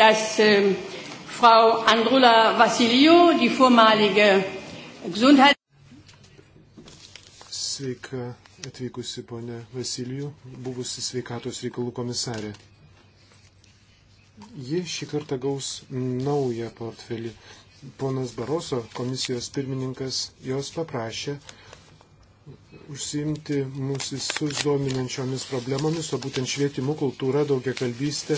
dass äh, Frau Andrula Vassilio, die vormalige Gesundheit. Sveika atvykusi ponė Vasilijų, buvusi sveikatos reikalų komisarė. Ji šį kartą gaus naują portfelį. Ponas Baroso, komisijos pirmininkas, jos paprašė užsiimti mūsų visus dominančiomis problemomis, o būtent švietimu, kultūra, daugia kalbystė,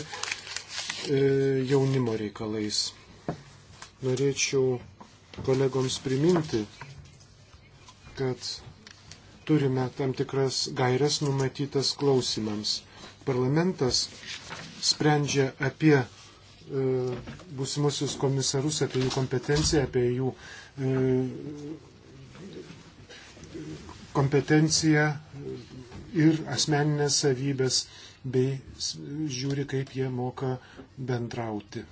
E, jaunimo reikalais. Norėčiau kolegoms priminti, kad turime tam tikras gairias numatytas klausimams. Parlamentas sprendžia apie e, būsimusius komisarus, apie jų kompetenciją, apie jų e, kompetenciją ir asmeninės savybės bei žiūri, kaip jie moka bendrauti.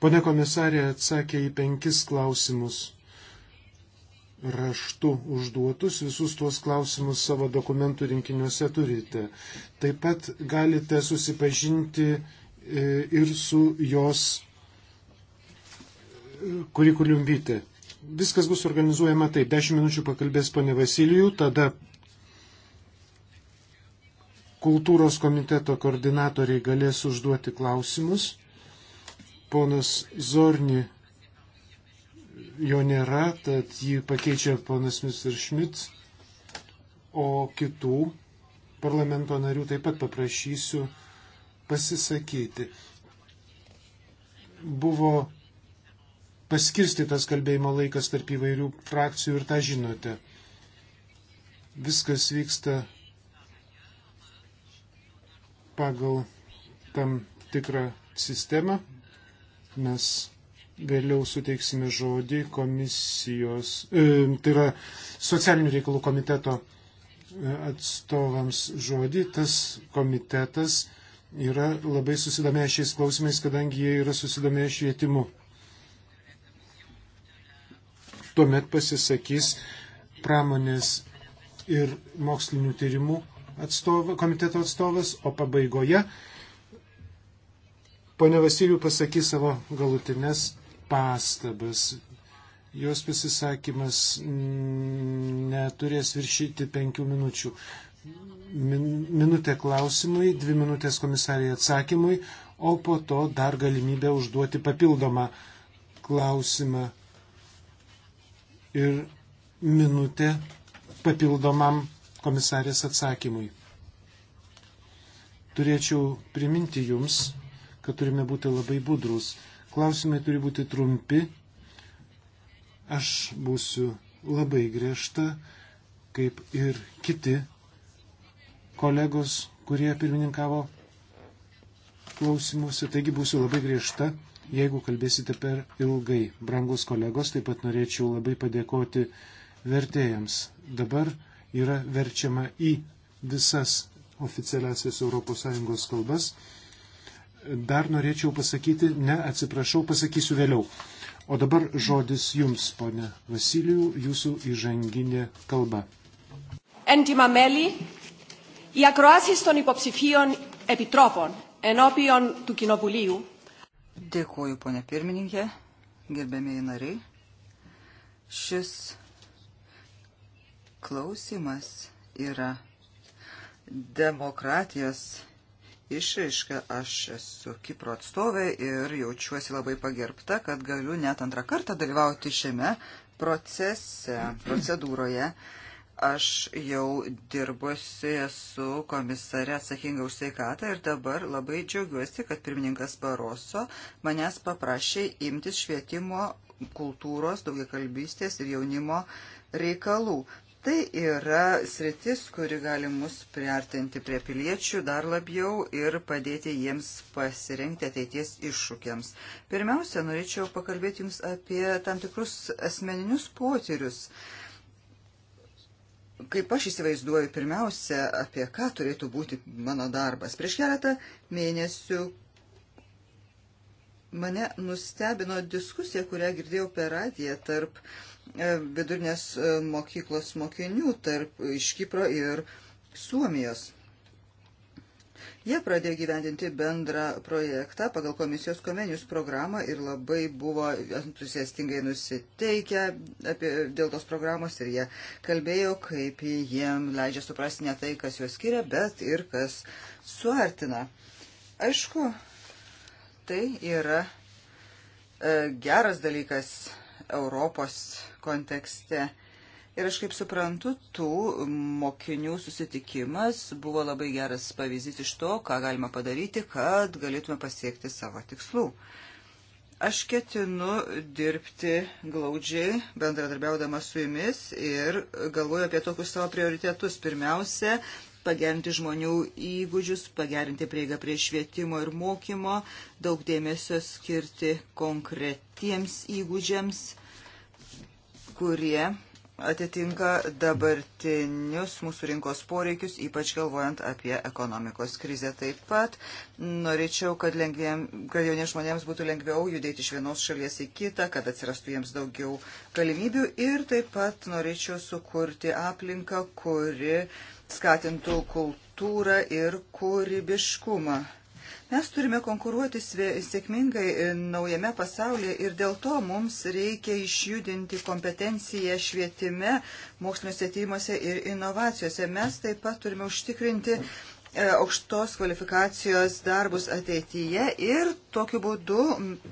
Pone komisarė atsakė į penkis klausimus raštu užduotus, visus tuos klausimus savo dokumentų rinkiniuose turite. Taip pat galite susipažinti e, ir su jos e, kurikuliumbytė. Viskas bus organizuojama taip. Dešimt minučių pakalbės ponė Vasilijų, tada Kultūros komiteto koordinatoriai galės užduoti klausimus. Ponas Zorni jo nėra, tad jį pakeičia ponas Mr. Schmidt, o kitų parlamento narių taip pat paprašysiu pasisakyti. Buvo paskirstytas kalbėjimo laikas tarp įvairių frakcijų ir tą žinote. Viskas vyksta pagal tam tikrą sistemą. Mes vėliau suteiksime žodį komisijos, e, tai yra socialinių reikalų komiteto e, atstovams žodį. Tas komitetas yra labai susidomėję šiais klausimais, kadangi jie yra susidomėję švietimu. Tuomet pasisakys pramonės ir mokslinių tyrimų atstov, komiteto atstovas, o pabaigoje ponė Vasilijų pasakys savo galutinės pastabas. Jos pasisakymas neturės viršyti penkių minučių. Min, minutė klausimui, dvi minutės komisariai atsakymui, o po to dar galimybę užduoti papildomą klausimą ir minutę papildomam komisarės atsakymui. Turėčiau priminti Jums, kad turime būti labai budrus. Klausimai turi būti trumpi. Aš būsiu labai griežta, kaip ir kiti kolegos, kurie pirmininkavo klausimuose. Taigi būsiu labai griežta, jeigu kalbėsite per ilgai. Brangus kolegos, taip pat norėčiau labai padėkoti vertėjams. Dabar yra verčiama į visas oficialiasias ES kalbas. Dar norėčiau pasakyti, ne, atsiprašau, pasakysiu vėliau. O dabar žodis jums, ponė Vasilijų, jūsų įžanginė kalba. Έντιμα μέλη, οι ακροάσεις των υποψηφίων επιτρόπων ενώπιον του Κοινοβουλίου. Dėkuoju, ponė pirmininkė, gerbėmiai nariai. Šis klausimas yra demokratijos išraiška. Aš esu Kipro atstovė ir jaučiuosi labai pagerbta, kad galiu net antrą kartą dalyvauti šiame procese, procedūroje. Aš jau dirbusi su komisare atsakinga už sveikatą ir dabar labai džiaugiuosi, kad pirmininkas Baroso manęs paprašė imtis švietimo kultūros, daugiakalbystės ir jaunimo reikalų. Tai yra sritis, kuri gali mus priartinti prie piliečių dar labiau ir padėti jiems pasirinkti ateities iššūkiams. Pirmiausia, norėčiau pakalbėti Jums apie tam tikrus asmeninius potyrius. Kaip aš įsivaizduoju, pirmiausia, apie ką turėtų būti mano darbas. Prieš keletą mėnesių mane nustebino diskusija, kurią girdėjau per radiją tarp uh, E, vidurinės e, mokyklos mokinių tarp e, iš Kipro ir Suomijos. Jie pradėjo gyvendinti bendrą projektą pagal komisijos komenijus programą ir labai buvo entuziastingai nusiteikę apie, dėl tos programos ir jie kalbėjo, kaip jiem leidžia suprasti ne tai, kas juos skiria, bet ir kas suartina. Aišku, tai yra e, geras dalykas Europos kontekste. Ir aš kaip suprantu, tų mokinių susitikimas buvo labai geras pavyzdys iš to, ką galima padaryti, kad galėtume pasiekti savo tikslų. Aš ketinu dirbti glaudžiai, bendradarbiaudama su jumis ir galvoju apie tokius savo prioritetus. Pirmiausia, pagerinti žmonių įgūdžius, pagerinti prieigą prie švietimo ir mokymo, daug dėmesio skirti konkretiems įgūdžiams, kurie atitinka dabartinius mūsų rinkos poreikius, ypač galvojant apie ekonomikos krizę. Taip pat norėčiau, kad, lengviem, kad jauniems žmonėms būtų lengviau judėti iš vienos šalies į kitą, kad atsirastų jiems daugiau galimybių ir taip pat norėčiau sukurti aplinką, kuri uh, skatintų kultūrą ir kūrybiškumą. Mes turime konkuruoti sėkmingai naujame pasaulyje ir dėl to mums reikia išjudinti kompetenciją švietime, moksliniuose tyrimuose ir inovacijose. Mes taip pat turime užtikrinti uh, E, aukštos kvalifikacijos darbus ateityje ir tokiu būdu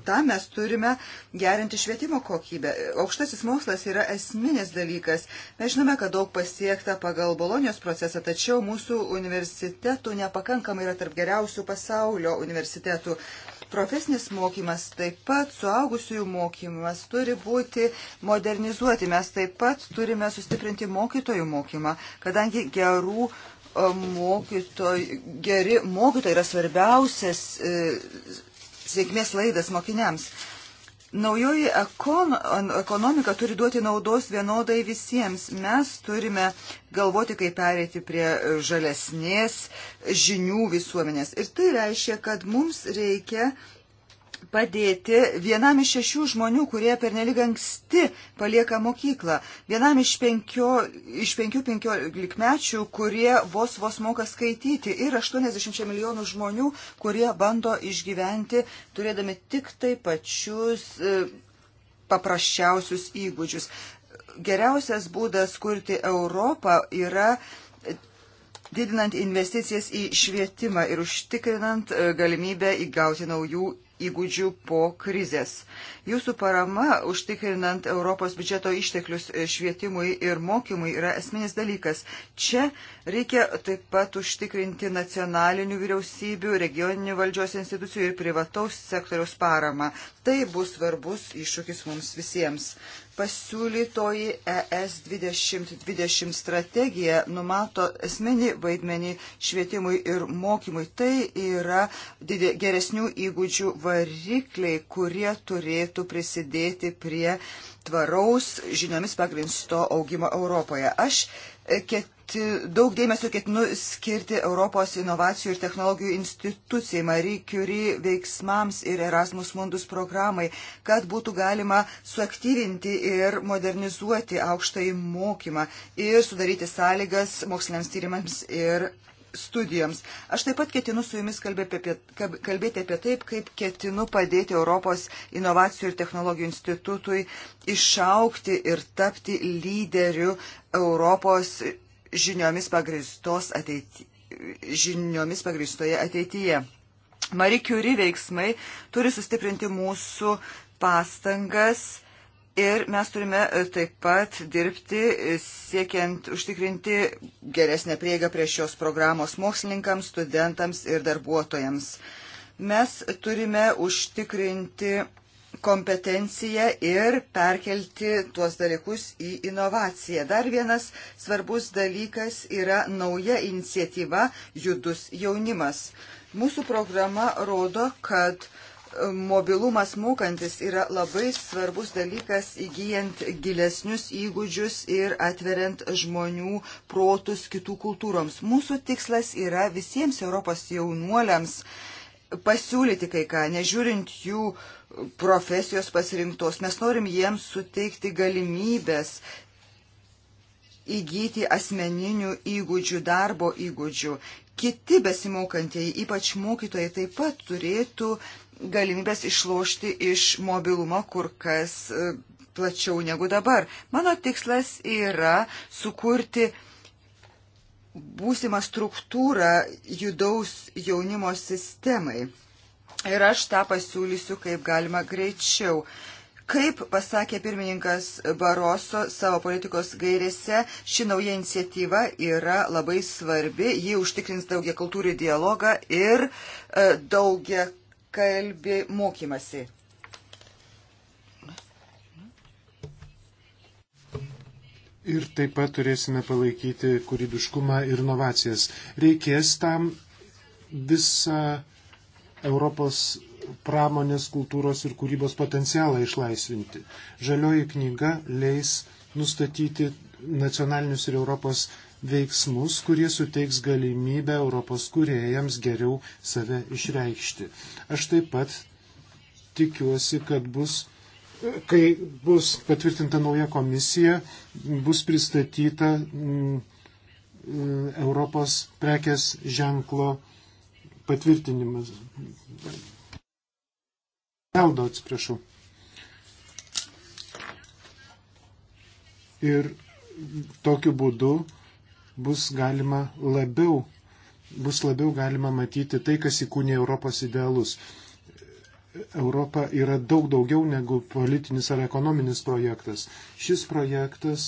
tą mes turime gerinti švietimo kokybę. Aukštasis mokslas yra esminis dalykas. Mes žinome, kad daug pasiekta pagal Bolonijos procesą, tačiau mūsų universitetų nepakankamai yra tarp geriausių pasaulio universitetų. Profesinis mokymas, taip pat suaugusiųjų mokymas turi būti modernizuoti. Mes taip pat turime sustiprinti mokytojų mokymą, kadangi gerų mokytoj, geri mokytojai yra svarbiausias e, sėkmės laidas mokiniams. Naujoji ekon, ekonomika turi duoti naudos vienodai visiems. Mes turime galvoti, kaip pereiti prie žalesnės žinių visuomenės. Ir tai reiškia, kad mums reikia e, padėti vienam iš šešių žmonių, kurie pernelyg anksti palieka mokyklą, vienam iš, penkio, iš penkių penkiolikmečių, kurie vos vos moka skaityti ir 80 milijonų žmonių, kurie bando išgyventi turėdami tik tai pačius e, paprasčiausius įgūdžius. Geriausias būdas kurti Europą yra didinant investicijas į švietimą ir užtikrinant e, galimybę įgauti naujų įgūdžių po krizės. Jūsų parama užtikrinant Europos biudžeto išteklius e, švietimui ir mokymui yra esminis dalykas. Čia reikia taip pat užtikrinti nacionalinių vyriausybių, regioninių valdžios institucijų ir privataus sektoriaus paramą. Tai bus svarbus iššūkis mums visiems. Pasiūlytoji ES 2020 strategija numato esminį vaidmenį švietimui ir mokymui. Tai yra geresnių įgūdžių varikliai, kurie turėtų galėtų prisidėti prie tvaraus žiniomis pagrinsto augimo Europoje. Aš e, keti, daug dėmesio ketinu skirti Europos inovacijų ir technologijų institucijai, Marie Curie veiksmams ir Erasmus Mundus programai, kad būtų galima suaktyvinti ir modernizuoti aukštąjį mokymą ir sudaryti sąlygas moksliniams tyrimams ir studijoms. Aš taip pat ketinu su jumis kalbėti apie, kalbėti apie taip, kaip ketinu padėti Europos inovacijų ir technologijų institutui išaukti ir tapti lyderiu Europos žiniomis pagristos ateityje žiniomis pagristoje ateityje. Marie Curie veiksmai turi sustiprinti mūsų pastangas Ir mes turime e, taip pat dirbti, e, siekiant užtikrinti geresnę prieigą prie šios programos mokslininkams, studentams ir darbuotojams. Mes turime užtikrinti kompetenciją ir perkelti tuos dalykus į inovaciją. Dar vienas svarbus dalykas yra nauja iniciatyva Judus jaunimas. Mūsų programa rodo, kad uh, mobilumas mokantis yra labai svarbus dalykas įgyjant gilesnius įgūdžius ir atveriant žmonių protus kitų kultūroms. Mūsų tikslas yra visiems Europos jaunuoliams pasiūlyti kai ką, nežiūrint jų profesijos pasirinktos. Mes norim jiems suteikti galimybės įgyti asmeninių įgūdžių, darbo įgūdžių. Kiti besimokantieji, ypač mokytojai, taip pat turėtų galimybės išlošti iš mobilumo kur kas e, plačiau negu dabar. Mano tikslas yra sukurti būsimą struktūrą judaus jaunimo sistemai. Ir aš tą pasiūlysiu kaip galima greičiau. Kaip pasakė pirmininkas Baroso savo politikos gairėse, ši nauja iniciatyva yra labai svarbi, ji užtikrins daugia kultūrį dialogą ir e, daugia kalbė mokymasi. Ir taip pat turėsime palaikyti kūrybiškumą ir inovacijas. Reikės tam visą Europos pramonės, kultūros ir kūrybos potencialą išlaisvinti. Žalioji knyga leis nustatyti nacionalinius ir Europos veiksmus, kurie suteiks galimybę Europos kuriejams geriau save išreikšti. Aš taip pat tikiuosi, kad bus, kai bus patvirtinta nauja komisija, bus pristatyta m, mm, e, Europos prekės ženklo patvirtinimas. Eldo, atsiprašau. Ir tokiu būdu bus galima labiau, bus labiau galima matyti tai, kas įkūnė Europos idealus. Europa yra daug daugiau negu politinis ar ekonominis projektas. Šis projektas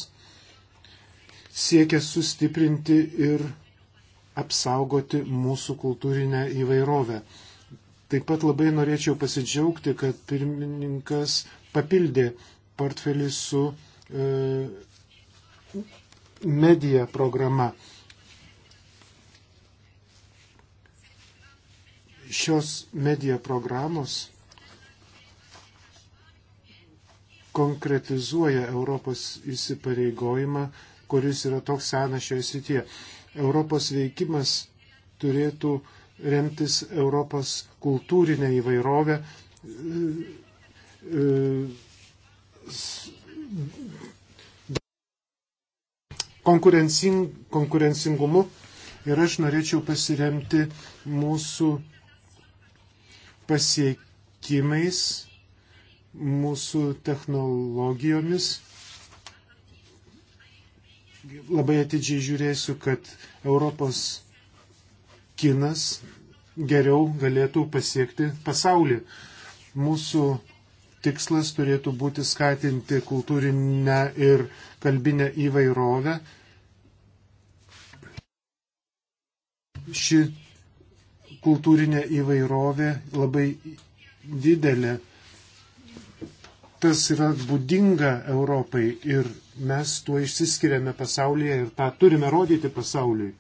siekia sustiprinti ir apsaugoti mūsų kultūrinę įvairovę. Taip pat labai norėčiau pasidžiaugti, kad pirmininkas papildė portfelį su e, medija programa. Šios medija programos konkretizuoja Europos įsipareigojimą, kuris yra toks senas šioje srityje. Europos veikimas turėtų remtis Europos kultūrinę įvairovę, e, e, konkurencing, konkurencingumu ir aš norėčiau pasiremti mūsų pasiekimais, mūsų technologijomis. Labai atidžiai žiūrėsiu, kad Europos kinas geriau galėtų pasiekti pasaulį. Mūsų tikslas turėtų būti skatinti kultūrinę ir kalbinę įvairovę. Ši kultūrinė įvairovė labai didelė. Tas yra būdinga Europai ir mes tuo išsiskiriame pasaulyje ir tą turime rodyti pasauliui.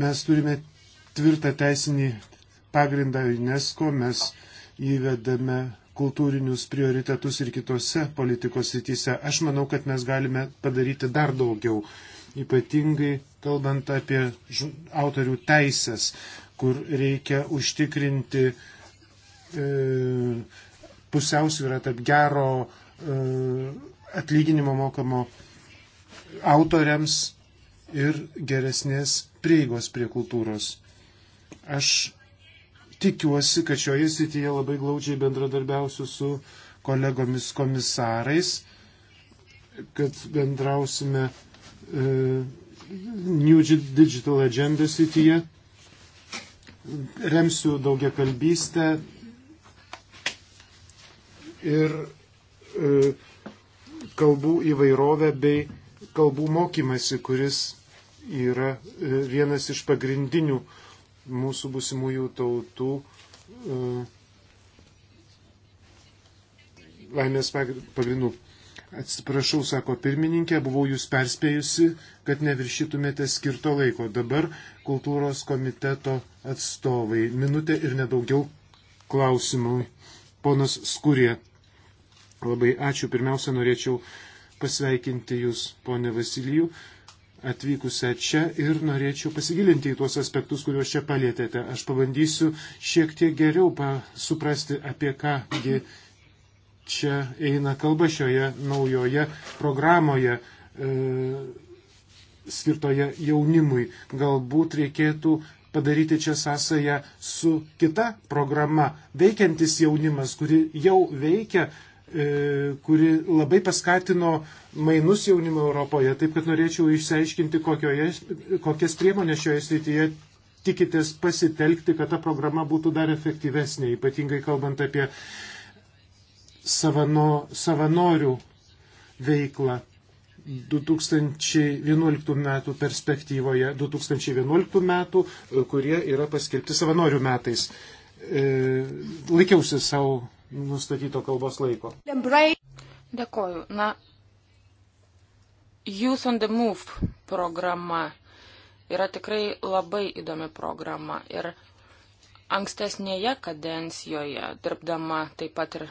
Mes turime tvirtą teisinį pagrindą UNESCO, mes įvedame kultūrinius prioritetus ir kitose politikos rytise. Aš manau, kad mes galime padaryti dar daugiau, ypatingai kalbant apie autorių teisės, kur reikia užtikrinti e, pusiausvyrą tarp gero e, atlyginimo mokamo autoriams ir geresnės prieigos prie kultūros. Aš tikiuosi, kad šioje srityje labai glaudžiai bendradarbiausiu su kolegomis komisarais, kad bendrausime e, New Digital Agenda srityje, remsiu daugia kalbystę ir e, kalbų įvairovę bei kalbų mokymasi, kuris yra e, vienas iš pagrindinių e, mūsų busimųjų tautų e, laimės pagrindų. Atsiprašau, sako pirmininkė, buvau jūs perspėjusi, kad neviršytumėte skirto laiko. Dabar kultūros komiteto atstovai. Minutė ir nedaugiau klausimui. Ponas Skurė. Labai ačiū. Pirmiausia, norėčiau pasveikinti jūs, ponė Vasilijų atvykusią čia ir norėčiau pasigilinti į tuos aspektus, kuriuos čia palėtėte. Aš pabandysiu šiek tiek geriau suprasti, apie kągi čia eina kalba šioje naujoje programoje. E, skirtoje jaunimui. Galbūt reikėtų padaryti čia sąsąją su kita programa - veikiantis jaunimas, kuri jau veikia E, kuri labai paskatino mainus jaunimą Europoje. Taip kad norėčiau išsiaiškinti, kokioje, kokias priemonės šioje srityje tikitės pasitelkti, kad ta programa būtų dar efektyvesnė, ypatingai kalbant apie savano, savanorių veiklą 2011 metų perspektyvoje, 2011 metų, e, kurie yra paskelbti savanorių metais. E, laikiausi savo nustatyto kalbos laiko. Dėkoju. Na, Youth on the Move programa yra tikrai labai įdomi programa. Ir ankstesnėje kadencijoje, dirbdama taip pat ir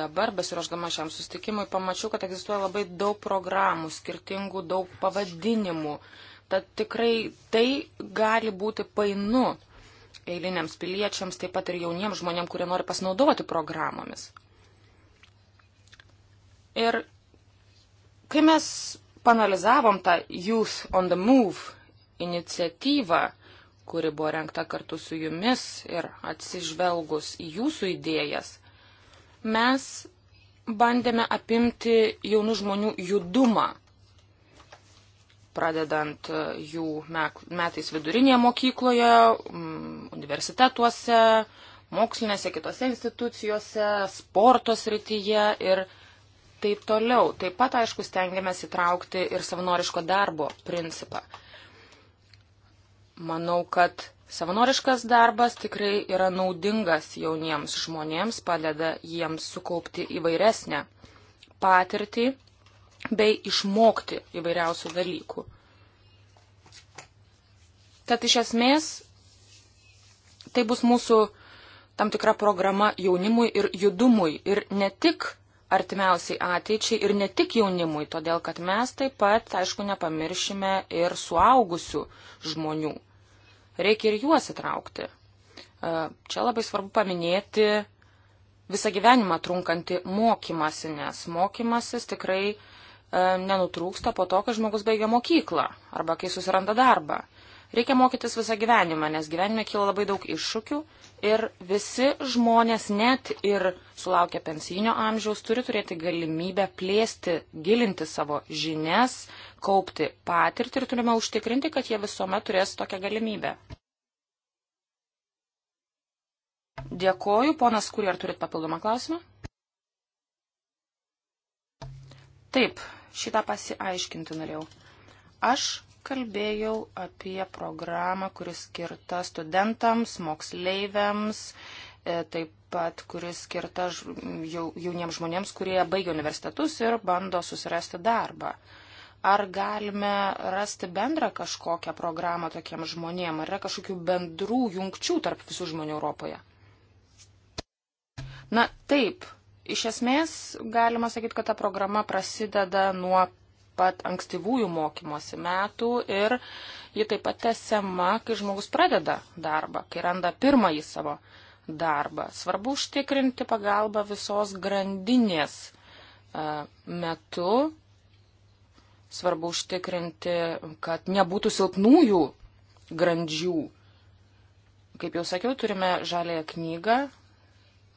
dabar, besiruošdama šiam sustikimui, pamačiau, kad egzistuoja labai daug programų, skirtingų daug pavadinimų. Tad tikrai tai gali būti painu eiliniams piliečiams, taip pat ir jauniems žmonėm, kurie nori pasinaudoti programomis. Ir kai mes panalizavom tą Youth on the Move iniciatyvą, kuri buvo renkta kartu su jumis ir atsižvelgus į jūsų idėjas, mes bandėme apimti jaunų žmonių judumą pradedant e, jų metais vidurinėje mokykloje, universitetuose, mokslinėse kitose institucijose, sporto srityje ir taip toliau. Taip pat, aišku, stengiamės įtraukti ir savanoriško darbo principą. Manau, kad savanoriškas darbas tikrai yra naudingas jauniems žmonėms, padeda jiems sukaupti įvairesnę patirtį bei išmokti įvairiausių dalykų. Tad iš esmės tai bus mūsų tam tikra programa jaunimui ir judumui ir ne tik artimiausiai ateičiai ir ne tik jaunimui, todėl kad mes taip pat, aišku, nepamiršime ir suaugusių žmonių. Reikia ir juos įtraukti. E, čia labai svarbu paminėti visą gyvenimą trunkantį mokymasi, nes mokymasis tikrai uh, E, nenutrūksta po to, kai žmogus baigia mokyklą arba kai susiranda darbą. Reikia mokytis visą gyvenimą, nes gyvenime kyla labai daug iššūkių ir visi žmonės, net ir sulaukę pensijinio amžiaus, turi turėti galimybę plėsti, gilinti savo žinias, kaupti patirtį ir turime užtikrinti, kad jie visuomet turės tokią galimybę. Dėkoju, ponas Kurį, ar turit papildomą klausimą? Taip, šitą pasiaiškinti norėjau. Aš kalbėjau apie programą, kuris skirta studentams, moksleiviams, e, taip pat kuris skirta jauniems žmonėms, kurie baigia universitetus ir bando susirasti darbą. Ar galime rasti bendrą kažkokią programą tokiems žmonėms? Ar yra kažkokių bendrų jungčių tarp visų žmonių Europoje? Na taip, Iš esmės, galima sakyti, kad ta programa prasideda nuo pat ankstyvųjų mokymosi metų ir ji taip pat tęsiama, kai žmogus pradeda darbą, kai randa pirmąjį savo darbą. Svarbu užtikrinti pagalbą visos grandinės e, metu. Svarbu užtikrinti, kad nebūtų silpnųjų grandžių. Kaip jau sakiau, turime žalėją knygą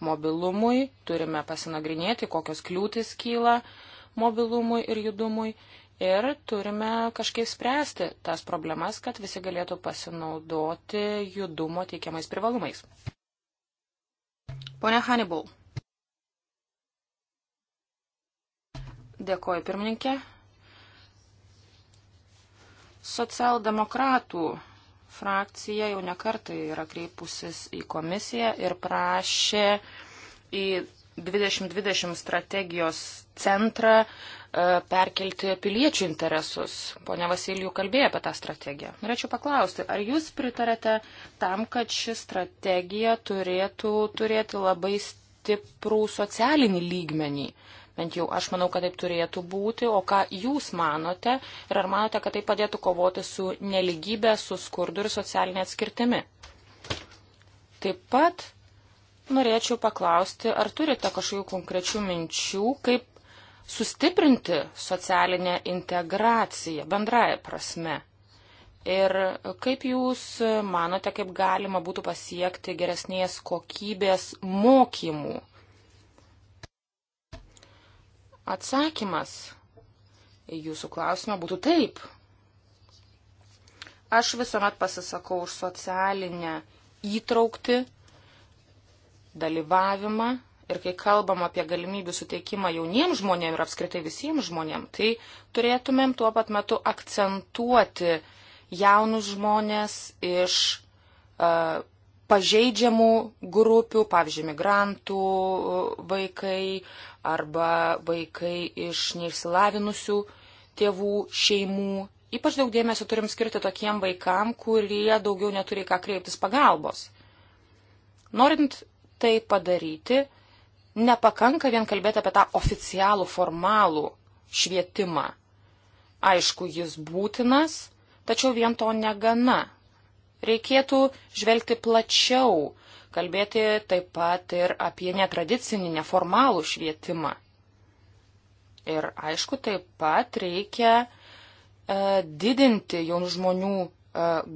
mobilumui, turime pasinagrinėti, kokios kliūtis kyla mobilumui ir judumui ir turime kažkaip spręsti tas problemas, kad visi galėtų pasinaudoti judumo teikiamais privalumais. Pone Hannibal. Dėkoju pirmininkė. Socialdemokratų frakcija jau nekartai yra kreipusis į komisiją ir prašė į 2020 strategijos centrą e, perkelti piliečių interesus. Pone Vasilijų kalbėjo apie tą strategiją. Norėčiau paklausti, ar jūs pritarėte tam, kad ši strategija turėtų turėti labai stiprų socialinį lygmenį? Bent jau aš manau, kad taip turėtų būti. O ką jūs manote ir ar manote, kad tai padėtų kovoti su neligybė, su skurdu ir socialinė atskirtimi? Taip pat norėčiau paklausti, ar turite kažkokių konkrečių minčių, kaip sustiprinti socialinę integraciją bendraja prasme. Ir kaip Jūs manote, kaip galima būtų pasiekti geresnės kokybės mokymų Atsakymas į jūsų klausimą būtų taip. Aš visuomet pasisakau už socialinę įtraukti, dalyvavimą ir kai kalbam apie galimybių suteikimą jauniems žmonėms ir apskritai visiems žmonėms, tai turėtumėm tuo pat metu akcentuoti jaunus žmonės iš uh, pažeidžiamų grupių, pavyzdžiui, migrantų e, vaikai, arba vaikai iš neišsilavinusių tėvų šeimų. Ypač daug dėmesio turim skirti tokiem vaikam, kurie daugiau neturi ką kreiptis pagalbos. Norint tai padaryti, nepakanka vien kalbėti apie tą oficialų, formalų švietimą. Aišku, jis būtinas, tačiau vien to negana reikėtų žvelgti plačiau, kalbėti taip pat ir apie netradicinį, neformalų švietimą. Ir aišku, taip pat reikia e, didinti jaunų žmonių e,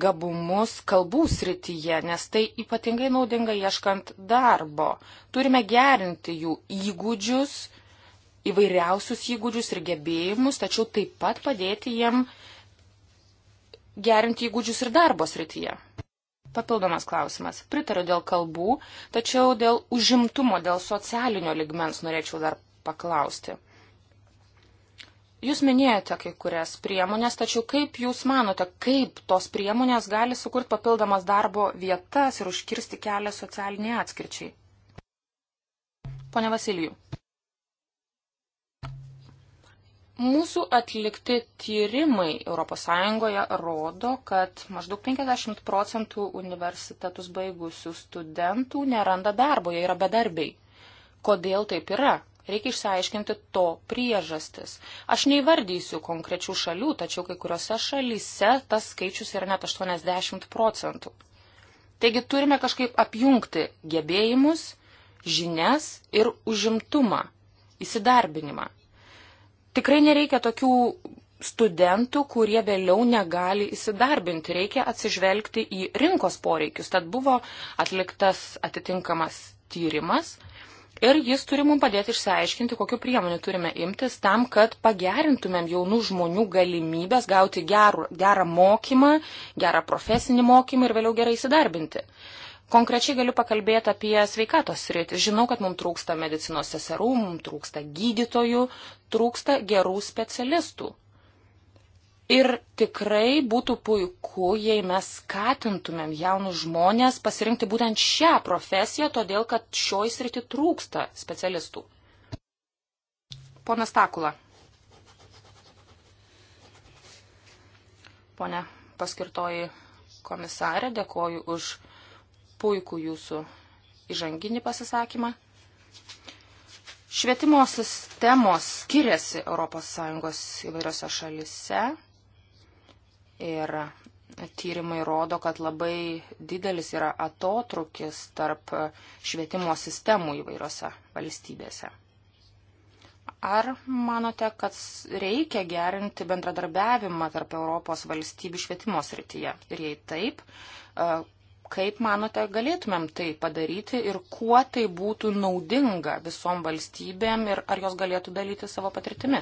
gabumus kalbų srityje, nes tai ypatingai naudinga ieškant darbo. Turime gerinti jų įgūdžius, įvairiausius įgūdžius ir gebėjimus, tačiau taip pat padėti jiem gerinti įgūdžius ir darbo srityje? Papildomas klausimas. Pritariu dėl kalbų, tačiau dėl užimtumo, dėl socialinio ligmens norėčiau dar paklausti. Jūs minėjote kai kurias priemonės, tačiau kaip Jūs manote, kaip tos priemonės gali sukurti papildomas darbo vietas ir užkirsti kelią socialiniai atskirčiai? Pone Vasilijų. Mūsų atlikti tyrimai ES rodo, kad maždaug 50 procentų universitetus baigusių studentų neranda darbo, jie yra bedarbiai. Kodėl taip yra? Reikia išsiaiškinti to priežastis. Aš neįvardysiu konkrečių šalių, tačiau kai kuriuose šalyse tas skaičius yra net 80 procentų. Taigi turime kažkaip apjungti gebėjimus, žinias ir užimtumą, įsidarbinimą Tikrai nereikia tokių studentų, kurie vėliau negali įsidarbinti. Reikia atsižvelgti į rinkos poreikius. Tad buvo atliktas atitinkamas tyrimas ir jis turi mums padėti išsiaiškinti, kokiu priemoniu turime imtis tam, kad pagerintumėm jaunų žmonių galimybės gauti gerų, gerą mokymą, gerą profesinį mokymą ir vėliau gerai įsidarbinti. Konkrečiai galiu pakalbėti apie sveikatos sritį. Žinau, kad mums trūksta medicinos seserų, mums trūksta gydytojų, trūksta gerų specialistų. Ir tikrai būtų puiku, jei mes skatintumėm jaunus žmonės pasirinkti būtent šią profesiją, todėl kad šioj srity trūksta specialistų. Ponas Takula. Pone paskirtoji komisarė, dėkoju už puikų jūsų įžanginį pasisakymą. Švietimo sistemos skiriasi ES įvairiose šalise ir tyrimai rodo, kad labai didelis yra atotrukis tarp švietimo sistemų įvairiose valstybėse. Ar manote, kad reikia gerinti bendradarbiavimą tarp Europos valstybių švietimo srityje? Ir jei taip, Kaip manote, galėtumėm tai padaryti ir kuo tai būtų naudinga visom valstybėm ir ar jos galėtų dalyti savo patirtimi?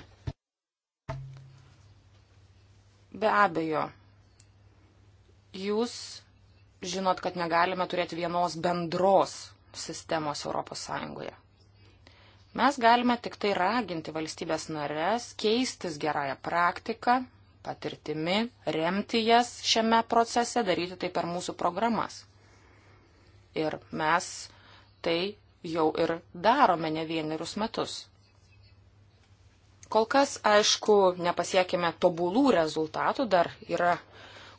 Be abejo, jūs žinot, kad negalime turėti vienos bendros sistemos Europos Sąjungoje. Mes galime tik tai raginti valstybės narės keistis gerąją praktiką, patirtimi, remti jas šiame procese, daryti tai per mūsų programas. Ir mes tai jau ir darome ne vienerius metus. Kol kas, aišku, nepasiekime tobulų rezultatų, dar yra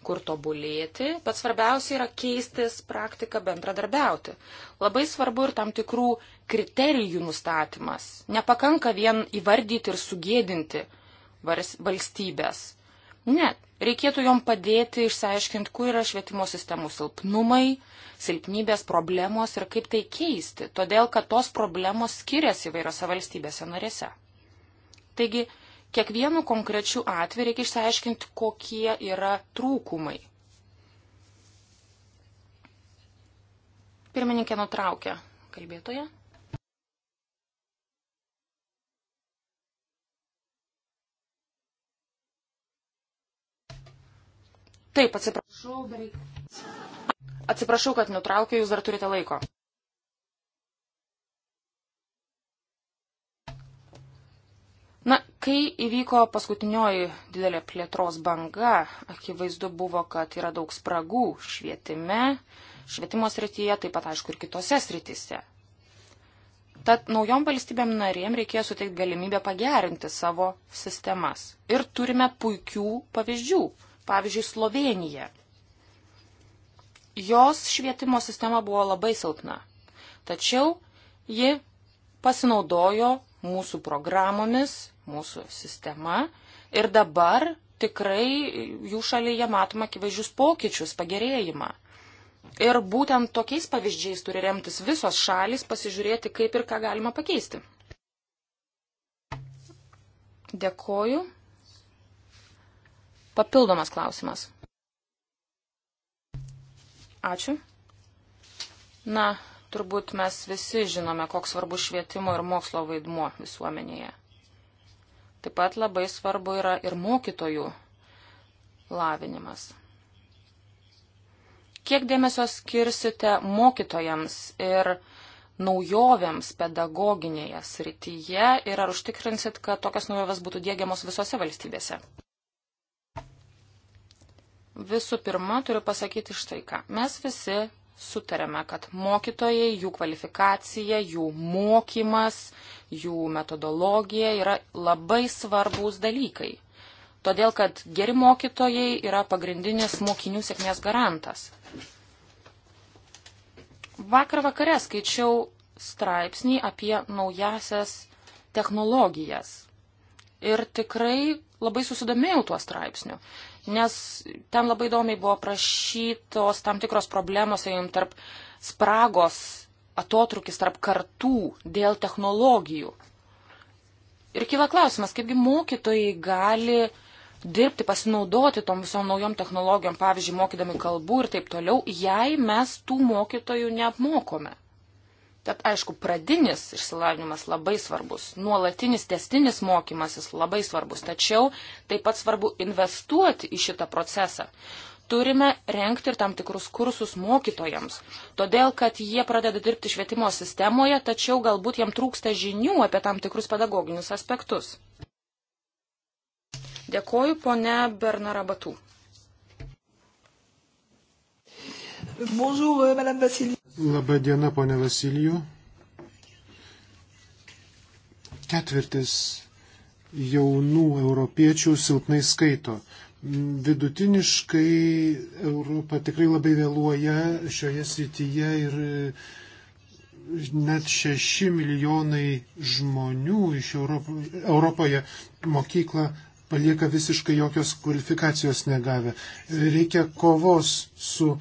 kur tobulėti, bet svarbiausia yra keistis praktiką bendradarbiauti. Labai svarbu ir tam tikrų kriterijų nustatymas. Nepakanka vien įvardyti ir sugėdinti valstybės. Ne, reikėtų jom padėti išsiaiškinti, kur yra švietimo sistemų silpnumai, silpnybės, problemos ir kaip tai keisti, todėl kad tos problemos skiriasi įvairiose valstybėse narėse. Taigi, kiekvienu konkrečiu atveju reikia išsiaiškinti, kokie yra trūkumai. Pirmininkė nutraukė kalbėtoje. Taip, atsiprašau, beveik. Atsiprašau, kad nutraukiu, jūs dar turite laiko. Na, kai įvyko paskutinioji didelė plėtros banga, akivaizdu buvo, kad yra daug spragų švietime, švietimo srityje, taip pat aišku ir kitose srityse. Tad naujom valstybėm narėm reikėjo suteikti galimybę pagerinti savo sistemas. Ir turime puikių pavyzdžių pavyzdžiui, Slovenija. Jos švietimo sistema buvo labai silpna, tačiau ji pasinaudojo mūsų programomis, mūsų sistema ir dabar tikrai jų šalyje matoma akivaizdžius pokyčius, pagerėjimą. Ir būtent tokiais pavyzdžiais turi remtis visos šalis, pasižiūrėti, kaip ir ką galima pakeisti. Dėkoju. Papildomas klausimas. Ačiū. Na, turbūt mes visi žinome, koks svarbu švietimo ir mokslo vaidmuo visuomenėje. Taip pat labai svarbu yra ir mokytojų lavinimas. Kiek dėmesio skirsite mokytojams ir naujovėms pedagoginėje srityje ir ar užtikrinsit, kad tokios naujovės būtų dėgiamos visose valstybėse? Visų pirma, turiu pasakyti štai ką. Mes visi sutarėme, kad mokytojai, jų kvalifikacija, jų mokymas, jų metodologija yra labai svarbus dalykai. Todėl, kad geri mokytojai yra pagrindinis mokinių sėkmės garantas. Vakar vakare skaičiau straipsnį apie naujasias technologijas. Ir tikrai labai susidomėjau tuo straipsniu nes ten labai įdomiai buvo prašytos tam tikros problemos, sakykime, tarp spragos, atotrukis tarp kartų dėl technologijų. Ir kyla klausimas, kaipgi mokytojai gali dirbti, pasinaudoti tom visom naujom technologijom, pavyzdžiui, mokydami kalbų ir taip toliau, jei mes tų mokytojų neapmokome. Tad aišku, pradinis išsilavinimas labai svarbus, nuolatinis testinis mokymasis labai svarbus, tačiau taip pat svarbu investuoti į šitą procesą. Turime renkti ir tam tikrus kursus mokytojams, todėl kad jie pradeda dirbti švietimo sistemoje, tačiau galbūt jam trūksta žinių apie tam tikrus pedagoginius aspektus. Dėkoju, ponia Bernara Batų. Bonjour, euh, madame Vasily. Labą dieną, ponė Vasilijų. Ketvirtis jaunų europiečių silpnai skaito. Vidutiniškai Europa tikrai labai vėluoja šioje srityje ir net 6 milijonai žmonių iš Europo, Europoje mokyklą palieka visiškai jokios kvalifikacijos negavę. Reikia kovos su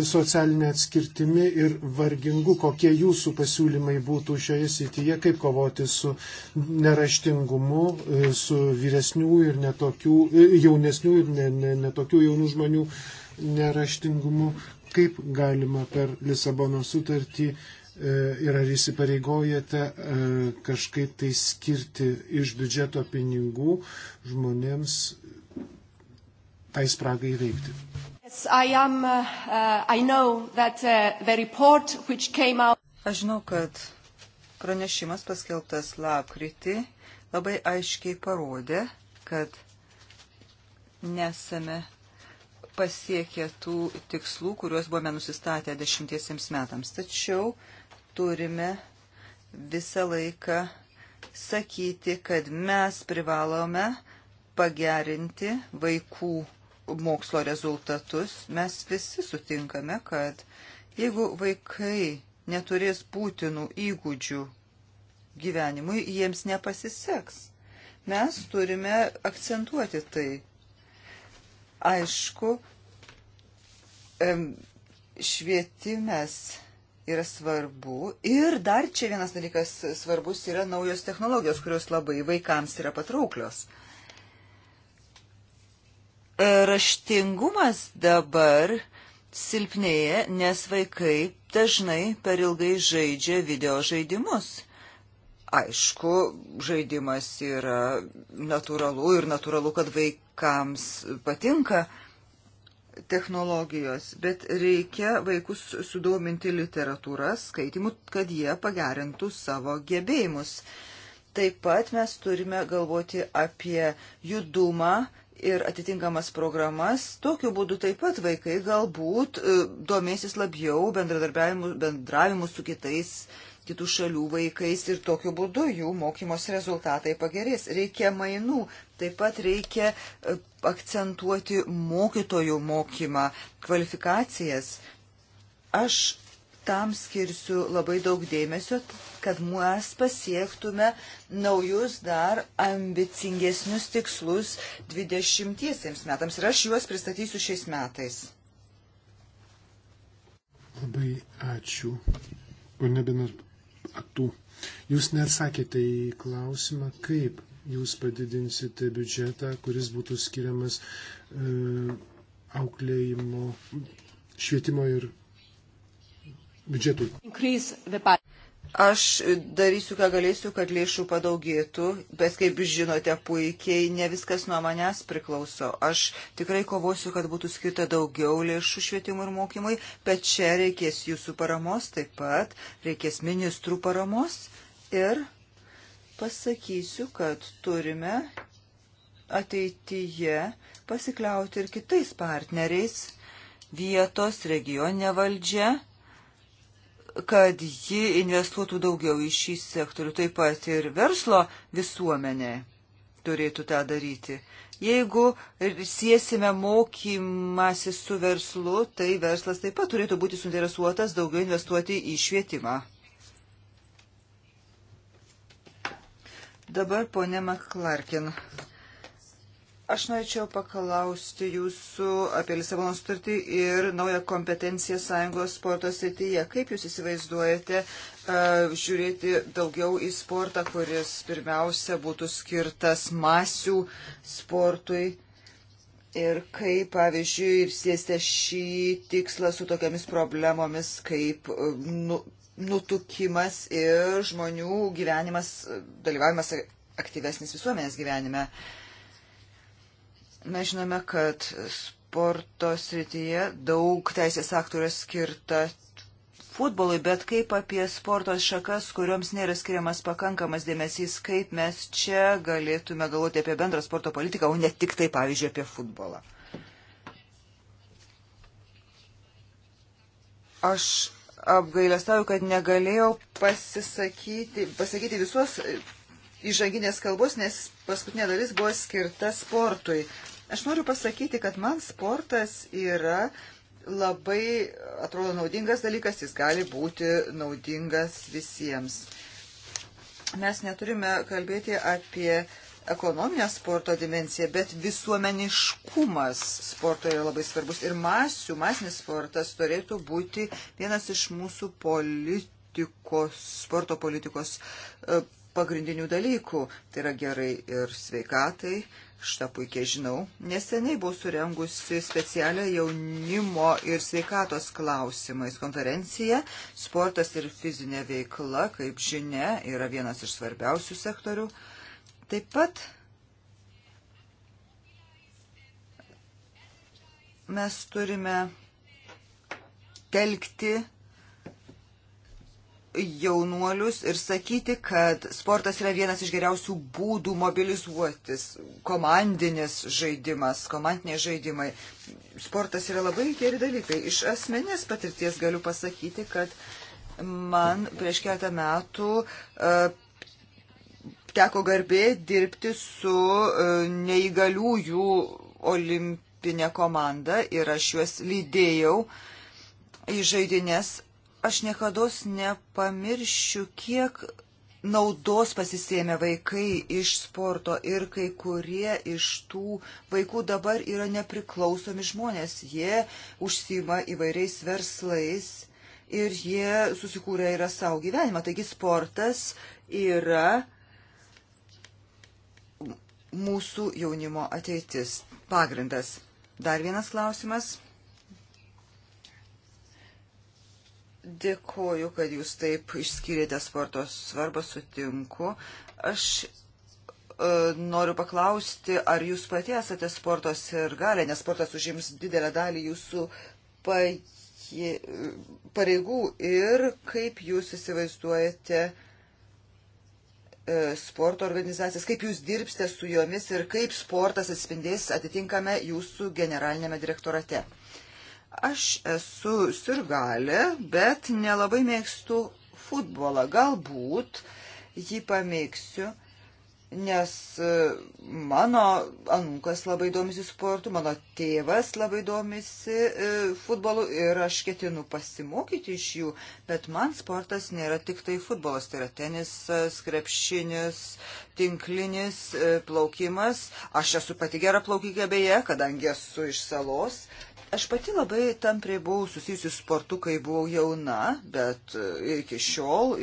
socialinė atskirtimi ir vargingu, kokie jūsų pasiūlymai būtų šioje srityje, kaip kovoti su neraštingumu, e, su vyresnių ir netokių, e, jaunesnių ir netokių ne, ne jaunų žmonių neraštingumu, kaip galima per Lisabono sutartį e, ir ar įsipareigojate kažkaip tai skirti iš biudžeto pinigų žmonėms tai spragai įveikti. I, am, uh, uh, I know that uh, the report which came out. Aš žinau, kad pranešimas paskelbtas lapkritį labai aiškiai parodė, kad nesame pasiekę tų tikslų, kuriuos buvome nusistatę dešimtiesiems metams. Tačiau turime visą laiką sakyti, kad mes privalome pagerinti vaikų mokslo rezultatus, mes visi sutinkame, kad jeigu vaikai neturės būtinų įgūdžių gyvenimui, jiems nepasiseks. Mes turime akcentuoti tai. Aišku, švietimas yra svarbu. Ir dar čia vienas dalykas svarbus yra naujos technologijos, kurios labai vaikams yra patrauklios raštingumas dabar silpnėja, nes vaikai dažnai per ilgai žaidžia video žaidimus. Aišku, žaidimas yra natūralu ir natūralu, kad vaikams patinka technologijos, bet reikia vaikus sudominti literatūrą, skaitimu, kad jie pagerintų savo gebėjimus. Taip pat mes turime galvoti apie judumą, ir atitinkamas programas. Tokiu būdu taip pat vaikai galbūt e, domėsis labiau bendradarbiavimu, bendravimu su kitais kitų šalių vaikais ir tokiu būdu jų mokymos rezultatai pagerės. Reikia mainų, taip pat reikia e, akcentuoti mokytojų mokymą, kvalifikacijas. Aš tam skirsiu labai daug dėmesio, kad mes pasiektume naujus dar ambicingesnius tikslus 20 metams. Ir aš juos pristatysiu šiais metais. Labai ačiū. Pone Benartu, jūs neatsakėte į klausimą, kaip jūs padidinsite biudžetą, kuris būtų skiriamas e, auklėjimo, švietimo ir biudžetui. Aš darysiu, ką galėsiu, kad lėšų padaugėtų, bet kaip žinote puikiai, ne viskas nuo manęs priklauso. Aš tikrai kovosiu, kad būtų skirta daugiau lėšų švietimui ir mokymui, bet čia reikės jūsų paramos taip pat, reikės ministrų paramos ir pasakysiu, kad turime ateityje pasikliauti ir kitais partneriais, vietos regioninė valdžia kad ji investuotų daugiau į šį sektorių, taip pat ir verslo visuomenė turėtų tą daryti. Jeigu siesime mokymasi su verslu, tai verslas taip pat turėtų būti suinteresuotas daugiau investuoti į švietimą. Dabar ponė McClarkin. Aš norėčiau paklausti jūsų apie Lisabono sutartį ir naują kompetenciją sąjungos sporto srityje. Kaip jūs įsivaizduojate uh, žiūrėti daugiau į sportą, kuris pirmiausia būtų skirtas masių sportui? Ir kaip, pavyzdžiui, ir sėsti šį tikslą su tokiamis problemomis kaip e, nu, nutukimas ir žmonių gyvenimas, dalyvavimas aktyvesnis visuomenės gyvenime. Uh, Mes žinome, kad sporto srityje daug teisės aktų yra skirta futbolui, bet kaip apie sporto šakas, kuriuoms nėra skiriamas pakankamas dėmesys, kaip mes čia galėtume galvoti apie bendrą sporto politiką, o ne tik tai, pavyzdžiui, apie futbolą. Aš apgailestauju, kad negalėjau pasisakyti, pasakyti visos e, įžanginės kalbos, nes paskutinė dalis buvo skirta sportui. Aš noriu pasakyti, kad man sportas yra labai, atrodo, naudingas dalykas, jis gali būti naudingas visiems. Mes neturime kalbėti apie ekonominę sporto dimenciją, bet visuomeniškumas sporto yra labai svarbus. Ir masių, masinis sportas turėtų būti vienas iš mūsų politikos, sporto politikos e, pagrindinių dalykų. Tai yra gerai ir sveikatai, šitą puikiai žinau. Neseniai buvau surengusi specialią jaunimo ir sveikatos klausimais konferenciją. Sportas ir fizinė veikla, kaip žinia, yra vienas iš svarbiausių sektorių. Taip pat mes turime telkti jaunuolius ir sakyti, kad sportas yra vienas iš geriausių būdų mobilizuotis, komandinis žaidimas, komandiniai žaidimai. Sportas yra labai geri dalykai. Iš asmenės patirties galiu pasakyti, kad man prieš keletą metų uh, teko garbė dirbti su uh, neįgaliųjų olimpinė komanda ir aš juos lydėjau į žaidinės aš niekada nepamiršiu, kiek naudos pasisėmė vaikai iš sporto ir kai kurie iš tų vaikų dabar yra nepriklausomi žmonės. Jie užsima įvairiais verslais ir jie susikūrė yra savo gyvenimą. Taigi sportas yra mūsų jaunimo ateitis. Pagrindas. Dar vienas klausimas. Dėkoju, kad jūs taip išskyrėte sporto svarbą, sutinku. Aš e, noriu paklausti, ar jūs pati esate sportos ir galė, nes sportas užims didelę dalį jūsų pareigų ir kaip jūs įsivaizduojate e, sporto organizacijas, kaip jūs dirbsite su jomis ir kaip sportas atspindės atitinkame jūsų generalinėme direktorate. Aš esu sirgalė, bet nelabai mėgstu futbolą. Galbūt jį pamėgsiu, nes e, mano anūkas labai domisi sportu, mano tėvas labai domisi e, futbolu ir aš ketinu pasimokyti iš jų, bet man sportas nėra tik tai futbolas, tai yra tenisas, krepšinis, tinklinis, e, plaukimas. Aš esu pati gera plaukikė beje, kadangi esu iš salos Aš pati labai tampriai buvau susijusi su sportu, kai buvau jauna, bet e, iki šiol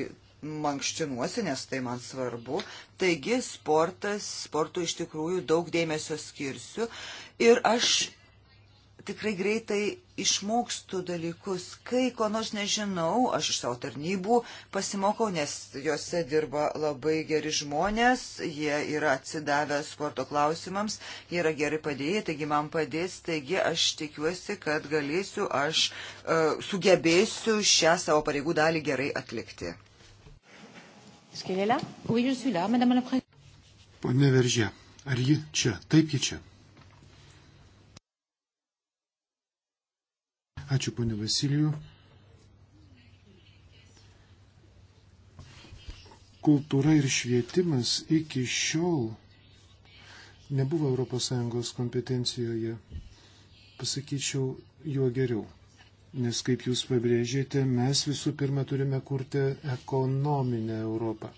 mankštinuosi, nes tai man svarbu. Taigi sportas, sportu iš tikrųjų daug dėmesio skirsiu. Ir aš tikrai greitai išmokstu dalykus. Kai ko nors nežinau, aš iš savo tarnybų pasimokau, nes juose dirba labai geri žmonės, jie yra atsidavę sporto klausimams, jie yra gerai padėję, taigi man padės, taigi aš tikiuosi, kad galėsiu, aš uh, sugebėsiu šią savo pareigų dalį gerai atlikti. Pone Veržė, ar ji čia? Taip, ji čia. Ačiū, ponė Vasilijų. Kultūra ir švietimas iki šiol nebuvo ES kompetencijoje. Pasakyčiau, juo geriau. Nes, kaip jūs pabrėžėte, mes visų pirma turime kurti ekonominę Europą.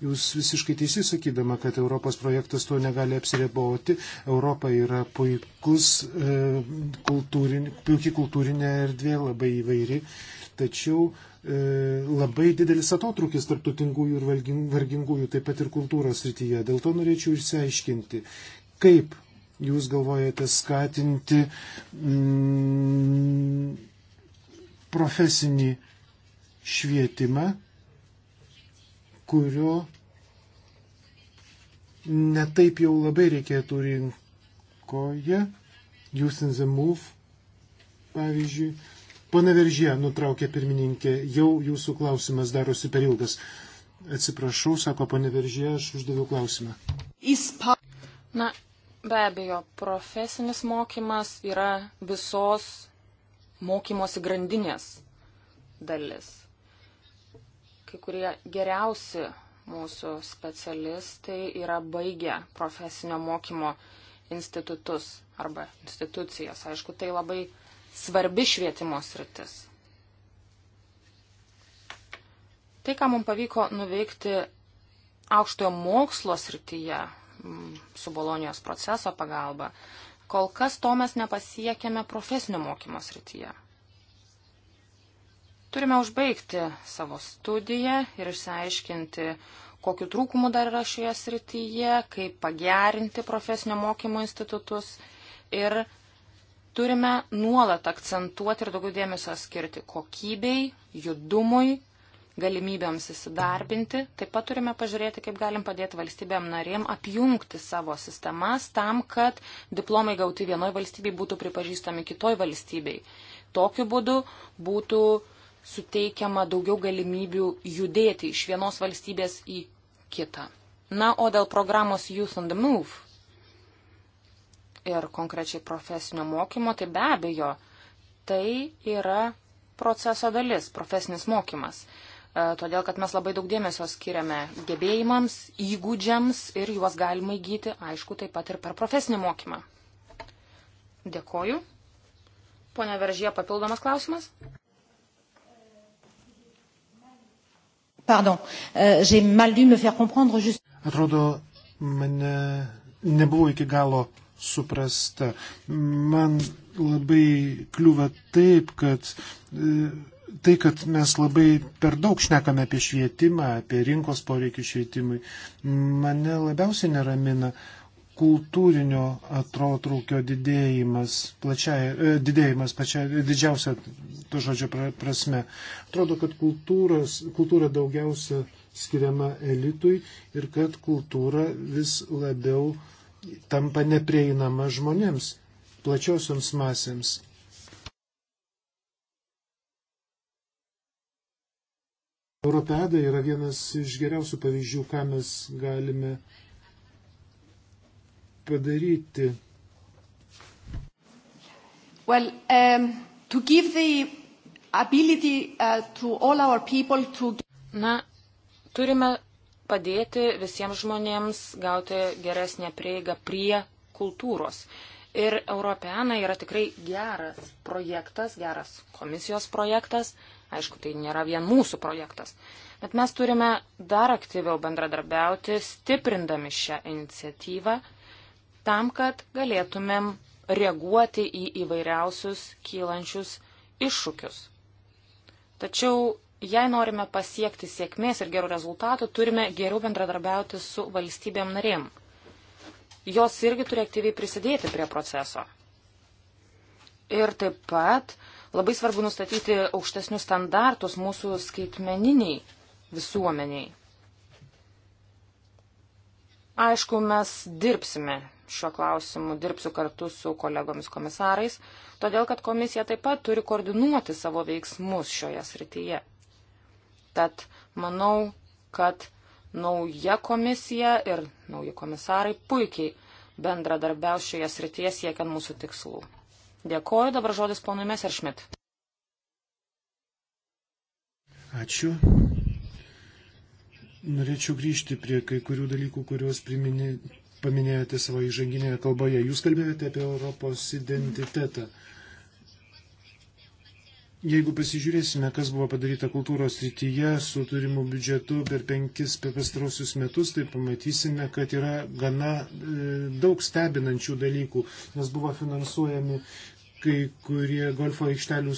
Jūs visiškai teisi sakydama, kad Europos projektas tuo negali apsiriboti. Europa yra puikus, e, kultūrin, puikiai kultūrinė erdvė, labai įvairi, tačiau e, labai didelis atotrukis tarp turtingųjų ir vargingųjų, taip pat ir kultūros rytyje. Dėl to norėčiau išsiaiškinti, kaip jūs galvojate skatinti mm, profesinį švietimą kurio netaip jau labai reikėtų rinkoje. Jūs in the move, pavyzdžiui. Pana Veržė, nutraukė pirmininkė, jau jūsų klausimas darosi per ilgas. Atsiprašau, sako pana Veržė, aš uždaviau klausimą. Na, be abejo, profesinis mokymas yra visos mokymosi grandinės dalis. Kai kurie geriausi mūsų specialistai yra baigę profesinio mokymo institutus arba institucijas. Aišku, tai labai svarbi švietimo sritis. Tai, ką mums pavyko nuveikti aukštojo mokslo srityje su Bolonijos proceso pagalba, kol kas to mes nepasiekėme profesinio mokymo srityje. Turime užbaigti savo studiją ir išsiaiškinti, kokiu trūkumu dar yra šioje srityje, kaip pagerinti profesinio mokymo institutus ir turime nuolat akcentuoti ir daugiau dėmesio skirti kokybei, judumui, galimybėms įsidarbinti. Taip pat turime pažiūrėti, kaip galim padėti valstybėm narėm apjungti savo sistemas tam, kad diplomai gauti vienoje valstybėje būtų pripažįstami kitoj valstybei. Tokiu būdu būtų suteikiama daugiau galimybių judėti iš vienos valstybės į kitą. Na, o dėl programos Youth on the Move ir konkrečiai profesinio mokymo, tai be abejo, tai yra proceso dalis, profesinis mokymas. E, todėl, kad mes labai daug dėmesio skiriame gebėjimams, įgūdžiams ir juos galima įgyti, aišku, taip pat ir per profesinį mokymą. Dėkoju. Pone Veržė, papildomas klausimas? Pardon, euh, j'ai mal dû me faire comprendre juste. Atrodo, mane nebuvo iki galo suprasta. Man labai kliūva taip, kad e, tai, kad mes labai per daug šnekame apie švietimą, apie rinkos poreikį švietimui, mane labiausiai neramina uh, kultūrinio atrotrūkio didėjimas, plačiai, e, didėjimas pačia, didžiausia to žodžio prasme. Atrodo, kad kultūros, kultūra daugiausia skiriama elitui ir kad kultūra vis labiau tampa neprieinama žmonėms, plačiosioms masėms. Europeada yra vienas iš geriausių pavyzdžių, ką mes galime padaryti? Well, um, to give the ability uh, to all our people to... Na, turime padėti visiems žmonėms gauti geresnę prieigą prie kultūros. Ir Europeana yra tikrai geras projektas, geras komisijos projektas. Aišku, tai nėra vien mūsų projektas. Bet mes turime dar aktyviau bendradarbiauti, stiprindami šią iniciatyvą tam, kad galėtumėm reaguoti į įvairiausius kylančius iššūkius. Tačiau, jei norime pasiekti sėkmės ir gerų rezultatų, turime geriau bendradarbiauti su valstybėm narėm. Jos irgi turi aktyviai prisidėti prie proceso. Ir taip pat labai svarbu nustatyti aukštesnius standartus mūsų skaitmeniniai visuomeniai. Aišku, mes dirbsime šiuo klausimu dirbsiu kartu su kolegomis komisarais, todėl kad komisija taip pat turi koordinuoti savo veiksmus šioje srityje. Tad manau, kad nauja komisija ir nauji komisarai puikiai bendradarbiaus šioje srityje siekiant mūsų tikslų. Dėkoju, dabar žodis ponui Messerschmidt. Ačiū. Norėčiau grįžti prie kai kurių dalykų, kuriuos priminė paminėjote savo įžanginėje kalboje. Jūs kalbėjote apie Europos identitetą. Jeigu pasižiūrėsime, kas buvo padaryta kultūros rytyje su turimu biudžetu per penkis per pastarosius metus, tai pamatysime, kad yra gana e, daug stebinančių dalykų, nes buvo finansuojami kai kurie golfo aikštelių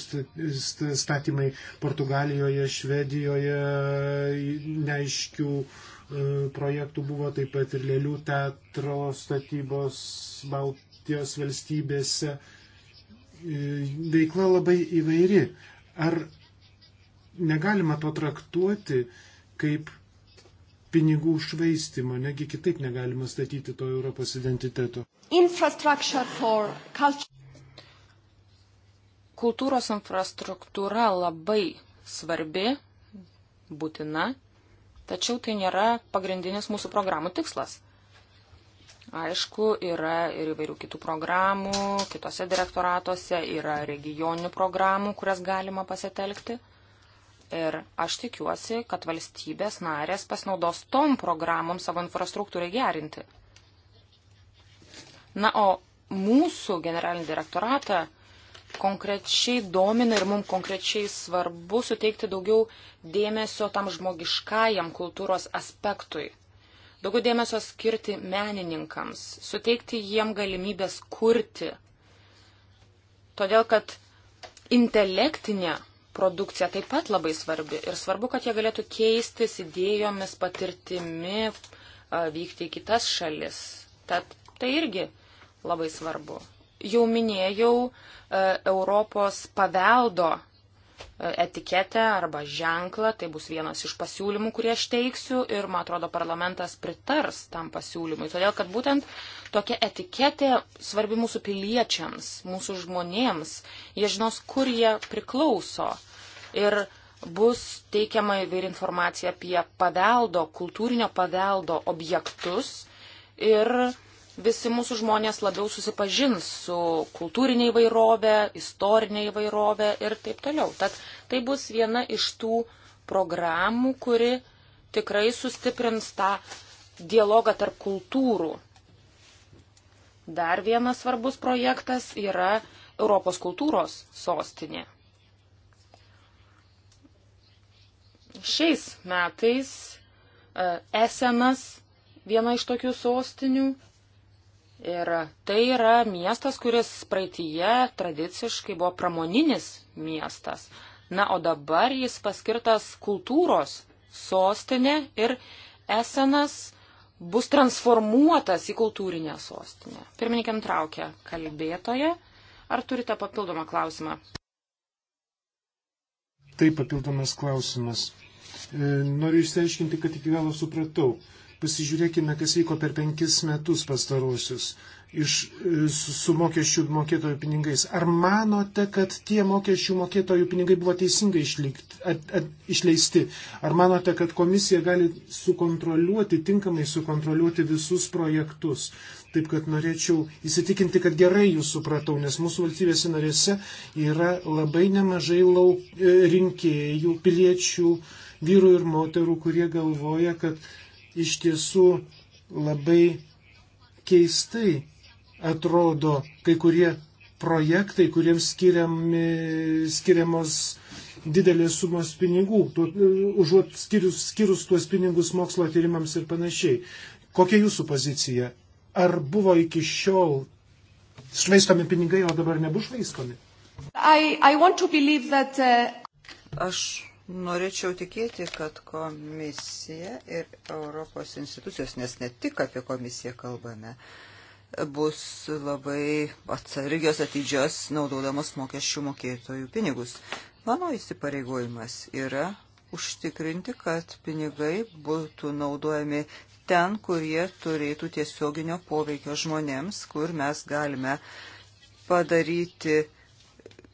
statymai Portugalijoje, Švedijoje, neaiškių e, E, projektų buvo, taip pat ir lėlių teatro statybos Baltijos valstybėse. E, veikla labai įvairi. Ar negalima to traktuoti kaip pinigų švaistimo, negi kitaip negalima statyti to Europos identiteto. Kultūros infrastruktūra labai svarbi, būtina Tačiau tai nėra pagrindinis mūsų programų tikslas. Aišku, yra ir įvairių kitų programų, kitose direktoratuose yra regioninių programų, kurias galima pasitelkti. Ir aš tikiuosi, kad valstybės narės pasinaudos tom programom savo infrastruktūrai gerinti. Na, o mūsų generalinį direktoratą konkrečiai domina ir mums konkrečiai svarbu suteikti daugiau dėmesio tam žmogiškajam kultūros aspektui. Daugiau dėmesio skirti menininkams, suteikti jiem galimybės kurti. Todėl, kad intelektinė produkcija taip pat labai svarbi ir svarbu, kad jie galėtų keistis idėjomis, patirtimi, vykti į kitas šalis. Tad tai irgi labai svarbu jau minėjau e, Europos paveldo e, etiketę arba ženklą, tai bus vienas iš pasiūlymų, kurie aš teiksiu ir, man atrodo, parlamentas pritars tam pasiūlymui, todėl kad būtent tokia etiketė svarbi mūsų piliečiams, mūsų žmonėms, jie žinos, kur jie priklauso ir bus teikiama įvairi informacija apie paveldo, kultūrinio paveldo objektus ir visi mūsų žmonės labiau susipažins su kultūrinė įvairovė, istorinė įvairovė ir taip toliau. Tad tai bus viena iš tų programų, kuri tikrai sustiprins tą dialogą tarp kultūrų. Dar vienas svarbus projektas yra Europos kultūros sostinė. Šiais metais e, Esenas viena iš tokių sostinių Ir tai yra miestas, kuris praeitie tradiciškai buvo pramoninis miestas. Na, o dabar jis paskirtas kultūros sostinė ir esenas bus transformuotas į kultūrinę sostinę. Pirmininkėm traukia kalbėtoje. Ar turite papildomą klausimą? Tai papildomas klausimas. E, noriu išsiaiškinti, kad iki galo supratau. Pasižiūrėkime, kas vyko per penkis metus pastaruosius iš, e, su, su mokesčių mokėtojų pinigais. Ar manote, kad tie mokesčių mokėtojų pinigai buvo teisingai išlikt, at, at, išleisti? Ar manote, kad komisija gali sukontroliuoti, tinkamai sukontroliuoti visus projektus? Taip kad norėčiau įsitikinti, kad gerai jūs supratau, nes mūsų valstybėse narėse yra labai nemažai lauk, e, rinkėjų, piliečių, vyrų ir moterų, kurie galvoja, kad iš tiesų labai keistai atrodo kai kurie projektai, kuriems skiriami, skiriamos didelės sumos pinigų, užuot skirius, skirius tuos pinigus mokslo tyrimams ir panašiai. Kokia jūsų pozicija? Ar buvo iki šiol švaistomi pinigai, o dabar nebus švaistomi? I, I that, uh... Aš Norėčiau tikėti, kad komisija ir Europos institucijos, nes ne tik apie komisiją kalbame, bus labai atsargios atidžios naudodamos mokesčių mokėtojų pinigus. Mano įsipareigojimas yra užtikrinti, kad pinigai būtų naudojami ten, kur jie turėtų tiesioginio poveikio žmonėms, kur mes galime padaryti uh,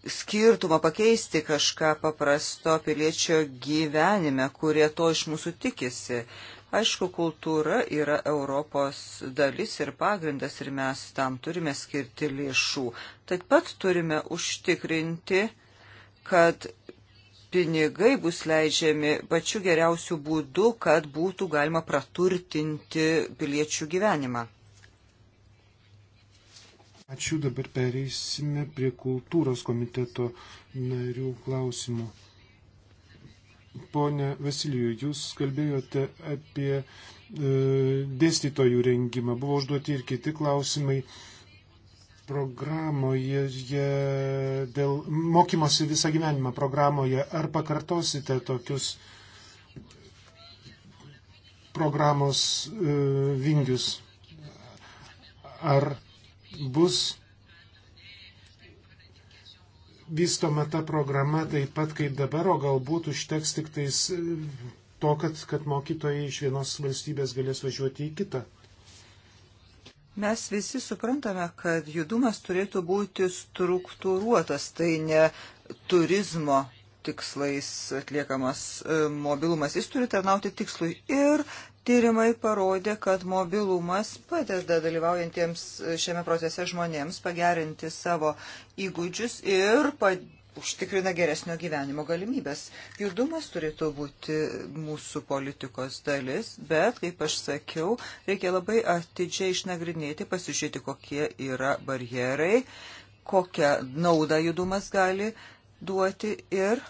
skirtumą, pakeisti kažką paprasto piliečio gyvenime, kurie to iš mūsų tikisi. Aišku, kultūra yra Europos dalis ir pagrindas ir mes tam turime skirti lėšų. Taip pat turime užtikrinti, kad pinigai bus leidžiami pačiu geriausiu būdu, kad būtų galima praturtinti piliečių gyvenimą. Ačiū, dabar pereisime prie kultūros komiteto narių klausimų. Pone Vasilijų, jūs kalbėjote apie e, dėstytojų rengimą. Buvo užduoti ir kiti klausimai programoje je, dėl mokymosi visą gyvenimą programoje. Ar pakartosite tokius programos e, vingius? Ar bus vystoma ta programa taip pat kaip dabar, o galbūt užteks tik tais e, to, kad, kad mokytojai iš vienos valstybės galės važiuoti į kitą. Mes visi suprantame, kad judumas turėtų būti struktūruotas, tai ne turizmo tikslais atliekamas e, mobilumas. Jis turi tarnauti tikslui ir Tyrimai parodė, kad mobilumas padeda dalyvaujantiems šiame procese žmonėms pagerinti savo įgūdžius ir užtikrina geresnio gyvenimo galimybės. Judumas turėtų būti mūsų politikos dalis, bet, kaip aš sakiau, reikia labai atidžiai išnagrinėti, pasižiūrėti, kokie yra barjerai, kokią naudą judumas gali duoti ir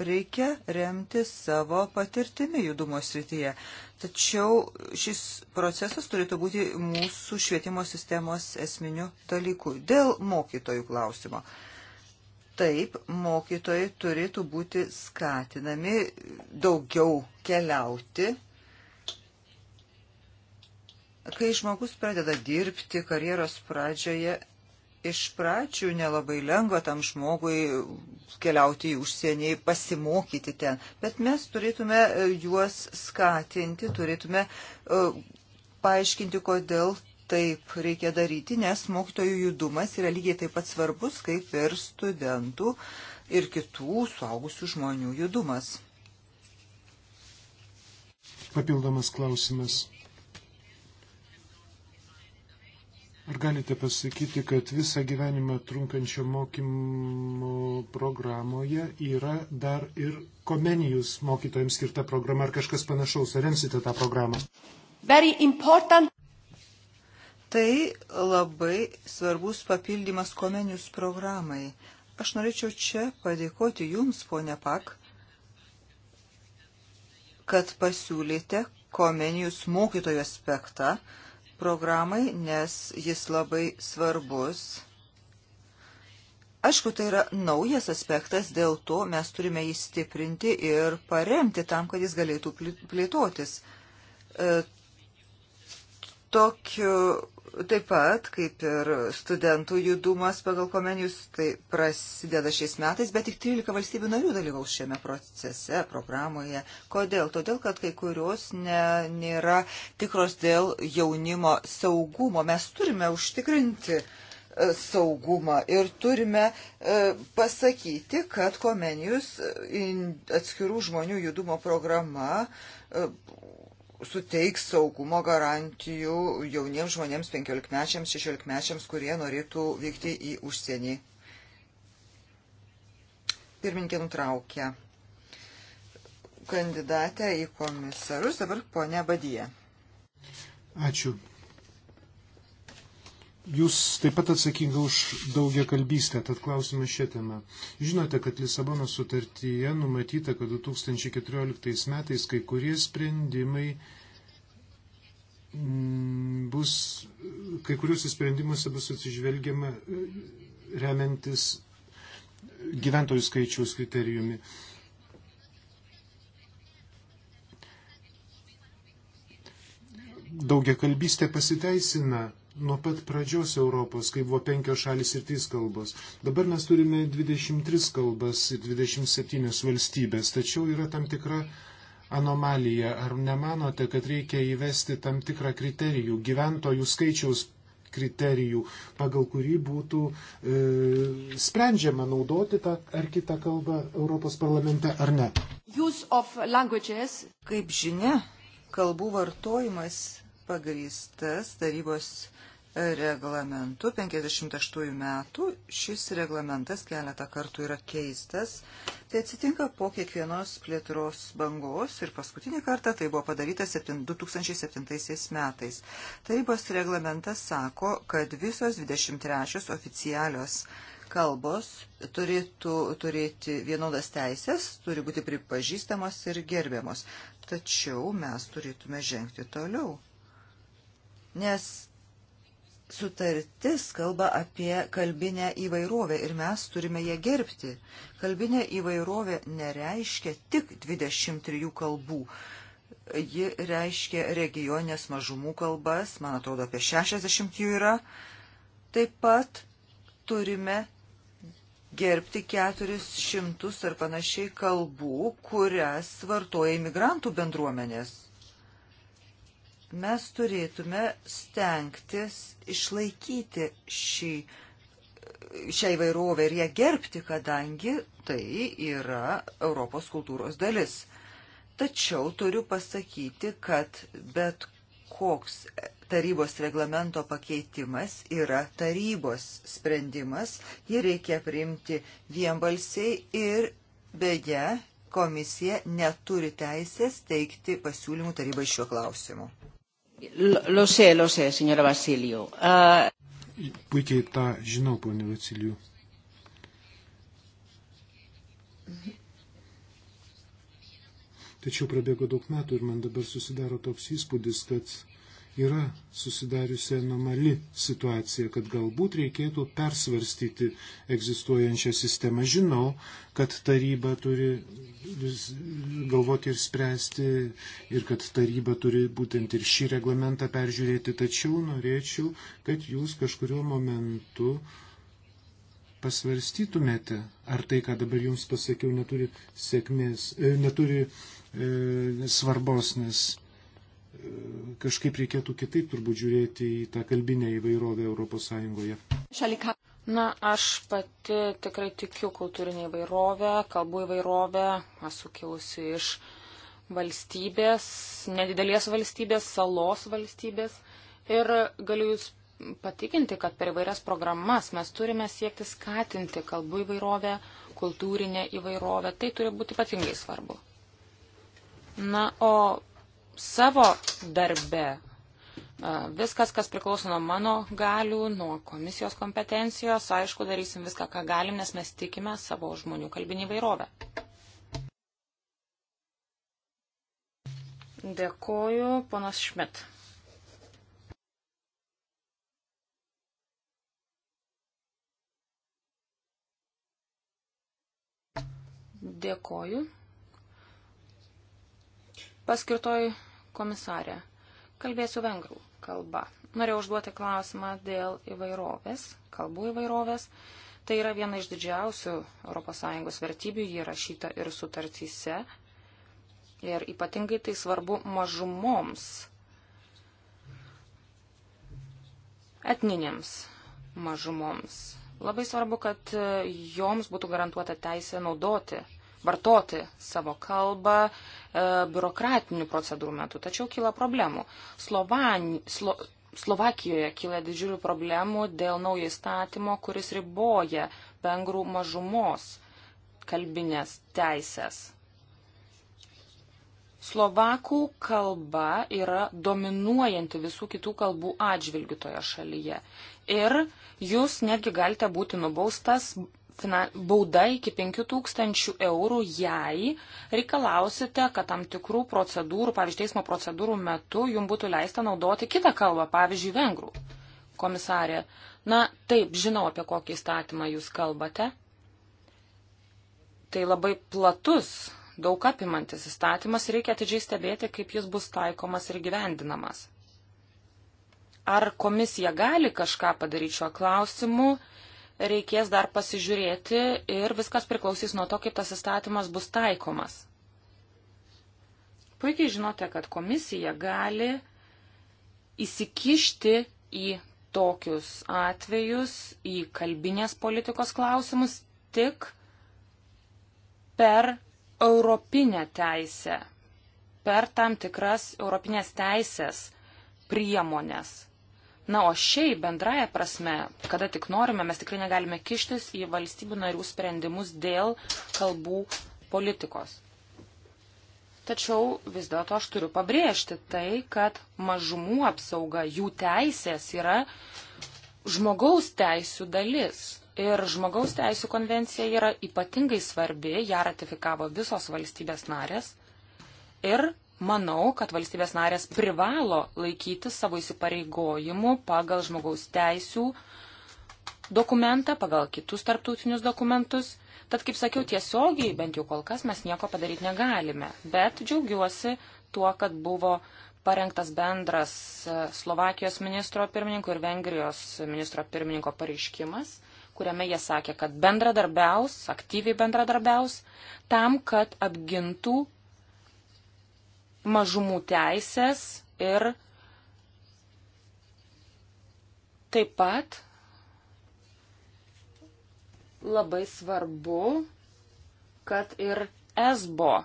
Reikia remti savo patirtimi judumo srityje. Tačiau šis procesas turėtų būti mūsų švietimo sistemos esminių dalykų. Dėl mokytojų klausimo. Taip, mokytojai turėtų būti skatinami daugiau keliauti kai žmogus pradeda dirbti karjeros pradžioje, iš pradžių nelabai lengva tam žmogui keliauti į užsienį, pasimokyti ten, bet mes turėtume e, juos skatinti, turėtume e, paaiškinti, kodėl taip reikia daryti, nes mokytojų judumas yra lygiai taip pat svarbus, kaip ir studentų ir kitų suaugusių žmonių judumas. Papildomas klausimas. Ar galite pasakyti, kad visą gyvenimą trunkančio mokymo programoje yra dar ir komenijus mokytojams skirta programa ar kažkas panašaus? Ar remsite tą programą? Tai labai svarbus papildymas komenijus programai. Aš norėčiau čia padėkoti Jums, ponė Pak, kad pasiūlėte komenijus mokytojo aspektą programai, nes jis labai svarbus. Aišku, tai yra naujas aspektas, dėl to mes turime jį stiprinti ir paremti tam, kad jis galėtų plėtotis. E, tokiu Taip pat, kaip ir studentų judumas pagal komenijus, tai prasideda šiais metais, bet tik 13 valstybių narių dalyvaus šiame procese, programoje. Kodėl? Todėl, kad kai kurios ne, nėra tikros dėl jaunimo saugumo. Mes turime užtikrinti e, saugumą ir turime e, pasakyti, kad komenijus atskirų žmonių judumo programa e, suteiks saugumo garantijų jauniems žmonėms, 15-mečiams, 16-mečiams, kurie norėtų vykti į užsienį. Pirminkė nutraukė kandidatę į komisarus, dabar ponia Badija. Ačiū, Jūs taip pat atsakinga už daugia kalbystę, tad klausime šią temą. Žinote, kad Lisabono sutartyje numatyta, kad 2014 metais kai kurie sprendimai mm, bus, kai kuriuose sprendimuose bus atsižvelgiama e, remiantis gyventojų skaičiaus kriterijumi. Daugia kalbystė pasiteisina nuo pat pradžios Europos, kai buvo penkios šalis ir trys kalbos. Dabar mes turime 23 kalbas ir 27 valstybės, tačiau yra tam tikra anomalija. Ar nemanote, kad reikia įvesti tam tikrą kriterijų, gyventojų skaičiaus kriterijų, pagal kurį būtų e, sprendžiama naudoti tą ar kitą kalbą Europos parlamente ar ne? Kaip žinia, kalbų vartojimas pagrįstas tarybos reglamentu 58 metų. Šis reglamentas keletą kartų yra keistas. Tai atsitinka po kiekvienos plėtros bangos ir paskutinį kartą tai buvo padaryta 2007 metais. Tarybos reglamentas sako, kad visos 23 oficialios kalbos turėtų turėti vienodas teisės, turi būti pripažįstamos ir gerbiamos. Tačiau mes turėtume žengti toliau. Nes Sutartis kalba apie kalbinę įvairovę ir mes turime ją gerbti. Kalbinė įvairovė nereiškia tik 23 kalbų. Ji reiškia regionės mažumų kalbas, man atrodo, apie 60 jų yra. Taip pat turime gerbti 400 ar panašiai kalbų, kurias vartoja imigrantų bendruomenės. Mes turėtume stengtis išlaikyti šį šią įvairovę ir ją gerbti, kadangi tai yra Europos kultūros dalis. Tačiau turiu pasakyti, kad bet koks tarybos reglamento pakeitimas yra tarybos sprendimas, jį reikia priimti vienbalsiai ir beje komisija neturi teisės teikti pasiūlymų tarybai šiuo klausimu. Lo sé, lo sé, senora Vasilijų. Uh... Ah, Puikiai tą žinau, ponė Vasilijų. Tačiau prabėgo daug metų ir man dabar susidaro toks įspūdis, kad yra susidariusi anomali situacija, kad galbūt reikėtų persvarstyti egzistuojančią sistemą. Žinau, kad taryba turi galvoti ir spręsti ir kad taryba turi būtent ir šį reglamentą peržiūrėti, tačiau norėčiau, kad jūs kažkurio momentu pasvarstytumėte, ar tai, ką dabar jums pasakiau, neturi sėkmės, e, neturi e, svarbos, nes kažkaip reikėtų kitaip turbūt žiūrėti į tą kalbinę įvairovę Europos Sąjungoje. Na, aš pati tikrai tikiu kultūrinį įvairovę, kalbų įvairovę, esu kilusi iš valstybės, nedidelės valstybės, salos valstybės ir galiu jūs patikinti, kad per įvairias programas mes turime siekti skatinti kalbų įvairovę, kultūrinę įvairovę. Tai turi būti ypatingai svarbu. Na, o savo darbe. Viskas, kas priklauso nuo mano galių, nuo komisijos kompetencijos, aišku, darysim viską, ką galim, nes mes tikime savo žmonių kalbinį vairovę. Dėkoju, ponas Šmit. Dėkoju. Paskirtoj komisarė. Kalbėsiu vengrų kalba. Norėjau užduoti klausimą dėl įvairovės, kalbų įvairovės. Tai yra viena iš didžiausių ES vertybių, ji rašyta ir sutartyse. Ir ypatingai tai svarbu mažumoms, etninėms mažumoms. Labai svarbu, kad joms būtų garantuota teisė naudoti vartoti savo kalbą e, biurokratinių procedūrų metu. Tačiau kyla problemų. Slovan, slo, Slovakijoje kyla didžiulių problemų dėl naujo įstatymo, kuris riboja vengrų mažumos kalbinės teisės. Slovakų kalba yra dominuojanti visų kitų kalbų atžvilgių toje šalyje. Ir jūs netgi galite būti nubaustas bauda iki 5000 eurų, jei reikalausite, kad tam tikrų procedūrų, pavyzdžiui, teismo procedūrų metu jums būtų leista naudoti kitą kalbą, pavyzdžiui, vengrų. Komisarė, na taip, žinau, apie kokį įstatymą jūs kalbate. Tai labai platus, daug apimantis įstatymas, reikia atidžiai stebėti, kaip jis bus taikomas ir gyvendinamas. Ar komisija gali kažką padaryti šiuo klausimu? reikės dar pasižiūrėti ir viskas priklausys nuo to, kaip tas įstatymas bus taikomas. Puikiai žinote, kad komisija gali įsikišti į tokius atvejus, į kalbinės politikos klausimus tik per europinę teisę, per tam tikras europinės teisės priemonės. Na, o šiaip bendraja prasme, kada tik norime, mes tikrai negalime kištis į valstybių narių sprendimus dėl kalbų politikos. Tačiau vis dėlto aš turiu pabrėžti tai, kad mažumų apsauga, jų teisės yra žmogaus teisų dalis. Ir žmogaus teisų konvencija yra ypatingai svarbi, ją ratifikavo visos valstybės narės. Ir manau, kad valstybės narės privalo laikyti savo įsipareigojimų pagal žmogaus teisų dokumentą, pagal kitus tarptautinius dokumentus. Tad, kaip sakiau, tiesiogiai, bent jau kol kas, mes nieko padaryti negalime. Bet džiaugiuosi tuo, kad buvo parengtas bendras e, Slovakijos ministro pirmininko ir Vengrijos ministro pirmininko pareiškimas, kuriame jie sakė, kad bendradarbiaus, aktyviai bendradarbiaus, tam, kad apgintų mažumų teisės ir taip pat labai svarbu, kad ir esbo e,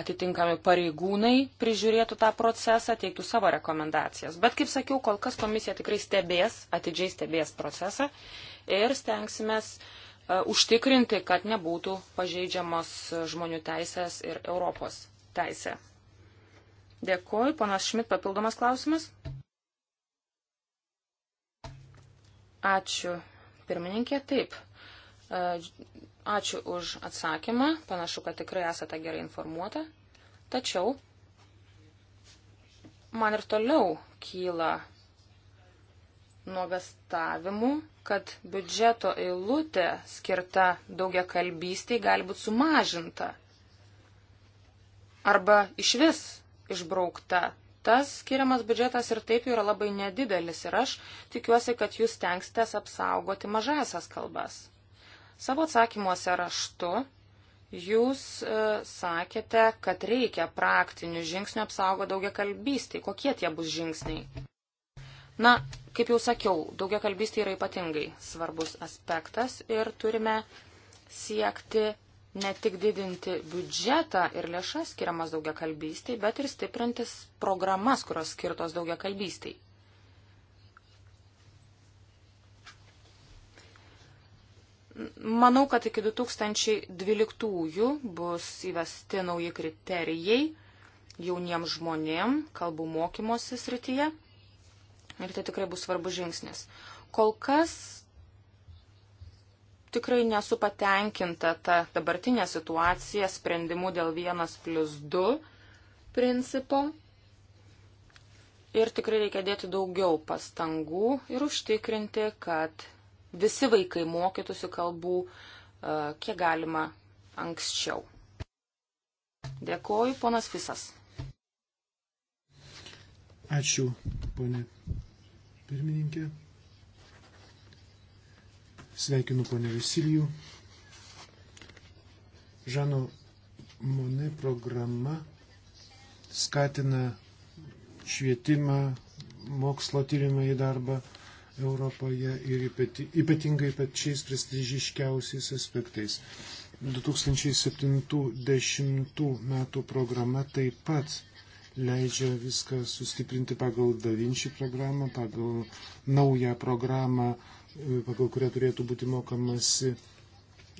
atitinkami pareigūnai prižiūrėtų tą procesą, teiktų savo rekomendacijas. Bet, kaip sakiau, kol kas komisija tikrai stebės, atidžiai stebės procesą ir stengsimės uh, užtikrinti, kad nebūtų pažeidžiamos žmonių teisės ir Europos teisė. Dėkuoju. Ponas Šmit, papildomas klausimas. Ačiū, pirmininkė. Taip. E, ačiū už atsakymą. Panašu, kad tikrai esate gerai informuota. Tačiau man ir toliau kyla nuogastavimų, kad biudžeto eilutė skirta daugia kalbystiai gali būti sumažinta. Arba iš vis išbraukta. Tas skiriamas biudžetas ir taip yra labai nedidelis ir aš tikiuosi, kad jūs tenksitės apsaugoti mažasias kalbas. Savo atsakymuose raštu jūs e, sakėte, kad reikia praktinių žingsnių apsaugo daugia kalbystai. Kokie tie bus žingsniai? Na, kaip jau sakiau, daugia kalbystai yra ypatingai svarbus aspektas ir turime siekti ne tik didinti biudžetą ir lėšas skiriamas daugia kalbystiai, bet ir stiprintis programas, kurios skirtos daugia kalbystiai. Manau, kad iki 2012 bus įvesti nauji kriterijai jauniems žmonėm kalbų mokymosi srityje ir tai tikrai bus svarbus žingsnis. Kol kas tikrai nesu patenkinta ta dabartinė situacija sprendimu dėl vienas plus du principo. Ir tikrai reikia dėti daugiau pastangų ir užtikrinti, kad visi vaikai mokytųsi kalbų e, kiek galima anksčiau. Dėkoju, ponas Fisas. Ačiū, ponė pirmininkė. Sveikinu ponę Visilijų. Žano Mone programa skatina švietimą, mokslo tyrimą į darbą Europoje ir ypatingai pačiais prestižiškiausiais aspektais. 2070 metų programa taip pat leidžia viską sustiprinti pagal Davinčių programą, pagal naują programą uh, pagal kurią turėtų būti mokamasi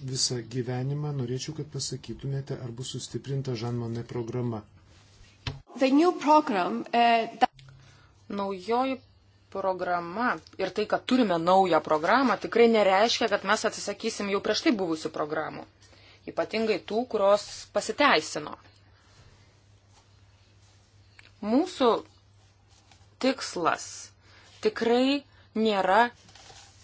visą gyvenimą, norėčiau, kad pasakytumėte, ar bus sustiprinta Žanmonė programa. Program, uh, that... Naujoji programa ir tai, kad turime naują programą, tikrai nereiškia, kad mes atsisakysim jau prieš tai buvusių programų. Ypatingai tų, kurios pasiteisino. Mūsų tikslas tikrai nėra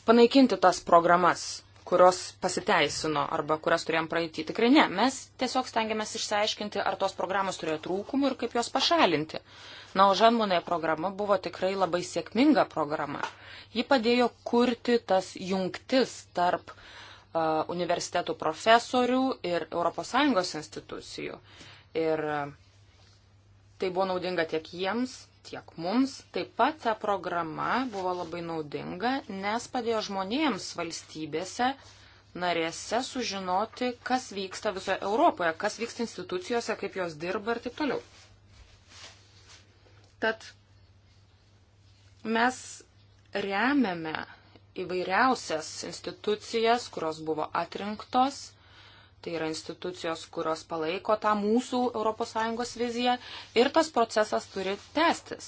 panaikinti tas programas, kurios pasiteisino arba kurias turėjom praeitį. Tikrai ne. Mes tiesiog stengiamės išsiaiškinti, ar tos programos turėjo trūkumų ir kaip juos pašalinti. Na, o Žanmonai programa buvo tikrai labai sėkminga programa. Ji padėjo kurti tas jungtis tarp uh, universitetų profesorių ir ES institucijų. Ir uh, tai buvo naudinga tiek jiems, tiek mums. Taip pat ta programa buvo labai naudinga, nes padėjo žmonėms valstybėse narėse sužinoti, kas vyksta visoje Europoje, kas vyksta institucijose, kaip jos dirba ir taip toliau. Tad mes remiame įvairiausias institucijas, kurios buvo atrinktos Tai yra institucijos, kurios palaiko tą mūsų ES viziją ir tas procesas turi tęstis.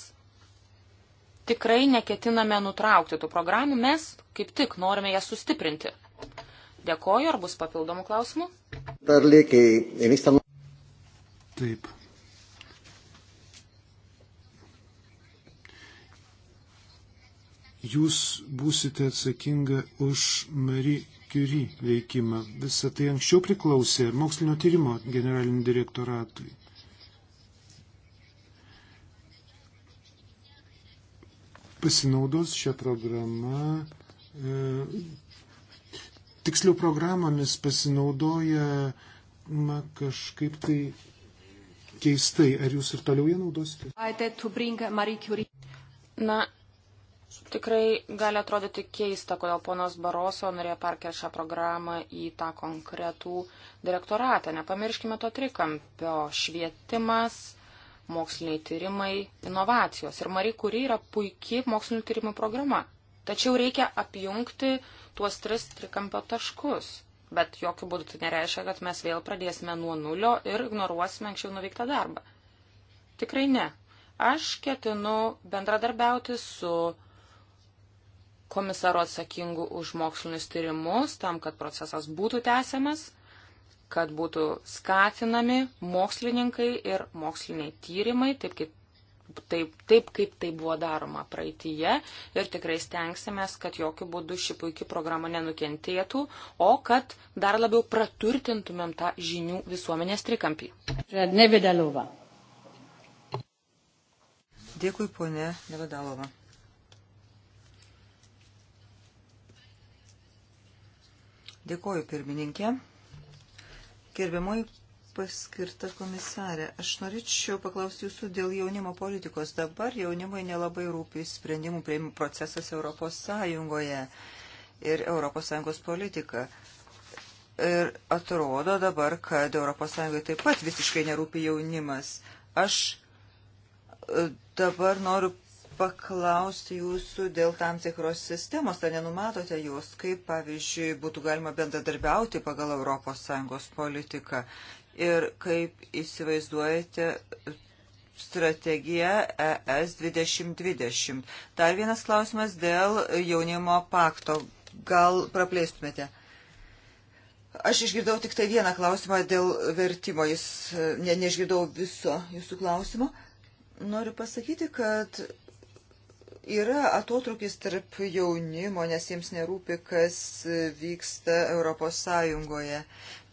Tikrai neketiname nutraukti tų programų, mes kaip tik norime jas sustiprinti. Dėkoju, ar bus papildomų klausimų? Taip, jūs būsite atsakinga už Marie Curie veikimą. Visą tai anksčiau priklausė mokslinio tyrimo generaliniam direktoratui. Pasinaudos šią programą, e, tiksliau programomis pasinaudoja ma, kažkaip tai keistai. Ar jūs ir toliau ją naudosite? Na, Tikrai gali atrodyti keista, kodėl ponas Baroso norėjo perkelti šią programą į tą konkretų direktoratą. Nepamirškime to trikampio - švietimas, moksliniai tyrimai, inovacijos. Ir Marie Curie yra puikiai mokslinių tyrimų programa. Tačiau reikia apjungti tuos tris trikampio taškus. Bet jokių būdų tai nereiškia, kad mes vėl pradėsime nuo nulio ir ignoruosime anksčiau nuveiktą darbą. Tikrai ne. Aš ketinu bendradarbiauti su komisaru atsakingu už mokslinius tyrimus, tam, kad procesas būtų tęsiamas, kad būtų skatinami mokslininkai ir moksliniai tyrimai, taip kaip, taip, taip, kaip tai buvo daroma praeitįje. Ir tikrai stengsimės, kad jokių būdų ši puikia programa nenukentėtų, o kad dar labiau praturtintumėm tą žinių visuomenės trikampį. Dėkui, ponė Nevedalova. Dėkoju, pirmininkė. Gerbiamoji paskirta komisarė, aš norėčiau paklausti jūsų dėl jaunimo politikos. Dabar jaunimui nelabai rūpi sprendimų prieimimo procesas Europos Sąjungoje ir Europos Sąjungos politika. Ir atrodo dabar, kad Europos Sąjungai taip pat visiškai nerūpi jaunimas. Aš e, dabar noriu paklausti jūsų dėl tam tikros sistemos, ar nenumatote jos, kaip pavyzdžiui būtų galima bendradarbiauti pagal ES politiką ir kaip įsivaizduojate strategija ES 2020. Dar vienas klausimas dėl jaunimo pakto. Gal praplėstumėte? Aš išgirdau tik tai vieną klausimą dėl vertimo, jis ne, neišgirdau viso jūsų klausimo. Noriu pasakyti, kad Yra atotrukis tarp jaunimo, nes jiems nerūpi, kas vyksta Europos Sąjungoje.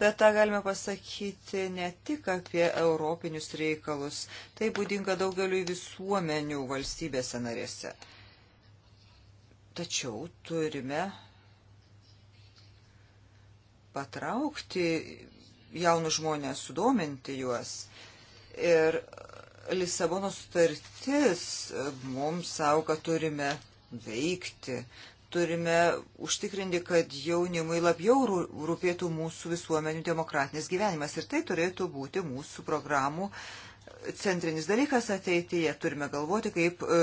Bet tą galime pasakyti ne tik apie europinius reikalus. Tai būdinga daugeliu visuomenių valstybėse narėse. Tačiau turime patraukti jaunus žmonės, sudominti juos. Ir Lisabono sutartis e, mums savo, kad turime veikti, turime užtikrinti, kad jaunimui labiau rūpėtų mūsų visuomenių demokratinis gyvenimas. Ir tai turėtų būti mūsų programų e, centrinis dalykas ateityje. Turime galvoti, kaip e,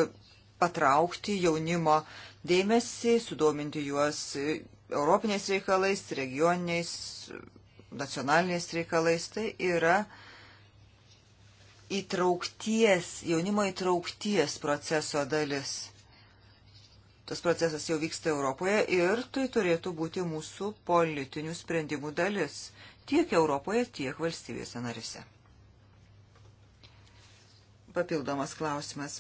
patraukti jaunimo dėmesį, sudominti juos europiniais reikalais, regioniniais, nacionaliniais reikalais. Tai yra uh, įtraukties, jaunimo įtraukties proceso dalis. Tas procesas jau vyksta Europoje ir tai turėtų būti mūsų politinių sprendimų dalis tiek Europoje, tiek valstybėse narise. Papildomas klausimas.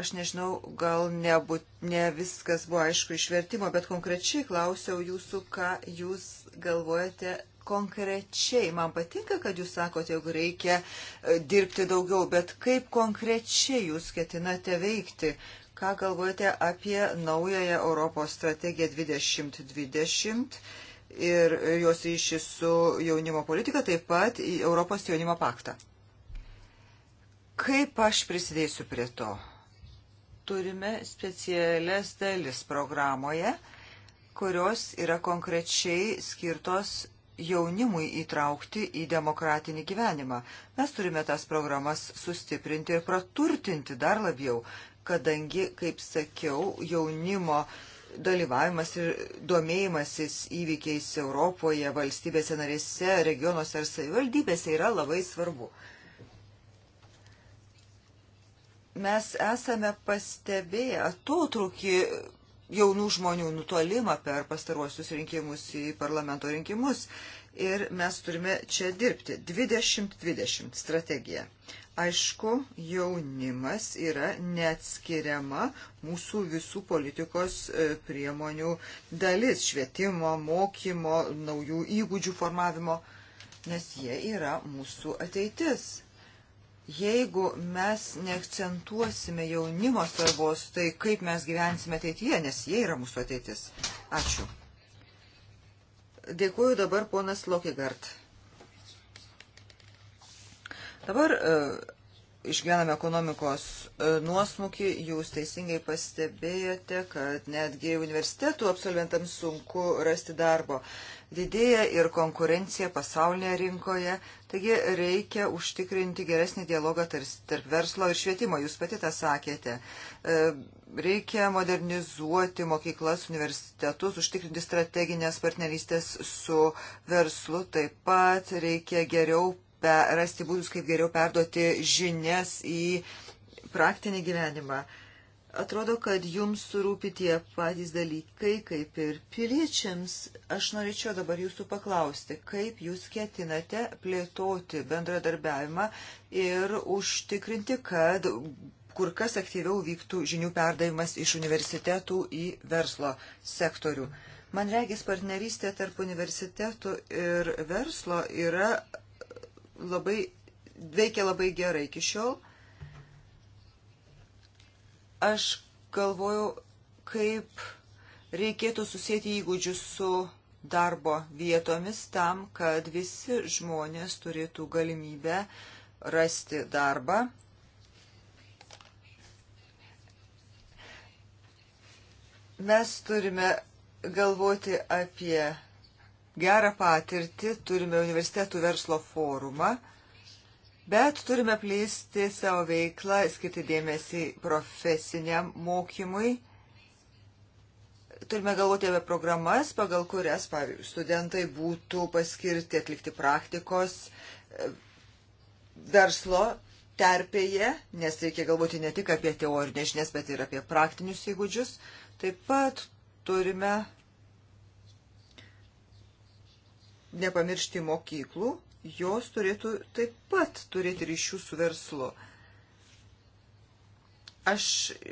Aš nežinau, gal nebūt, ne viskas buvo aišku išvertimo, bet konkrečiai klausiau jūsų, ką jūs galvojate konkrečiai. Man patinka, kad jūs sakote, jog reikia e, dirbti daugiau, bet kaip konkrečiai jūs ketinate veikti? Ką galvojate apie naująją Europos strategiją 2020 ir jos ryšį su jaunimo politika, taip pat Europos jaunimo paktą? Kaip aš prisidėsiu prie to? Turime specialias dalis programoje kurios yra konkrečiai skirtos jaunimui įtraukti į demokratinį gyvenimą. Mes turime tas programas sustiprinti ir praturtinti dar labiau, kadangi, kaip sakiau, jaunimo dalyvavimas ir domėjimasis įvykiais Europoje, valstybėse narėse, regionuose ar savivaldybėse yra labai svarbu. Mes esame pastebėję atotrukį jaunų žmonių nutolimą per pastaruosius rinkimus į parlamento rinkimus. Ir mes turime čia dirbti. 2020 strategija. Aišku, jaunimas yra neatskiriama mūsų visų politikos e, priemonių dalis - švietimo, mokymo, naujų įgūdžių formavimo, nes jie yra mūsų ateitis Jeigu mes neakcentuosime jaunimo svarbos, tai kaip mes gyvensime ateityje, nes jie yra mūsų ateitis. Ačiū. Dėkuoju dabar ponas Lokigart. Dabar e, išgyvename ekonomikos e, nuosmukį, jūs teisingai pastebėjote, kad netgi universitetų absolventams sunku rasti darbo didėja ir konkurencija pasaulinėje rinkoje, taigi reikia užtikrinti geresnį dialogą tarp verslo ir švietimo, jūs pati tą sakėte. E, reikia modernizuoti mokyklas, universitetus, užtikrinti strateginės partnerystės su verslu, taip pat reikia geriau rasti būdus, kaip geriau perduoti žinias į praktinį gyvenimą. Uh, Atrodo, kad jums rūpi tie patys dalykai, kaip ir piliečiams. Aš norėčiau dabar jūsų paklausti, kaip jūs ketinate plėtoti bendradarbiavimą ir užtikrinti, kad kur kas aktyviau vyktų žinių perdavimas iš universitetų į verslo sektorių. Man regis partnerystė tarp universitetų ir verslo yra labai, veikia labai gerai iki šiol Aš galvojau, kaip reikėtų susėti įgūdžius su darbo vietomis tam, kad visi žmonės turėtų galimybę rasti darbą. Mes turime galvoti apie gerą patirtį, turime universitetų verslo forumą Bet turime plėsti savo veiklą, skirti dėmesį profesiniam mokymui. Turime galvoti apie programas, pagal kurias, pavyzdžiui, studentai būtų paskirti atlikti praktikos e, verslo terpėje, nes reikia galvoti ne tik apie teorinę žinias, bet ir apie praktinius įgūdžius. Taip pat turime nepamiršti mokyklų jos turėtų taip pat turėti ryšių su verslu. Aš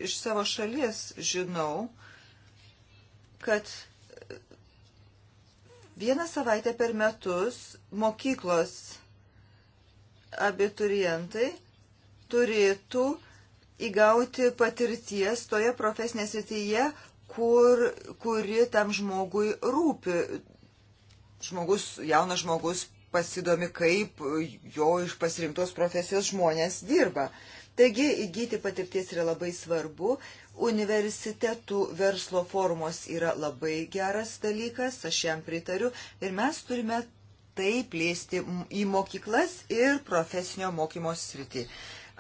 iš savo šalies žinau, kad vieną savaitę per metus mokyklos abiturientai turėtų įgauti patirties toje profesinėje srityje, kur, kuri tam žmogui rūpi. Žmogus, jaunas žmogus pasidomi, kaip jo iš pasirinktos profesijos žmonės dirba. Taigi įgyti patirties yra labai svarbu. Universitetų verslo formos yra labai geras dalykas, aš jam pritariu. Ir mes turime tai plėsti į mokyklas ir profesinio mokymo sritį.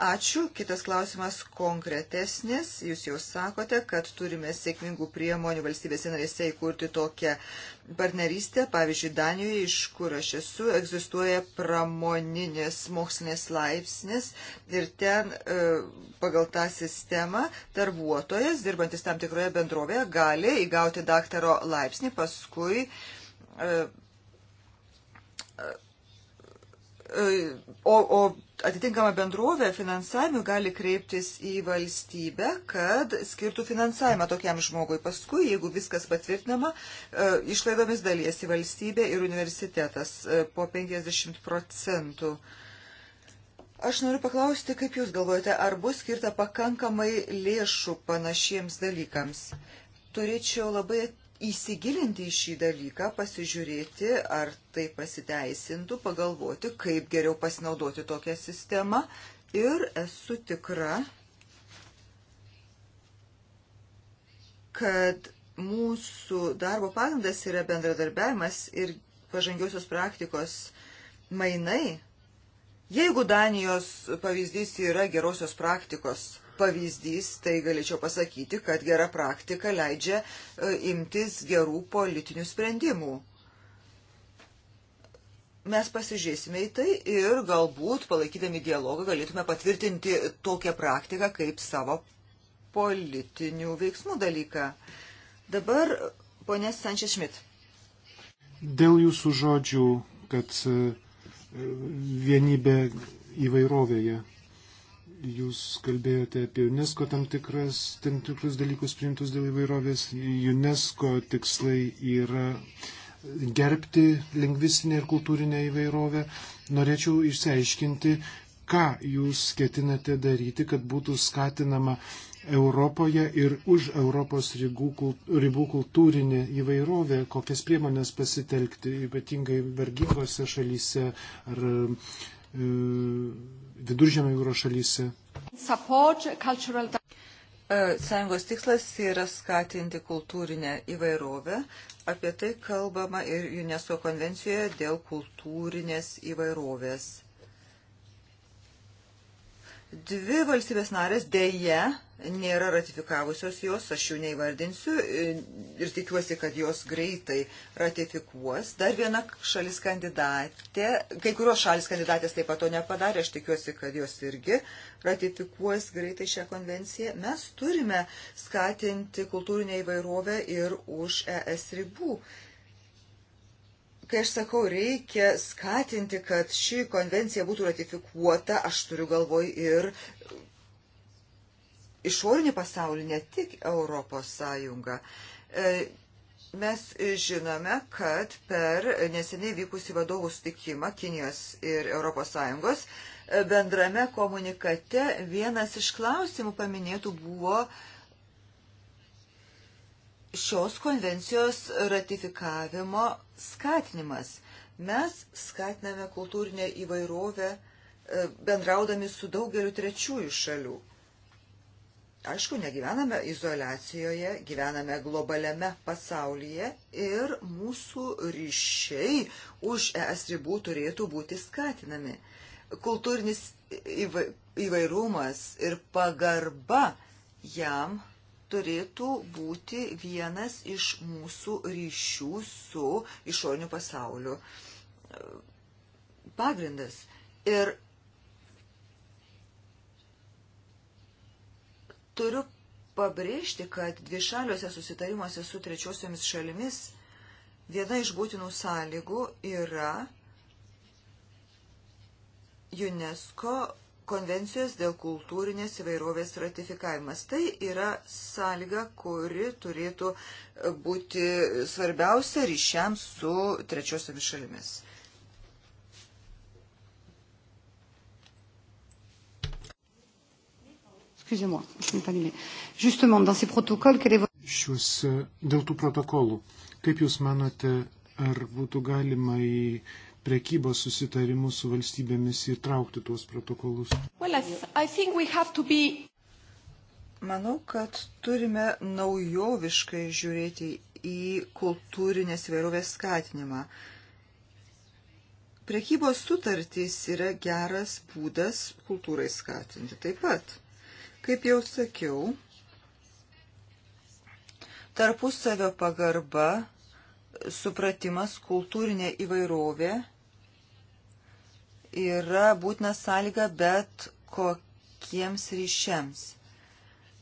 Ačiū. Kitas klausimas konkretesnis. Jūs jau sakote, kad turime sėkmingų priemonių valstybėse narėse įkurti tokią partnerystę. Pavyzdžiui, Danijoje, iš kur aš esu, egzistuoja pramoninės mokslinės laipsnės ir ten e, pagal tą sistemą darbuotojas, dirbantis tam tikroje bendrovėje, gali įgauti daktaro laipsnį, paskui. E, e, e o, o atitinkama bendrovė finansavimu gali kreiptis į valstybę, kad skirtų finansavimą tokiam žmogui. Paskui, jeigu viskas patvirtinama, e, išlaidomis dalies į valstybę ir universitetas e, po 50 procentų. Aš noriu paklausti, kaip Jūs galvojate, ar bus skirta pakankamai lėšų panašiems dalykams? Turėčiau labai įsigilinti į šį dalyką, pasižiūrėti, ar tai pasiteisintų, pagalvoti, kaip geriau pasinaudoti tokią sistemą. Ir esu tikra, kad mūsų darbo pagrindas yra bendradarbiavimas ir pažangiosios praktikos mainai. Jeigu Danijos pavyzdys yra gerosios praktikos pavyzdys, tai galėčiau pasakyti, kad gera praktika leidžia e, imtis gerų politinių sprendimų. Mes pasižiūrėsime į tai ir galbūt palaikydami dialogą galėtume patvirtinti tokią praktiką kaip savo politinių veiksmų dalyką. Dabar ponė Sančias Šmit. Dėl jūsų žodžių, kad e, vienybė įvairovėje Jūs kalbėjote apie UNESCO tam, tikras, tam tikrus dalykus priimtus dėl įvairovės. UNESCO tikslai yra gerbti lingvistinę ir kultūrinę įvairovę. Norėčiau išsiaiškinti, ką jūs ketinate daryti, kad būtų skatinama Europoje ir už Europos ribų kultūrinė įvairovė, kokias priemonės pasitelkti, ypatingai vargingose šalyse ar e, viduržėmio jūros šalyse. E, sąjungos tikslas yra skatinti kultūrinę įvairovę. Apie tai kalbama ir UNESCO konvencijoje dėl kultūrinės įvairovės. Dvi valstybės narės dėje nėra ratifikavusios jos, aš jų neįvardinsiu ir tikiuosi, kad jos greitai ratifikuos. Dar viena šalis kandidatė, kai kurios šalis kandidatės taip pat to nepadarė, aš tikiuosi, kad jos irgi ratifikuos greitai šią konvenciją. Mes turime skatinti kultūrinę įvairovę ir už ES ribų. Kai aš sakau, reikia skatinti, kad ši konvencija būtų ratifikuota, aš turiu galvoj ir išorinį pasaulį, ne tik Europos Sąjungą. E, mes žinome, kad per neseniai vykusi vadovų sutikimą Kinijos ir ES e, bendrame komunikate vienas iš klausimų paminėtų buvo uh, šios konvencijos ratifikavimo skatinimas. Mes skatiname kultūrinę įvairovę e, bendraudami su daugeliu trečiųjų šalių. Aišku, negyvename izolacijoje, gyvename globaliame pasaulyje ir mūsų ryšiai už ES ribų turėtų būti skatinami. Kultūrinis įvairumas ir pagarba jam turėtų būti vienas iš mūsų ryšių su išoriniu pasauliu pagrindas. Ir turiu pabrėžti, kad dvišaliuose susitarimuose su trečiosiomis šalimis viena iš būtinų sąlygų yra UNESCO konvencijos dėl kultūrinės įvairovės ratifikavimas. Tai yra sąlyga, kuri turėtų būti svarbiausia ryšiams su trečiosiomis šalimis. Excusez-moi, je n'ai pas allumé. Justement, dans ces protocoles, quelle est votre... Šiuose, dėl tų protokolų, kaip Jūs manote, ar būtų galima į prekybos susitarimus su valstybėmis įtraukti tuos protokolus? Well, we be... Manau, kad turime naujoviškai žiūrėti į kultūrinės vairovės skatinimą. Prekybos sutartys yra geras būdas kultūrai skatinti taip pat. Kaip jau sakiau, tarpusavio pagarba, supratimas, kultūrinė įvairovė yra būtina sąlyga bet kokiems ryšiams.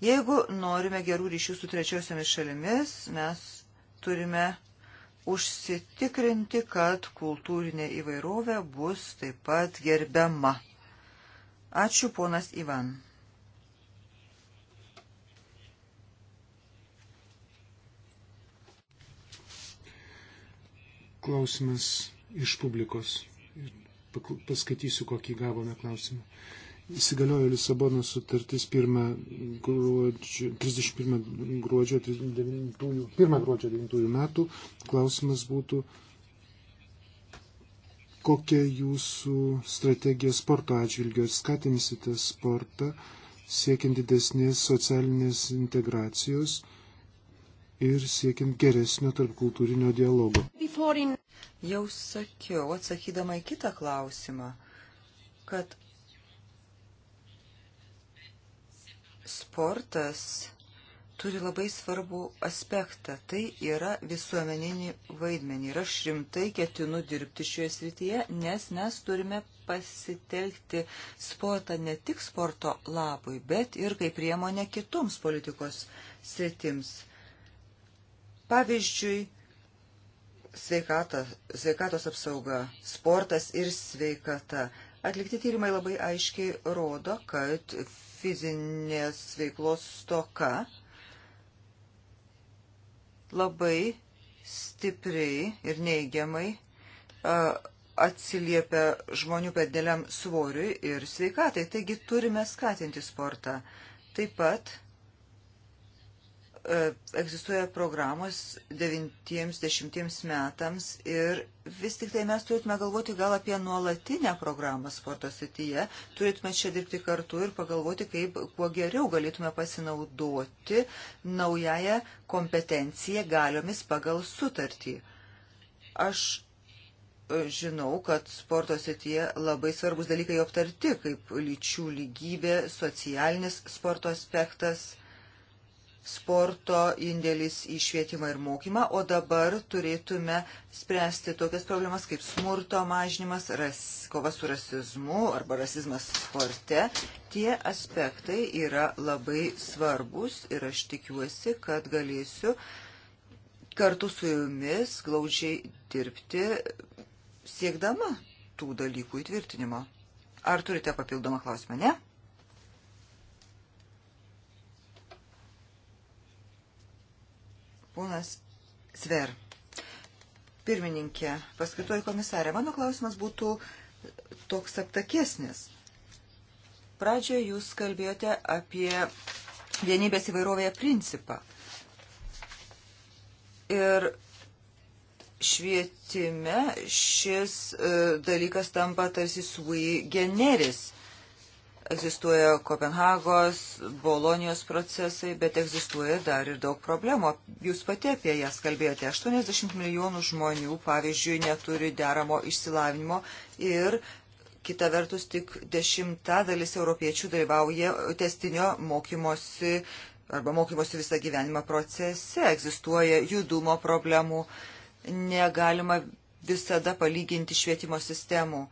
Jeigu norime gerų ryšių su trečiosiomis šalimis, mes turime užsitikrinti, kad kultūrinė įvairovė bus taip pat gerbiama. Ačiū, ponas Ivan. Klausimas iš publikos. Paskaitysiu, kokį gavome klausimą. Įsigaliojo Lisabono sutartis 1 gruodžio, 31 gruodžio 9, 1 gruodžio 9 metų. Klausimas būtų, kokia jūsų strategija sporto atžvilgiu ir skatinsite sportą siekiant didesnės socialinės integracijos ir siekiant geresnio tarp kultūrinio dialogo. Jau sakiau, atsakydama į kitą klausimą, kad sportas turi labai svarbų aspektą. Tai yra visuomeninį vaidmenį. Ir aš rimtai ketinu dirbti šioje srityje, nes mes turime pasitelkti sportą ne tik sporto labui, bet ir kaip priemonę kitoms politikos sritims. Pavyzdžiui, sveikata, sveikatos apsauga, sportas ir sveikata. Atlikti tyrimai labai aiškiai rodo, kad fizinės veiklos stoka labai stipriai ir neigiamai atsiliepia žmonių pedeliam svoriui ir sveikatai. Taigi turime skatinti sportą. Taip pat E, egzistuoja programos 90 metams ir vis tik tai mes turėtume galvoti gal apie nuolatinę programą sporto srityje, turėtume čia dirbti kartu ir pagalvoti, kaip kuo geriau galėtume pasinaudoti naująją kompetenciją galiomis pagal sutartį. Aš e, žinau, kad sporto srityje labai svarbus dalykai aptarti, kaip lyčių lygybė, socialinis sporto aspektas – sporto indėlis į švietimą ir mokymą, o dabar turėtume spręsti tokias problemas kaip smurto mažinimas, ras, kova su rasizmu arba rasizmas sporte. Tie aspektai yra labai svarbus ir aš tikiuosi, kad galėsiu kartu su jumis glaudžiai dirbti siekdama tų dalykų įtvirtinimo. Ar turite papildomą klausimą? Ne? Ponas Sver. Pirmininkė, paskaitoju komisarė, mano klausimas būtų toks aptakesnis. Pradžioje jūs kalbėjote apie vienybės įvairovėje principą. Ir švietime šis e, dalykas tampa tarsi sui generis. Egzistuoja Kopenhagos, Bolonijos procesai, bet egzistuoja dar ir daug problemų. Jūs pati apie jas kalbėjote. 80 milijonų žmonių, pavyzdžiui, neturi deramo išsilavinimo ir kita vertus tik dešimtadalis europiečių dalyvauja testinio mokymosi arba mokymosi visą gyvenimą procese. Egzistuoja judumo problemų. Negalima visada palyginti švietimo sistemų.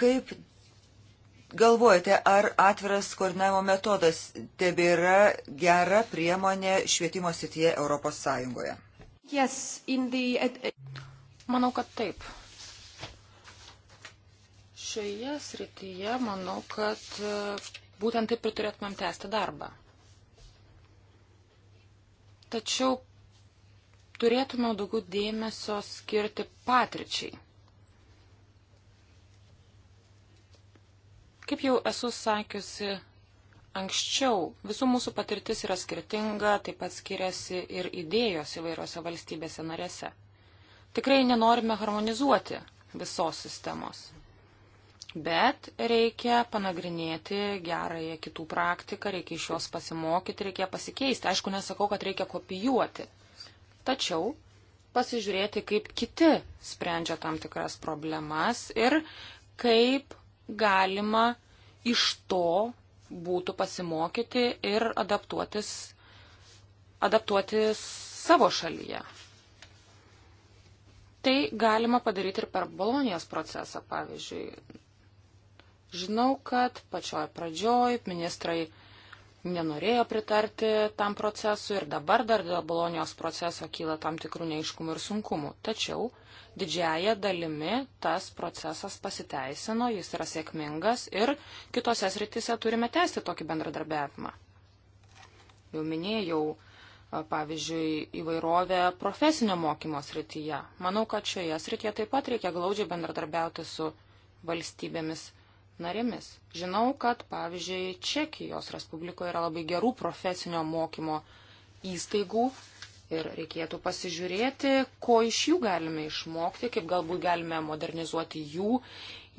Kaip galvojate, ar atviras koordinavimo metodas tebėra gera priemonė švietimo sityje Europos Sąjungoje? Yes, the... Manau, kad taip. Šioje srityje manau, kad e, būtent taip ir turėtumėm tęsti darbą. Tačiau turėtume daugiau dėmesio skirti patričiai Kaip jau esu sakiusi anksčiau, visų mūsų patirtis yra skirtinga, taip pat skiriasi ir idėjos įvairiose valstybėse narėse. Tikrai nenorime harmonizuoti visos sistemos. Bet reikia panagrinėti gerąją kitų praktiką, reikia iš jos pasimokyti, reikia pasikeisti. Aišku, nesakau, kad reikia kopijuoti. Tačiau pasižiūrėti, kaip kiti sprendžia tam tikras problemas ir kaip galima iš to būtų pasimokyti ir adaptuotis, adaptuotis savo šalyje. Tai galima padaryti ir per Bolonijos procesą, pavyzdžiui. Žinau, kad pačioj pradžioj ministrai nenorėjo pritarti tam procesui ir dabar dar dėl Bolonijos proceso kyla tam tikrų neiškumų ir sunkumų. Tačiau didžiaja dalimi tas procesas pasiteisino, jis yra sėkmingas ir kitose sritise turime tęsti tokį bendradarbiavimą. Jau minėjau, pavyzdžiui, įvairovę profesinio mokymo srityje. Manau, kad šioje srityje taip pat reikia glaudžiai bendradarbiauti su valstybėmis narėmis. Žinau, kad, pavyzdžiui, Čekijos Respublikoje yra labai gerų profesinio mokymo įstaigų ir reikėtų pasižiūrėti, ko iš jų galime išmokti, kaip galbūt galime modernizuoti jų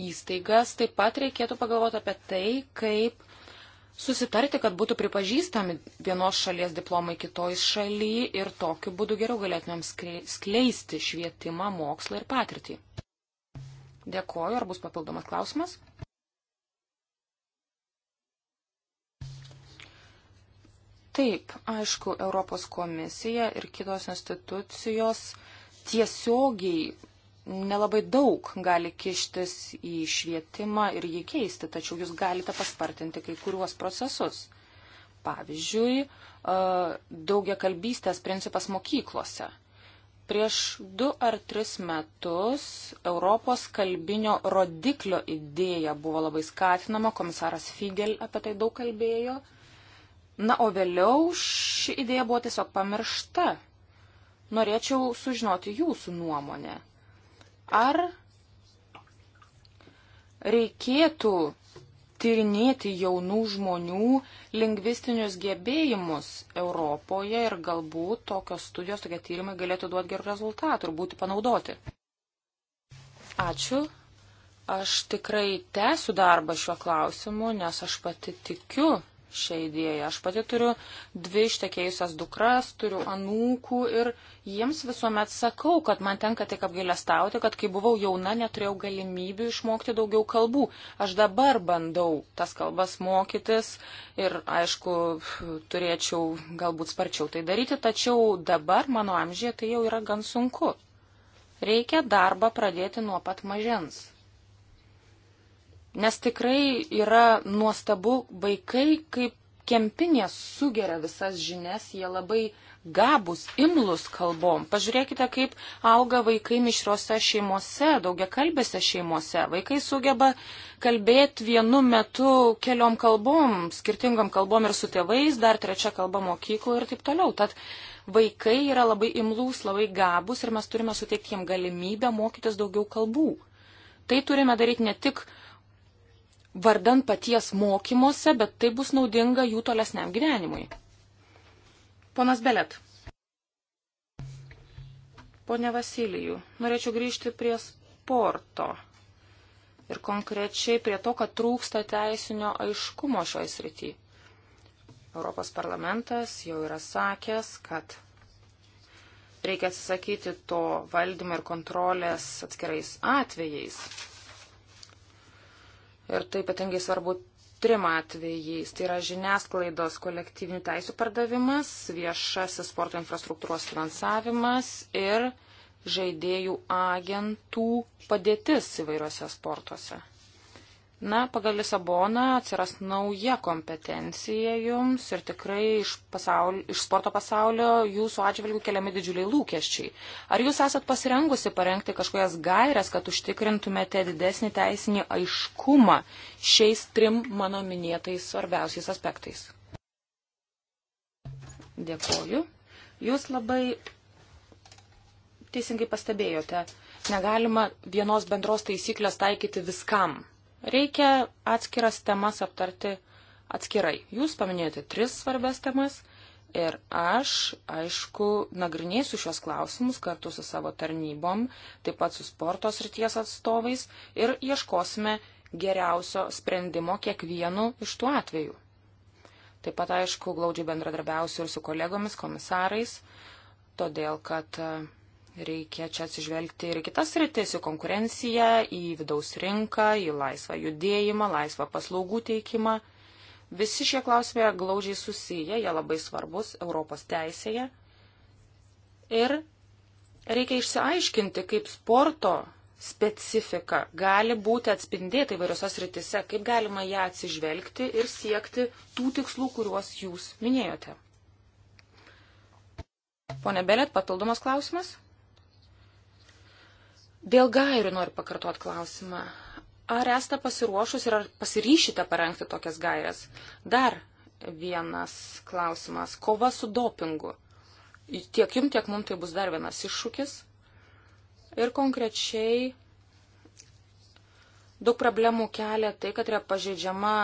įstaigas. Taip pat reikėtų pagalvoti apie tai, kaip susitarti, kad būtų pripažįstami vienos šalies diplomai kitoj šaly ir tokiu būdu geriau galėtumėm skleisti švietimą, mokslą ir patirtį. Dėkoju, ar bus papildomas klausimas? Taip, aišku, Europos komisija ir kitos institucijos tiesiogiai nelabai daug gali kištis į švietimą ir jį keisti, tačiau jūs galite paspartinti kai kuriuos procesus. Pavyzdžiui, e, daugia kalbystės principas mokyklose. Prieš du ar tris metus Europos kalbinio rodiklio idėja buvo labai skatinama, komisaras Figel apie tai daug kalbėjo. Na, o vėliau ši idėja buvo tiesiog pamiršta. Norėčiau sužinoti jūsų nuomonę. Ar reikėtų tyrinėti jaunų žmonių lingvistinius gebėjimus Europoje ir galbūt tokios studijos, tokie tyrimai galėtų duoti gerų rezultatų ir būti panaudoti. Ačiū. Aš tikrai tęsiu darbą šiuo klausimu, nes aš pati tikiu šią idėją. Aš pati turiu dvi ištekėjusias dukras, turiu anūkų ir jiems visuomet sakau, kad man tenka tik apgailestauti, kad kai buvau jauna, neturėjau galimybių išmokti daugiau kalbų. Aš dabar bandau tas kalbas mokytis ir, aišku, turėčiau galbūt sparčiau tai daryti, tačiau dabar mano amžiuje tai jau yra gan sunku. Reikia darbą pradėti nuo pat mažens. Nes tikrai yra nuostabu vaikai, kaip kempinė sugeria visas žinias, jie labai gabus, imlus kalbom. Pažiūrėkite, kaip auga vaikai mišriose šeimose, daugia kalbėse šeimose. Vaikai sugeba kalbėti vienu metu keliom kalbom, skirtingom kalbom ir su tėvais, dar trečia kalba mokykloje ir taip toliau. Tad vaikai yra labai imlūs, labai gabus ir mes turime suteikti jiem galimybę mokytis daugiau kalbų. Tai turime daryti ne tik vardan paties mokymuose, bet tai bus naudinga jų tolesniam gyvenimui. Ponas Belet. Pone Vasilijų, norėčiau grįžti prie sporto ir konkrečiai prie to, kad trūksta teisinio aiškumo šioje srityje. Europos parlamentas jau yra sakęs, kad reikia atsisakyti to valdymo ir kontrolės atskirais atvejais. Ir tai ypatingai svarbu trim atvejais. Tai yra žiniasklaidos kolektyvinių teisų pardavimas, viešasis sporto infrastruktūros finansavimas ir žaidėjų agentų padėtis įvairiuose sportuose. Na, pagal Lisaboną atsiras nauja kompetencija jums ir tikrai iš, pasaulio, iš sporto pasaulio jūsų atžvilgių keliami didžiuliai lūkesčiai. Ar jūs esat pasirengusi parengti kažkokias gairias, kad užtikrintumėte didesnį teisinį aiškumą šiais trim mano minėtais svarbiausiais aspektais? Dėkoju. Jūs labai teisingai pastebėjote, negalima vienos bendros taisyklės taikyti viskam Reikia atskiras temas aptarti atskirai. Jūs paminėjote tris svarbias temas ir aš, aišku, nagrinėsiu šios klausimus kartu su savo tarnybom, taip pat su sporto srities atstovais ir ieškosime geriausio sprendimo kiekvienu iš tų atvejų. Taip pat, aišku, glaudžiai bendradarbiausiu ir su kolegomis, komisarais, todėl kad reikia čia atsižvelgti ir kitas rytis, į konkurenciją, į vidaus rinką, į laisvą judėjimą, laisvą paslaugų teikimą. Visi šie klausimai glaudžiai susiję, jie labai svarbus Europos teisėje. Ir reikia išsiaiškinti, kaip sporto specifika gali būti atspindėta įvairiose sritise, kaip galima ją atsižvelgti ir siekti tų tikslų, kuriuos jūs minėjote. Pone Belėt, papildomas klausimas? Dėl gairių noriu pakartot klausimą. Ar esate pasiruošus ir ar pasiryšite parengti tokias gairias? Dar vienas klausimas. Kova su dopingu. Tiek jum, tiek mum tai bus dar vienas iššūkis. Ir konkrečiai daug problemų kelia tai, kad yra pažeidžiama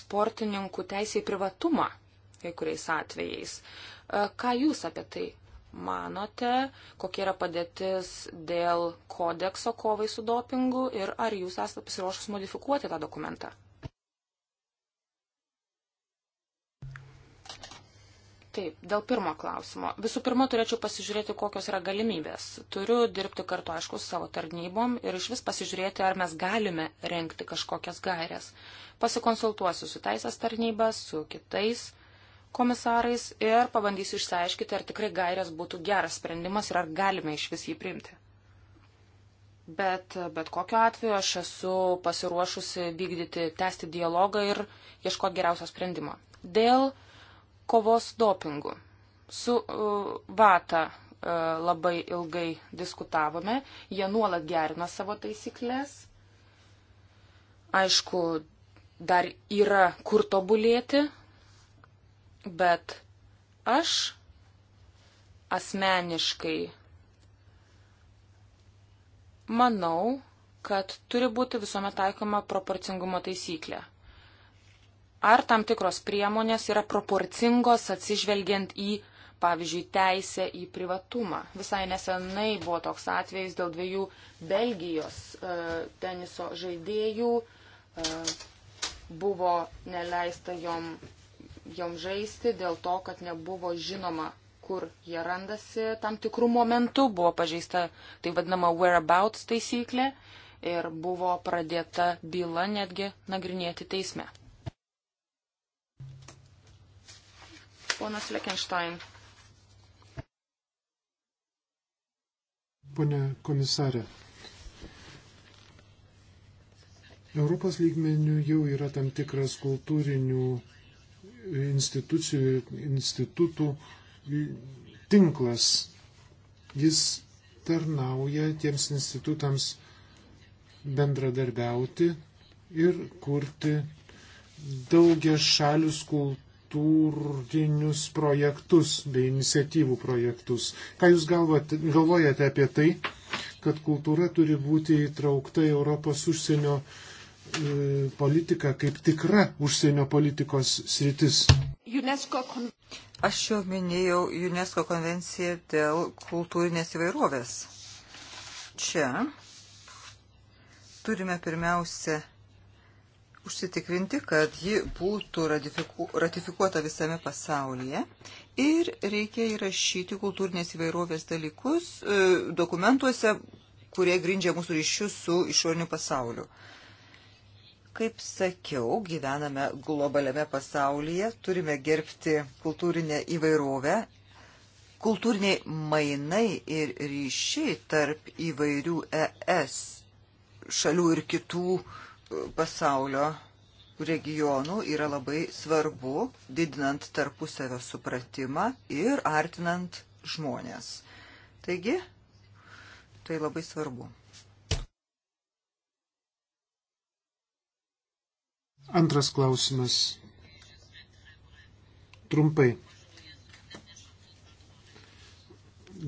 sportininkų teisė į privatumą kai kuriais atvejais. E, ką jūs apie tai manote, kokia yra padėtis dėl kodekso kovai su dopingu ir ar jūs esate pasiruošęs modifikuoti tą dokumentą? Taip, dėl pirmo klausimo. Visų pirma, turėčiau pasižiūrėti, kokios yra galimybės. Turiu dirbti kartu, aišku, su savo tarnybom ir iš vis pasižiūrėti, ar mes galime renkti kažkokias gairias. Pasikonsultuosiu su teisės tarnyba, su kitais komisarais ir pabandysiu išsiaiškyti, ar tikrai gairės būtų geras sprendimas ir ar galime iš vis jį priimti. Bet, bet kokiu atveju aš esu pasiruošusi vykdyti, tęsti dialogą ir ieškoti geriausio sprendimo. Dėl kovos dopingų. Su uh, VATA uh, labai ilgai diskutavome, jie nuolat gerina savo taisyklės. Aišku, dar yra kur tobulėti, Bet aš asmeniškai manau, kad turi būti visuomet taikoma proporcingumo taisyklė. Ar tam tikros priemonės yra proporcingos atsižvelgiant į, pavyzdžiui, teisę į privatumą. Visai nesenai buvo toks atvejis dėl dviejų Belgijos e, teniso žaidėjų. E, buvo neleista jom jom žaisti dėl to, kad nebuvo žinoma, kur jie randasi tam tikrų momentų, buvo pažeista tai vadinama whereabouts taisyklė ir buvo pradėta byla netgi nagrinėti teisme. Ponas Lekenštain. Pone komisarė, Europos lygmenių jau yra tam tikras kultūrinių institucijų ir institutų tinklas. Jis tarnauja tiems institutams bendradarbiauti ir kurti daugia šalius kultūrinius projektus bei iniciatyvų projektus. Ką Jūs galvojate, galvojate apie tai, kad kultūra turi būti įtraukta į Europos užsienio uh, E, politika kaip tikra užsienio politikos sritis. UNESCO kon... Aš jau minėjau UNESCO konvenciją dėl kultūrinės įvairovės. Čia turime pirmiausia užsitikrinti, kad ji būtų ratifiku, ratifikuota visame pasaulyje ir reikia įrašyti kultūrinės įvairovės dalykus e, dokumentuose, kurie grindžia mūsų ryšius su išoriniu pasauliu. Kaip sakiau, gyvename globaliame pasaulyje, turime gerbti kultūrinę įvairovę. Kultūriniai mainai ir ryšiai tarp įvairių ES šalių ir kitų e, pasaulio regionų yra labai svarbu, didinant tarpusavio supratimą ir artinant žmonės. Taigi, tai labai svarbu. Antras klausimas. Trumpai.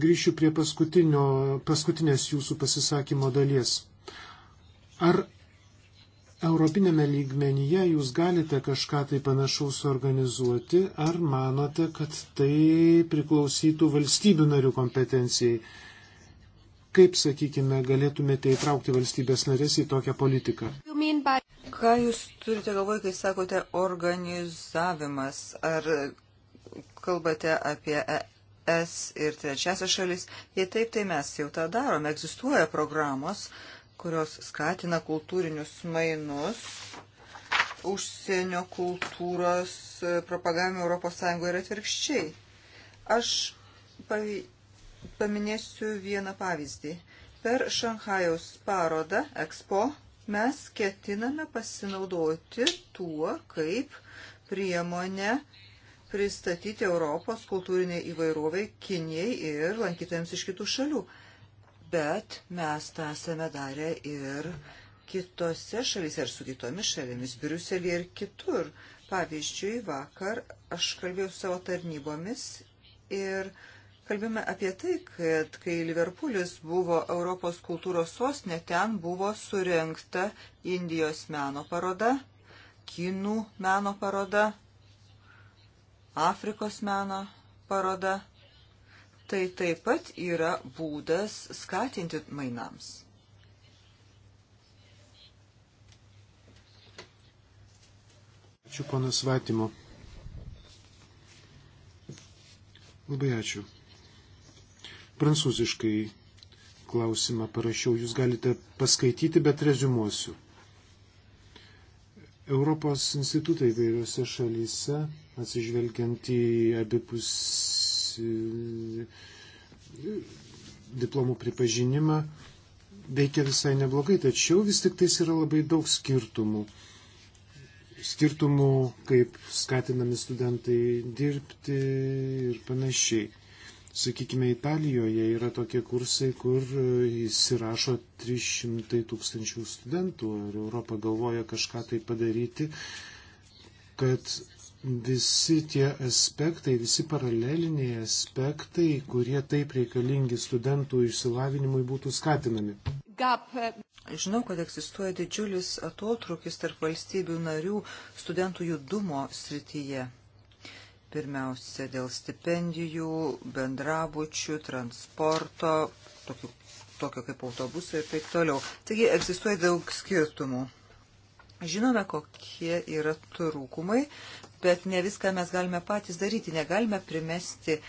Grįšiu prie paskutinės jūsų pasisakymo dalies. Ar Europinėme lygmenyje jūs galite kažką tai panašaus organizuoti, ar manote, kad tai priklausytų valstybių narių kompetencijai? Kaip, sakykime, galėtumėte įtraukti valstybės narės į tokią politiką? By... Ką Jūs turite galvoje, kai sakote organizavimas? Ar kalbate apie ES ir trečiasias šalis? Jei taip, tai mes jau tą darome. Egzistuoja programos, kurios skatina kultūrinius mainus, užsienio kultūros e, propagavimą ES ir atvirkščiai. Aš pavy... paminėsiu vieną pavyzdį. Per Šanhajaus parodą Expo Mes ketiname pasinaudoti tuo, kaip priemonę pristatyti Europos kultūrinė įvairovė Kinijai ir lankytojams iš kitų šalių. Bet mes tą esame darę ir kitose šalyse, ir su kitomis šalimis, Briuselėje ir kitur. Pavyzdžiui, vakar aš kalbėjau su savo tarnybomis ir uh, Kalbėjome apie tai, kad kai Liverpoolis buvo Europos kultūros sostinė, ten buvo surinkta Indijos meno paroda, kinų meno paroda, Afrikos meno paroda. Tai taip pat yra būdas skatinti mainams. Ačiū, ponas Vatimo. Labai ačiū. Prancūziškai klausimą parašiau, jūs galite paskaityti, bet rezumuosiu. Europos institutai įvairiose šalyse, atsižvelgiant į abipus e, diplomų pripažinimą, veikia visai neblogai, tačiau vis tik tais yra labai daug skirtumų. Skirtumų, kaip skatinami studentai dirbti ir panašiai. Sakykime, Italijoje yra tokie kursai, kur e, įsirašo 300 tūkstančių studentų ir Europa galvoja kažką tai padaryti, kad visi tie aspektai, visi paraleliniai aspektai, kurie taip reikalingi studentų išsilavinimui, būtų skatinami. Gap. Žinau, kad egzistuoja didžiulis atotrukis tarp valstybių narių studentų judumo srityje. Pirmiausia, dėl stipendijų, bendrabučių, transporto, tokių, tokio kaip autobusai ir taip toliau. Taigi egzistuoja daug skirtumų. Žinome, kokie yra trūkumai, bet ne viską mes galime patys daryti, negalime primesti uh,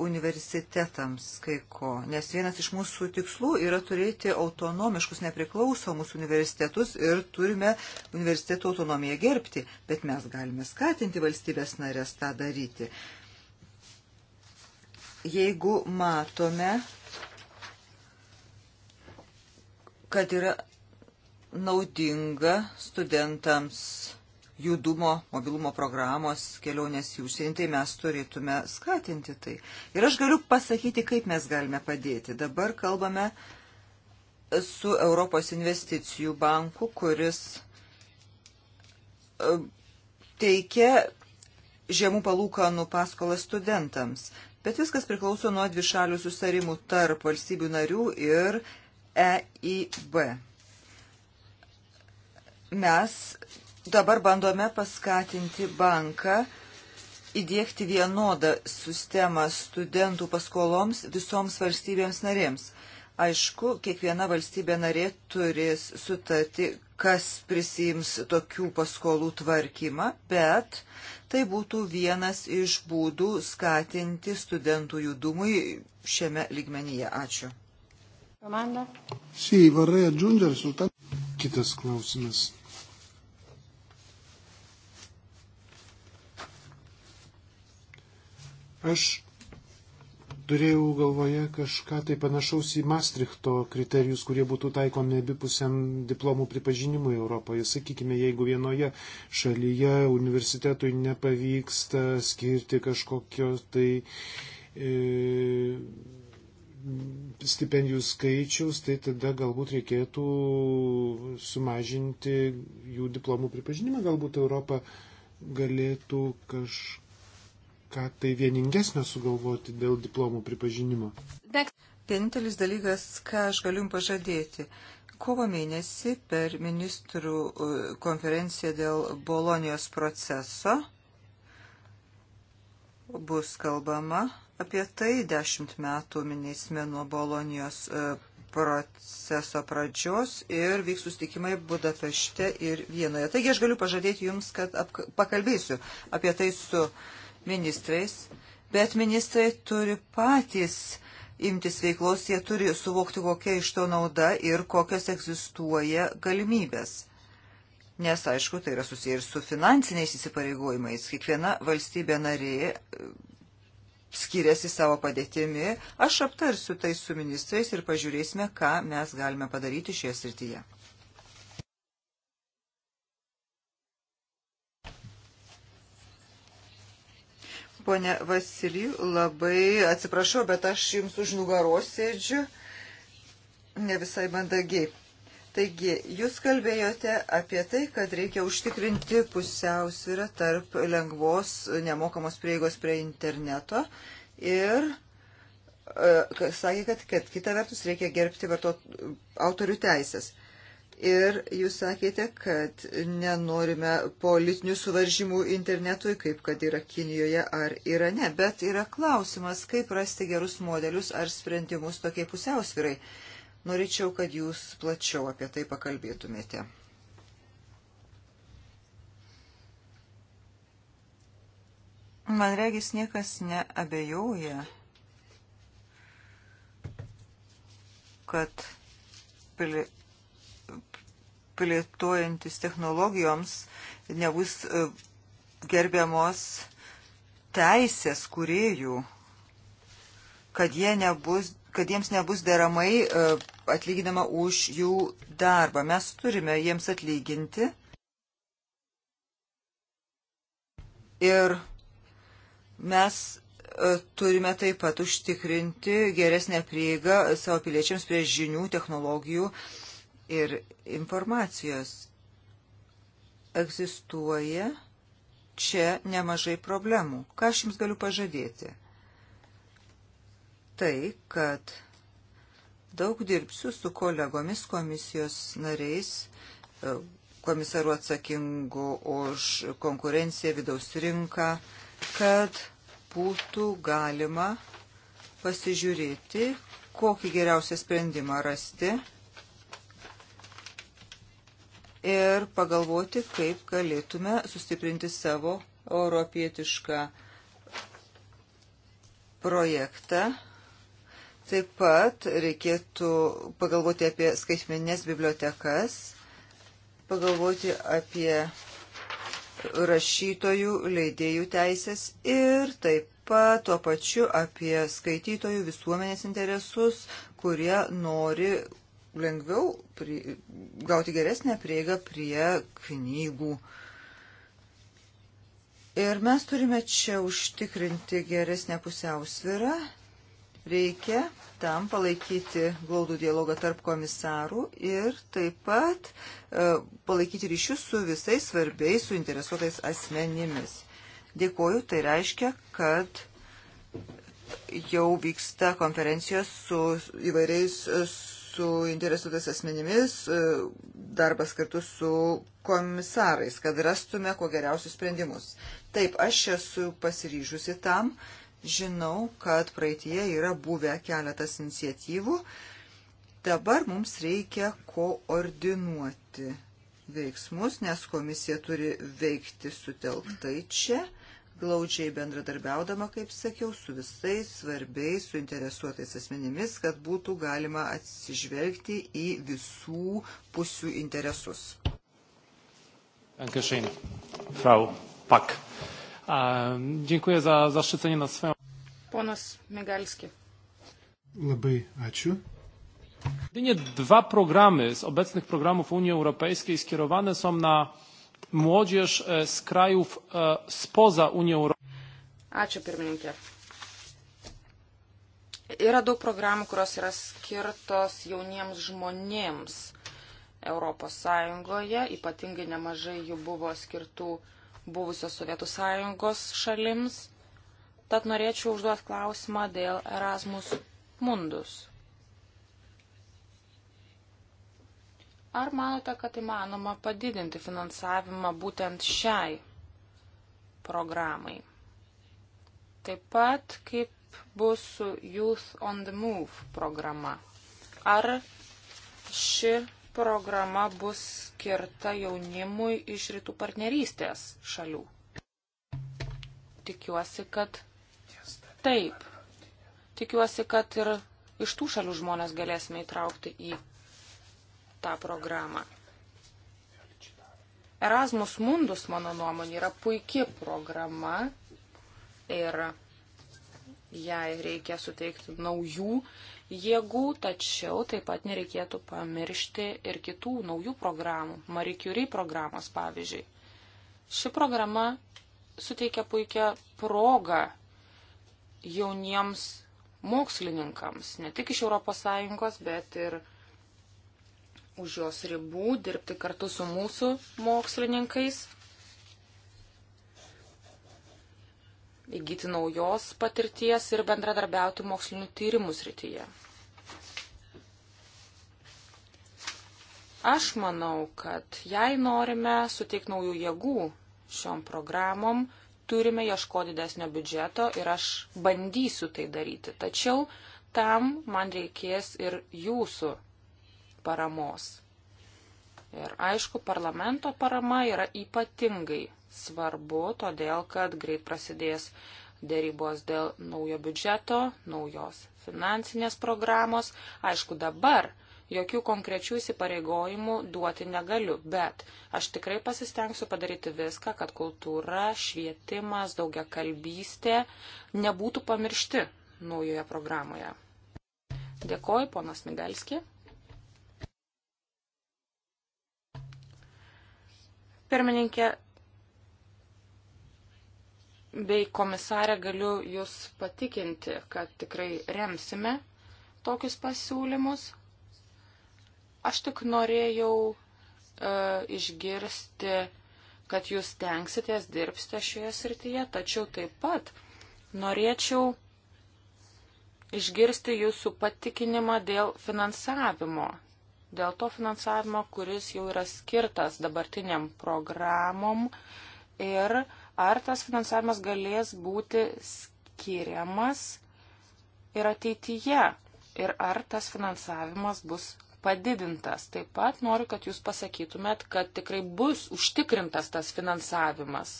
universitetams kai ko, nes vienas iš mūsų tikslų yra turėti autonomiškus, nepriklausomus universitetus ir turime universitetų autonomiją gerbti, bet mes galime skatinti valstybės narės tą daryti. Jeigu matome, kad yra naudinga studentams judumo, mobilumo programos, kelionės į užsienį, tai mes turėtume skatinti tai. Ir aš galiu pasakyti, kaip mes galime padėti. Dabar kalbame su Europos investicijų banku, kuris e, teikia žemų palūkanų paskolą studentams. Bet viskas priklauso nuo dvišalių sustarimų tarp valstybių narių ir EIB. Mes dabar bandome paskatinti banką įdėkti vienodą sistemą studentų paskoloms visoms valstybėms narėms. Aišku, kiekviena valstybė narė turės sutarti, kas prisims tokių paskolų tvarkymą, bet tai būtų vienas iš būdų skatinti studentų judumui šiame lygmenyje. Ačiū. Komanda. Kitas klausimas Aš turėjau galvoje kažką tai panašaus į Maastrichto kriterijus, kurie būtų taikomi abipusiam diplomų pripažinimui Europoje. Sakykime, jeigu vienoje šalyje universitetui nepavyksta skirti kažkokio tai. E, stipendijų skaičiaus, tai tada galbūt reikėtų sumažinti jų diplomų pripažinimą. Galbūt Europa galėtų kažką ką tai vieningesnio sugalvoti dėl diplomų pripažinimo. Vienintelis dalykas, ką aš galiu jums pažadėti. Kovo mėnesį per ministrų e, konferenciją dėl Bolonijos proceso bus kalbama apie tai. Dešimt metų minėsime nuo Bolonijos e, proceso pradžios ir vyks sustikimai Budapešte ir Vienoje. Taigi aš galiu pažadėti Jums, kad pakalbėsiu apie tai su uh, ministrais, bet ministrai turi patys imtis veiklos, jie turi suvokti, kokia iš to nauda ir kokios egzistuoja galimybės. Nes, aišku, tai yra susiję ir su finansiniais įsipareigojimais. Kiekviena valstybė narė e, skiriasi savo padėtimi. Aš aptarsiu tai su ministrais ir pažiūrėsime, ką mes galime padaryti šioje srityje. Pone Vasilijų, labai atsiprašau, bet aš jums už nugaros sėdžiu ne visai mandagiai. Taigi, jūs kalbėjote apie tai, kad reikia užtikrinti pusiausvyrą tarp lengvos nemokamos prieigos prie interneto ir e, sakė, kad, kad kita vertus reikia gerbti vartot autorių teisės. Ir jūs sakėte, kad nenorime politinių suvaržymų internetui, kaip kad yra Kinijoje ar Irane, bet yra klausimas, kaip rasti gerus modelius ar sprendimus tokiai pusiausvirai. Norėčiau, kad jūs plačiau apie tai pakalbėtumėte. Man regis niekas neabejoja, kad pili plėtojantis technologijoms nebus e, gerbiamos teisės kuriejų, kad, jie nebus, kad jiems nebus deramai e, atlyginama už jų darbą. Mes turime jiems atlyginti. Ir mes e, turime taip pat užtikrinti geresnę prieigą savo piliečiams prie žinių, technologijų ir informacijos. Egzistuoja čia nemažai problemų. Ką aš jums galiu pažadėti? Tai, kad daug dirbsiu su kolegomis komisijos nariais, e, komisaru atsakingu už konkurenciją vidaus rinką, kad būtų galima pasižiūrėti, kokį geriausią sprendimą rasti ir pagalvoti, kaip galėtume sustiprinti savo europietišką projektą. Taip pat reikėtų pagalvoti apie skaitmeninės bibliotekas, pagalvoti apie rašytojų, leidėjų teisės ir taip pat tuo pačiu apie skaitytojų visuomenės interesus, kurie nori lengviau pri, gauti geresnę prieigą prie knygų. Ir mes turime čia užtikrinti geresnę pusiausvyrą. Reikia tam palaikyti glaudų dialogą tarp komisarų ir taip pat e, palaikyti ryšius su visais svarbiais suinteresuotais asmenimis. Dėkoju, tai reiškia, kad jau vyksta konferencijos su įvairiais su e, su interesuotas asmenimis, e, darbas kartu su komisarais, kad rastume kuo geriausius sprendimus. Taip, aš esu pasiryžusi tam, žinau, kad praeitie yra buvę keletas iniciatyvų, dabar mums reikia koordinuoti veiksmus, nes komisija turi veikti sutelktai čia glaučiai bendradarbiaudama, kaip sakiau, su visais svarbiais suinteresuotais asmenimis, kad būtų galima atsižvelgti į visų pusių interesus. Dankeschön, Frau Pak. Um, dziękuję za zaszczycenie na swoją. Ponas Migalski. Labai ačiū. Jedynie dwa programy z obecnych programów Unii Europejskiej skierowane są na młodzież e, z krajów e, spoza Unii Europejskiej. Ačiū pirmininkė. Yra daug programų, kurios yra skirtos jauniems žmonėms Europos Sąjungoje, ypatingai nemažai jų buvo skirtų buvusios Sovietų Sąjungos šalims. Tad norėčiau užduoti klausimą dėl Erasmus Mundus Ar manote, kad įmanoma padidinti finansavimą būtent šiai programai? Taip pat, kaip bus su Youth on the Move programa? Ar ši programa bus skirta jaunimui iš rytų partnerystės šalių? Tikiuosi, kad taip. Tikiuosi, kad ir iš tų šalių žmonės galėsime įtraukti į tą programą. Erasmus Mundus, mano nuomonė, yra puikia programa ir jai reikia suteikti naujų jėgų, tačiau taip pat nereikėtų pamiršti ir kitų naujų programų, Marie Curie programos pavyzdžiui. Ši programa suteikia puikią progą jauniems mokslininkams, ne tik iš ES, bet ir už jos ribų, dirbti kartu su mūsų mokslininkais, įgyti naujos patirties ir bendradarbiauti mokslinių tyrimų srityje. Aš manau, kad jei norime suteikti naujų jėgų šiom programom, turime ieškoti didesnio biudžeto ir aš bandysiu tai daryti. Tačiau tam man reikės ir jūsų paramos. Ir aišku, parlamento parama yra ypatingai svarbu, todėl kad greit prasidės dėrybos dėl naujo biudžeto, naujos finansinės programos. Aišku, dabar jokių konkrečių įsipareigojimų duoti negaliu, bet aš tikrai pasistengsiu padaryti viską, kad kultūra, švietimas, daugia kalbystė nebūtų pamiršti naujoje programoje. Dėkoju, ponas Migalski. pirmininkė, bei komisarė galiu Jūs patikinti, kad tikrai remsime tokius pasiūlymus. Aš tik norėjau e, išgirsti, kad Jūs tenksitės dirbsite šioje srityje, tačiau taip pat norėčiau išgirsti Jūsų patikinimą dėl finansavimo, dėl to finansavimo, kuris jau yra skirtas dabartiniam programom ir ar tas finansavimas galės būti skiriamas ir ateityje ir ar tas finansavimas bus padidintas. Taip pat noriu, kad jūs pasakytumėt, kad tikrai bus užtikrintas tas finansavimas.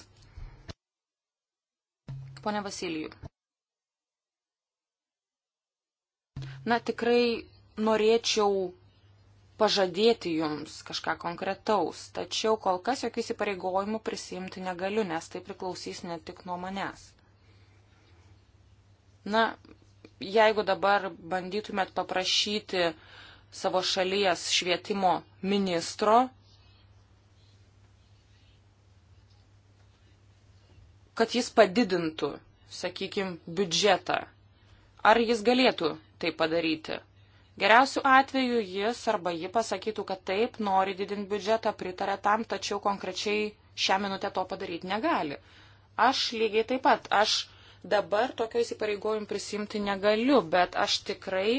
Pone Vasilijų. Na, tikrai norėčiau pažadėti jums kažką konkretaus, tačiau kol kas jokių įsipareigojimų prisimti negaliu, nes tai priklausys ne tik nuo manęs. Na, jeigu dabar bandytumėt paprašyti savo šalies švietimo ministro, kad jis padidintų, sakykime, biudžetą, ar jis galėtų tai padaryti? Geriausių atveju jis arba ji pasakytų, kad taip, nori didinti biudžetą, pritarė tam, tačiau konkrečiai šią minutę to padaryti negali. Aš lygiai taip pat, aš dabar tokio įsipareigojimų prisimti negaliu, bet aš tikrai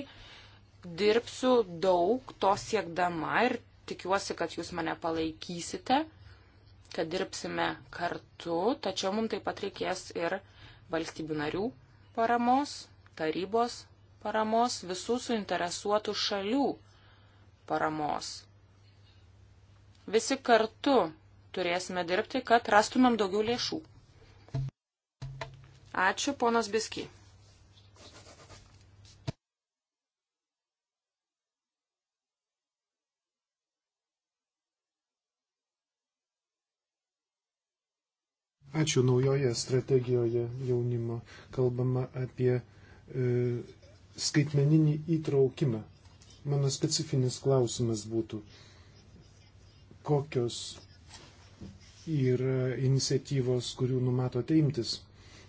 dirbsiu daug to siekdama ir tikiuosi, kad jūs mane palaikysite, kad dirbsime kartu, tačiau mums taip pat reikės ir valstybių narių paramos, tarybos paramos, visų suinteresuotų šalių paramos. Visi kartu turėsime dirbti, kad rastumėm daugiau lėšų. Ačiū, ponas Biski. Ačiū naujoje strategijoje jaunimo. Kalbama apie e, skaitmeninį įtraukimą. Mano specifinis klausimas būtų, kokios yra iniciatyvos, kurių numatote imtis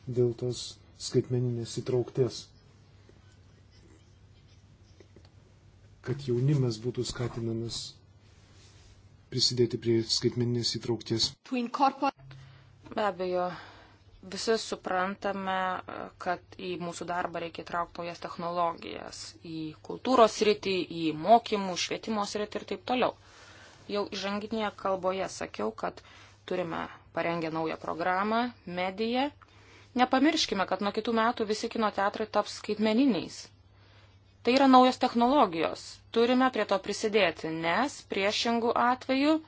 dėl tos skaitmeninės įtraukties, kad jaunimas būtų skatinamas prisidėti prie skaitmeninės įtraukties. Be abejo, visi suprantame, kad į mūsų darbą reikia traukti naujas technologijas, į kultūros rytį, į mokymų, švietimo rytį ir taip toliau. Jau įžanginėje kalboje sakiau, kad turime parengę naują programą, mediją. Nepamirškime, kad nuo kitų metų visi kino teatrai taps skaitmeniniais. Tai yra naujos technologijos. Turime prie to prisidėti, nes priešingų atveju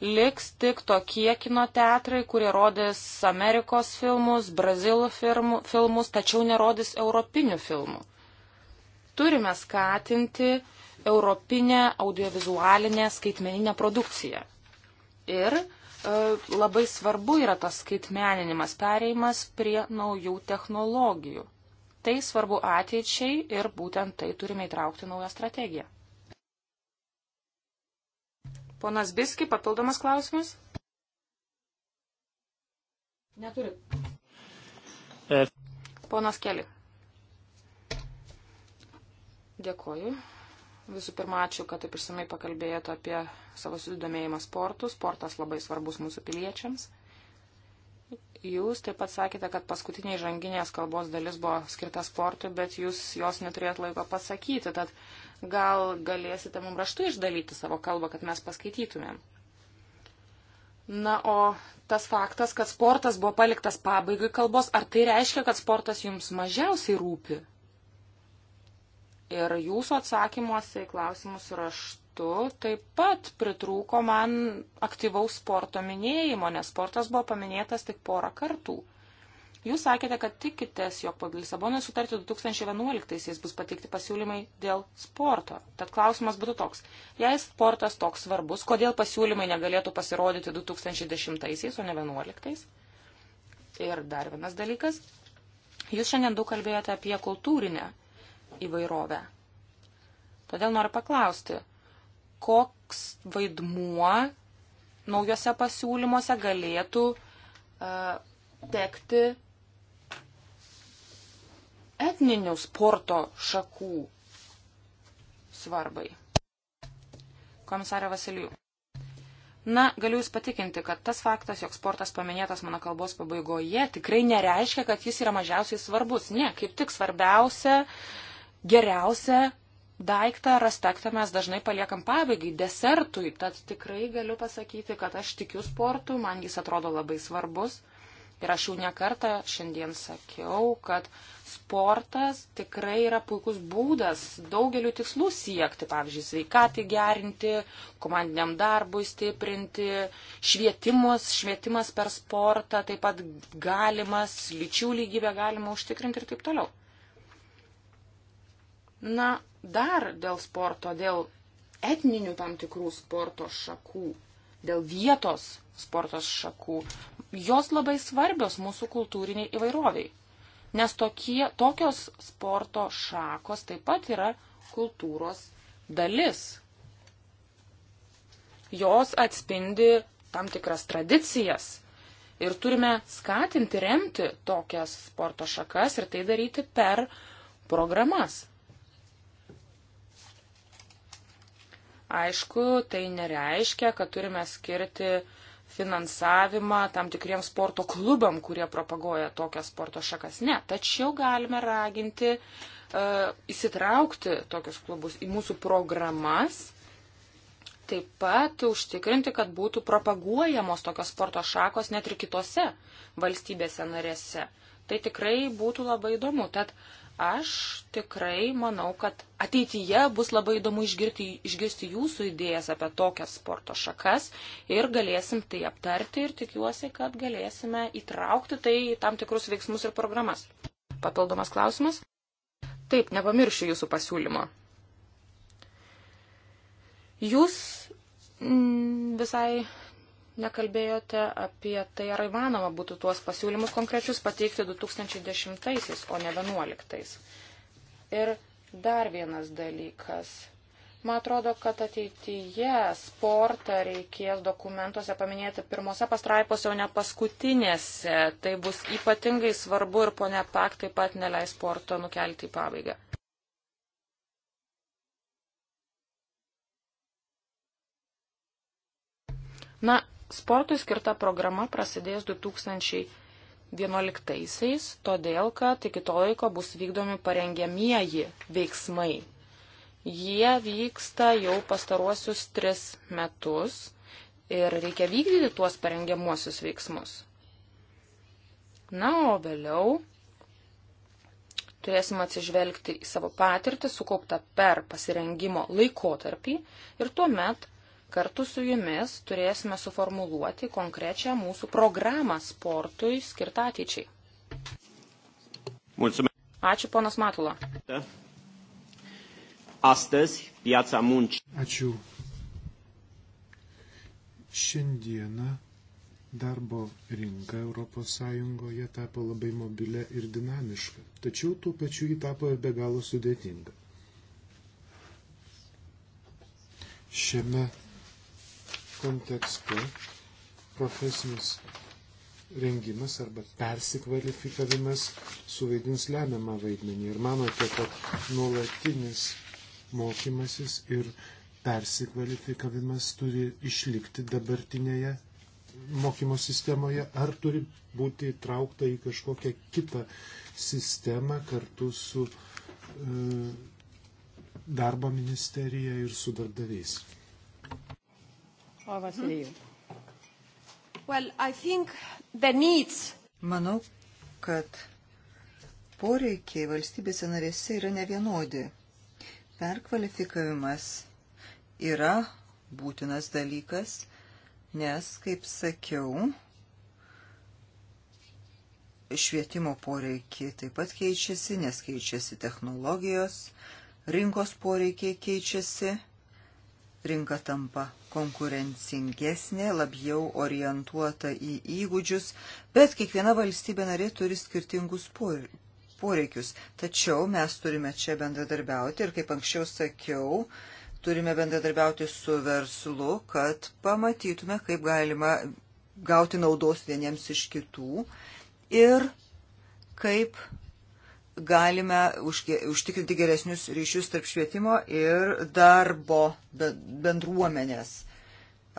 liks tik tokie kino teatrai, kurie rodys Amerikos filmus, Brazilų firmų, filmus, tačiau nerodys europinių filmų. Turime skatinti europinę audiovizualinę skaitmeninę produkciją. Ir e, labai svarbu yra tas skaitmeninimas, pereimas prie naujų technologijų. Tai svarbu ateičiai ir būtent tai turime įtraukti naują strategiją. Ponas Biski, papildomas klausimas? Neturiu. E. Ponas Keli. Dėkoju. Visų pirma, ačiū, kad taip išsamei pakalbėjote apie savo susidomėjimą sportu. Sportas labai svarbus mūsų piliečiams. Jūs taip pat sakėte, kad paskutinė žanginės kalbos dalis buvo skirta sportui, bet jūs jos neturėt laiko pasakyti. Tad Gal galėsite mums raštu išdalyti savo kalbą, kad mes paskaitytumėm. Na, o tas faktas, kad sportas buvo paliktas pabaigai kalbos, ar tai reiškia, kad sportas jums mažiausiai rūpi? Ir jūsų atsakymuose į klausimus raštu taip pat pritrūko man aktyvaus sporto minėjimo, nes sportas buvo paminėtas tik porą kartų. Jūs sakėte, kad tikitės, jog pagal Lisabono sutartį 2011-aisiais bus pateikti pasiūlymai dėl sporto. Tad klausimas būtų toks. Jei sportas toks svarbus, kodėl pasiūlymai negalėtų pasirodyti 2010-aisiais, o ne 2011-ais? Ir dar vienas dalykas. Jūs šiandien daug kalbėjote apie kultūrinę įvairovę. Todėl noriu paklausti, koks vaidmuo naujose pasiūlymuose galėtų uh, tekti etninių sporto šakų svarbai. Komisarė Vasilijų. Na, galiu Jūs patikinti, kad tas faktas, jog sportas paminėtas mano kalbos pabaigoje, tikrai nereiškia, kad jis yra mažiausiai svarbus. Ne, kaip tik svarbiausia, geriausia daiktą ar aspektą mes dažnai paliekam pabaigai, desertui. Tad tikrai galiu pasakyti, kad aš tikiu sportu, man jis atrodo labai svarbus. Ir aš jau nekartą šiandien sakiau, kad sportas tikrai yra puikus būdas daugeliu tikslų siekti, pavyzdžiui, sveikatai gerinti, komandiniam darbui stiprinti, švietimus, švietimas per sportą, taip pat galimas, lyčių lygybę galima užtikrinti ir taip toliau. Na, dar dėl sporto, dėl etninių tam tikrų sporto šakų, dėl vietos sportos šakų jos labai svarbios mūsų kultūriniai įvairoviai. Nes tokie, tokios sporto šakos taip pat yra kultūros dalis. Jos atspindi tam tikras tradicijas. Ir turime skatinti remti tokias sporto šakas ir tai daryti per programas. Aišku, tai nereiškia, kad turime skirti uh, finansavimą tam tikriems sporto klubam, kurie propaguoja tokias sporto šakas. Ne, tačiau galime raginti uh, įsitraukti tokius klubus į mūsų programas. Taip pat užtikrinti, kad būtų propaguojamos tokios sporto šakos net ir kitose valstybėse narėse. Tai tikrai būtų labai įdomu. Tad uh, Aš tikrai manau, kad ateityje bus labai įdomu išgirti, išgirsti jūsų idėjas apie tokias sporto šakas ir galėsim tai aptarti ir tikiuosi, kad galėsime įtraukti tai į tam tikrus veiksmus ir programas. Papildomas klausimas? Taip, nepamiršiu jūsų pasiūlymo. Jūs mm, visai nekalbėjote apie tai, ar įmanoma būtų tuos pasiūlymus konkrečius pateikti 2010, o ne 2011. Ir dar vienas dalykas. Man atrodo, kad ateityje sportą reikės dokumentuose paminėti pirmose pastraipose, o ne paskutinėse. Tai bus ypatingai svarbu ir ponia Pak taip pat neleis sporto nukelti į pabaigą. Na, Sportui skirta programa prasidės 2011-aisiais, todėl kad iki to laiko bus vykdomi parengiamieji veiksmai. Jie vyksta jau pastaruosius tris metus ir reikia vykdyti tuos parengiamuosius veiksmus. Na, o vėliau turėsim atsižvelgti į savo patirtį sukauptą per pasirengimo laikotarpį ir tuomet Kartu su jumis turėsime suformuluoti konkrečią mūsų programą sportui skirtą ateičiai. Mulțumesc. Ačiū, ponas Matula. Astăzi, piața muncii. Ačiū. Šiandieną darbo rinka ES tapo labai mobilė ir dinamiška, tačiau tuo pačiu ji tapo ir be galo sudėtinga. Šiame kontekste profesinis rengimas arba persikvalifikavimas suvaidins lemiamą vaidmenį. Ir manote, kad nuolatinis mokymasis ir persikvalifikavimas turi išlikti dabartinėje mokymo sistemoje, ar turi būti įtraukta į kažkokią kitą sistemą kartu su e, darbo ministerija ir su darbdaviais. Or Vasiliu? Well, I think the needs. Manau, kad poreikiai valstybėse narėse yra nevienodi. Perkvalifikavimas yra būtinas dalykas, nes, kaip sakiau, švietimo poreikiai taip pat keičiasi, nes keičiasi technologijos, rinkos poreikiai keičiasi rinka tampa konkurencingesnė, labiau orientuota į įgūdžius, bet kiekviena valstybė narė turi skirtingus poreikius. Tačiau mes turime čia bendradarbiauti ir, kaip anksčiau sakiau, turime bendradarbiauti su verslu, kad pamatytume, kaip galima gauti naudos vieniems iš kitų ir kaip galime užtikrinti geresnius ryšius tarp švietimo ir darbo bendruomenės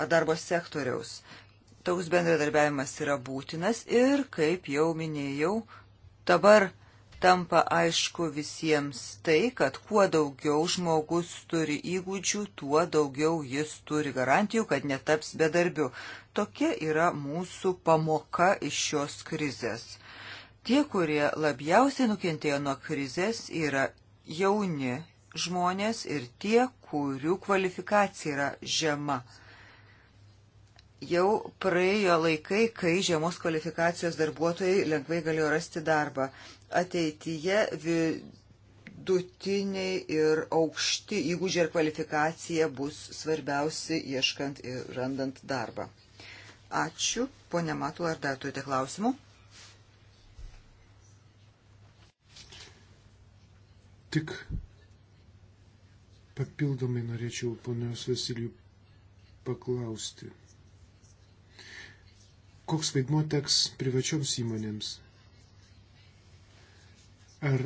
ar darbo sektoriaus. Toks bendradarbiavimas yra būtinas ir, kaip jau minėjau, dabar tampa aišku visiems tai, kad kuo daugiau žmogus turi įgūdžių, tuo daugiau jis turi garantijų, kad netaps bedarbiu. Tokia yra mūsų pamoka iš šios krizės. Tie, kurie labiausiai nukentėjo nuo krizės, yra jauni žmonės ir tie, kurių kvalifikacija yra žema. Jau praėjo laikai, kai žemos kvalifikacijos darbuotojai lengvai galėjo rasti darbą. Ateityje vidutiniai ir aukšti įgūdžiai ir kvalifikacija bus svarbiausi ieškant ir randant darbą. Ačiū. Pone Matu, ar dar turite klausimų? tik papildomai norėčiau ponios Vasilijų paklausti. Koks vaidmo teks privačioms įmonėms? Ar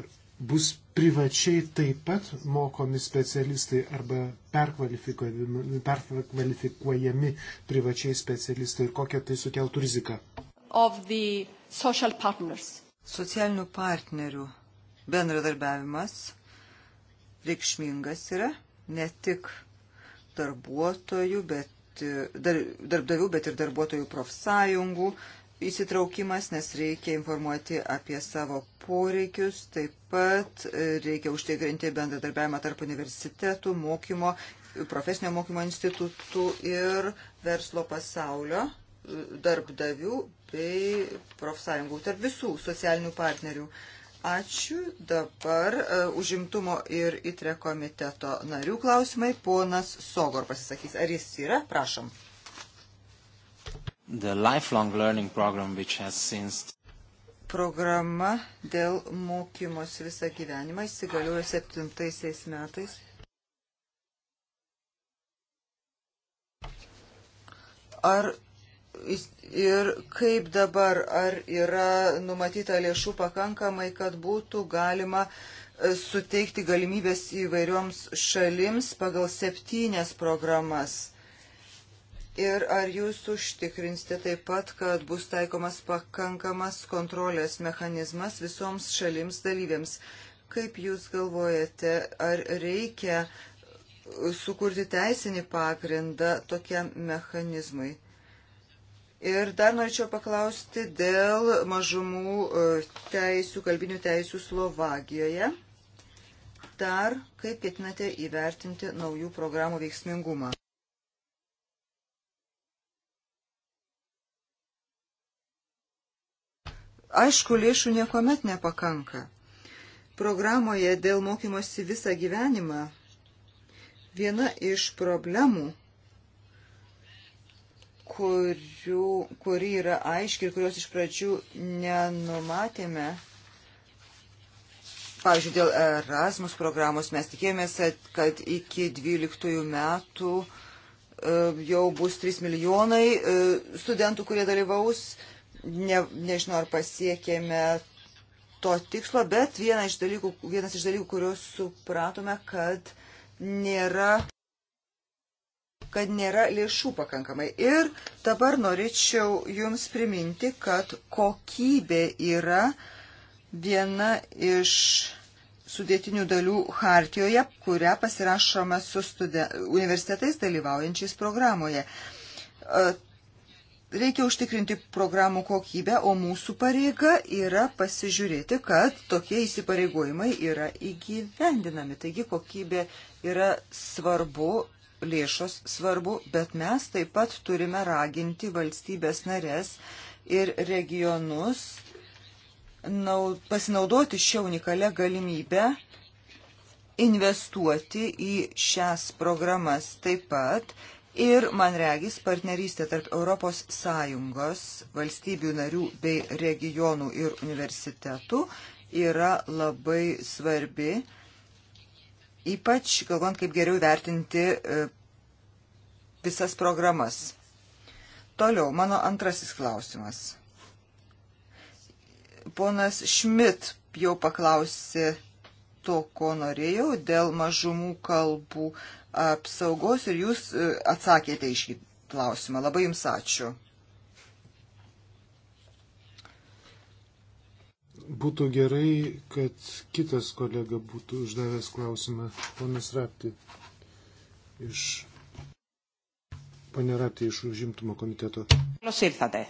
bus privačiai taip pat mokomi specialistai arba perkvalifikuojami, perkvalifikuojami privačiai specialistai ir kokią tai sukeltų riziką? Socialinių partnerių bendradarbiavimas reikšmingas yra ne tik darbuotojų, bet e, dar, darbdavių, bet ir darbuotojų profsąjungų įsitraukimas, nes reikia informuoti apie savo poreikius, taip pat e, reikia užtikrinti bendradarbiavimą tarp universitetų, mokymo, profesinio mokymo institutų ir verslo pasaulio e, darbdavių bei profsąjungų, tarp visų socialinių partnerių. Ačiū. Dabar uh, užimtumo ir įtre komiteto narių klausimai. Ponas Sogor pasisakys. Ar jis yra? Prašom. Program, since... Programa dėl mokymosi visą gyvenimą įsigaliojo septintaisiais metais. Ar Ir kaip dabar, ar yra numatyta lėšų pakankamai, kad būtų galima e, suteikti galimybės įvairioms šalims pagal septynės programas? Ir ar jūs užtikrinsite taip pat, kad bus taikomas pakankamas kontrolės mechanizmas visoms šalims dalyviams? Kaip jūs galvojate, ar reikia sukurti teisinį pagrindą tokiam mechanizmui? Ir dar norėčiau paklausti dėl mažumų e, teisių, kalbinių teisių Slovakijoje. Dar kaip ketinate įvertinti naujų programų veiksmingumą? Aišku, lėšų niekuomet nepakanka. Programoje dėl mokymosi visą gyvenimą viena iš problemų kurių, kuri yra aiški ir kurios iš pradžių nenumatėme. Pavyzdžiui, dėl Erasmus programos mes tikėjomės, kad iki 12 metų e, jau bus 3 milijonai e, studentų, kurie dalyvaus. Ne, nežinau, ar pasiekėme to tikslo, bet vienas iš dalykų, vienas iš dalykų kuriuos supratome, kad nėra kad nėra lėšų pakankamai. Ir dabar norėčiau Jums priminti, kad kokybė yra viena iš sudėtinių dalių hartijoje, kurią pasirašome su universitetais dalyvaujančiais programoje. E, reikia užtikrinti programų kokybę, o mūsų pareiga yra pasižiūrėti, kad tokie įsipareigojimai yra įgyvendinami. Taigi kokybė yra svarbu lėšos svarbu, bet mes taip pat turime raginti valstybės narės ir regionus naud, pasinaudoti šią unikalią galimybę investuoti į šias programas taip pat ir, man regis, partnerystė tarp ES valstybių narių bei regionų ir universitetų yra labai svarbi ypač galvant, kaip geriau vertinti e, visas programas. Toliau, mano antrasis klausimas. Ponas Šmit jau paklausė to, ko norėjau, dėl mažumų kalbų apsaugos ir jūs e, atsakėte iš klausimą. Labai jums ačiū. Būtų gerai, kad kitas kolega būtų uždavęs klausimą. Ponas Rapti iš. Pane Rapti iš užimtumo komiteto. Καλώς ήρθατε.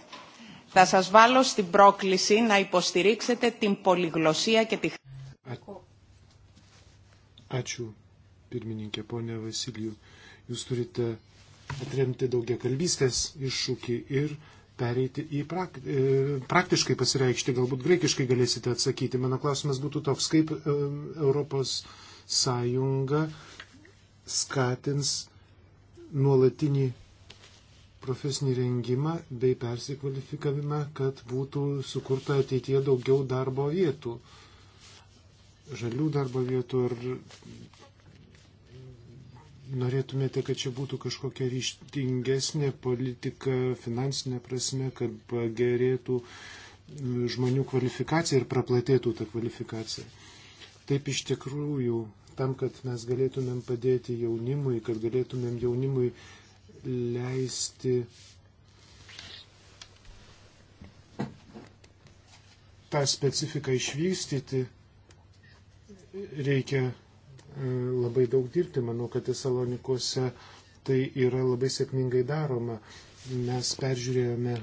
Θα σας βάλω στην πρόκληση να υποστηρίξετε την πολυγλωσία και τη... Α... Ačiū, pirmininkė, ponė Vasilijų. Jūs turite atremti daugia kalbystės iššūkį ir uh, pereiti į prak, e, praktiškai pasireikšti, galbūt greikiškai galėsite atsakyti. Mano klausimas būtų toks, kaip e, Europos Sąjunga skatins nuolatinį profesinį rengimą bei persikvalifikavimą, kad būtų sukurta ateityje daugiau darbo vietų, žalių darbo vietų ar norėtumėte, kad čia būtų kažkokia ryštingesnė politika finansinė prasme, kad pagerėtų žmonių kvalifikacija ir praplatėtų ta kvalifikacija. Taip iš tikrųjų, tam, kad mes galėtumėm padėti jaunimui, kad galėtumėm jaunimui leisti tą specifiką išvystyti, reikia E, labai daug dirbti. Manau, kad Tesalonikuose tai yra labai sėkmingai daroma. Mes peržiūrėjome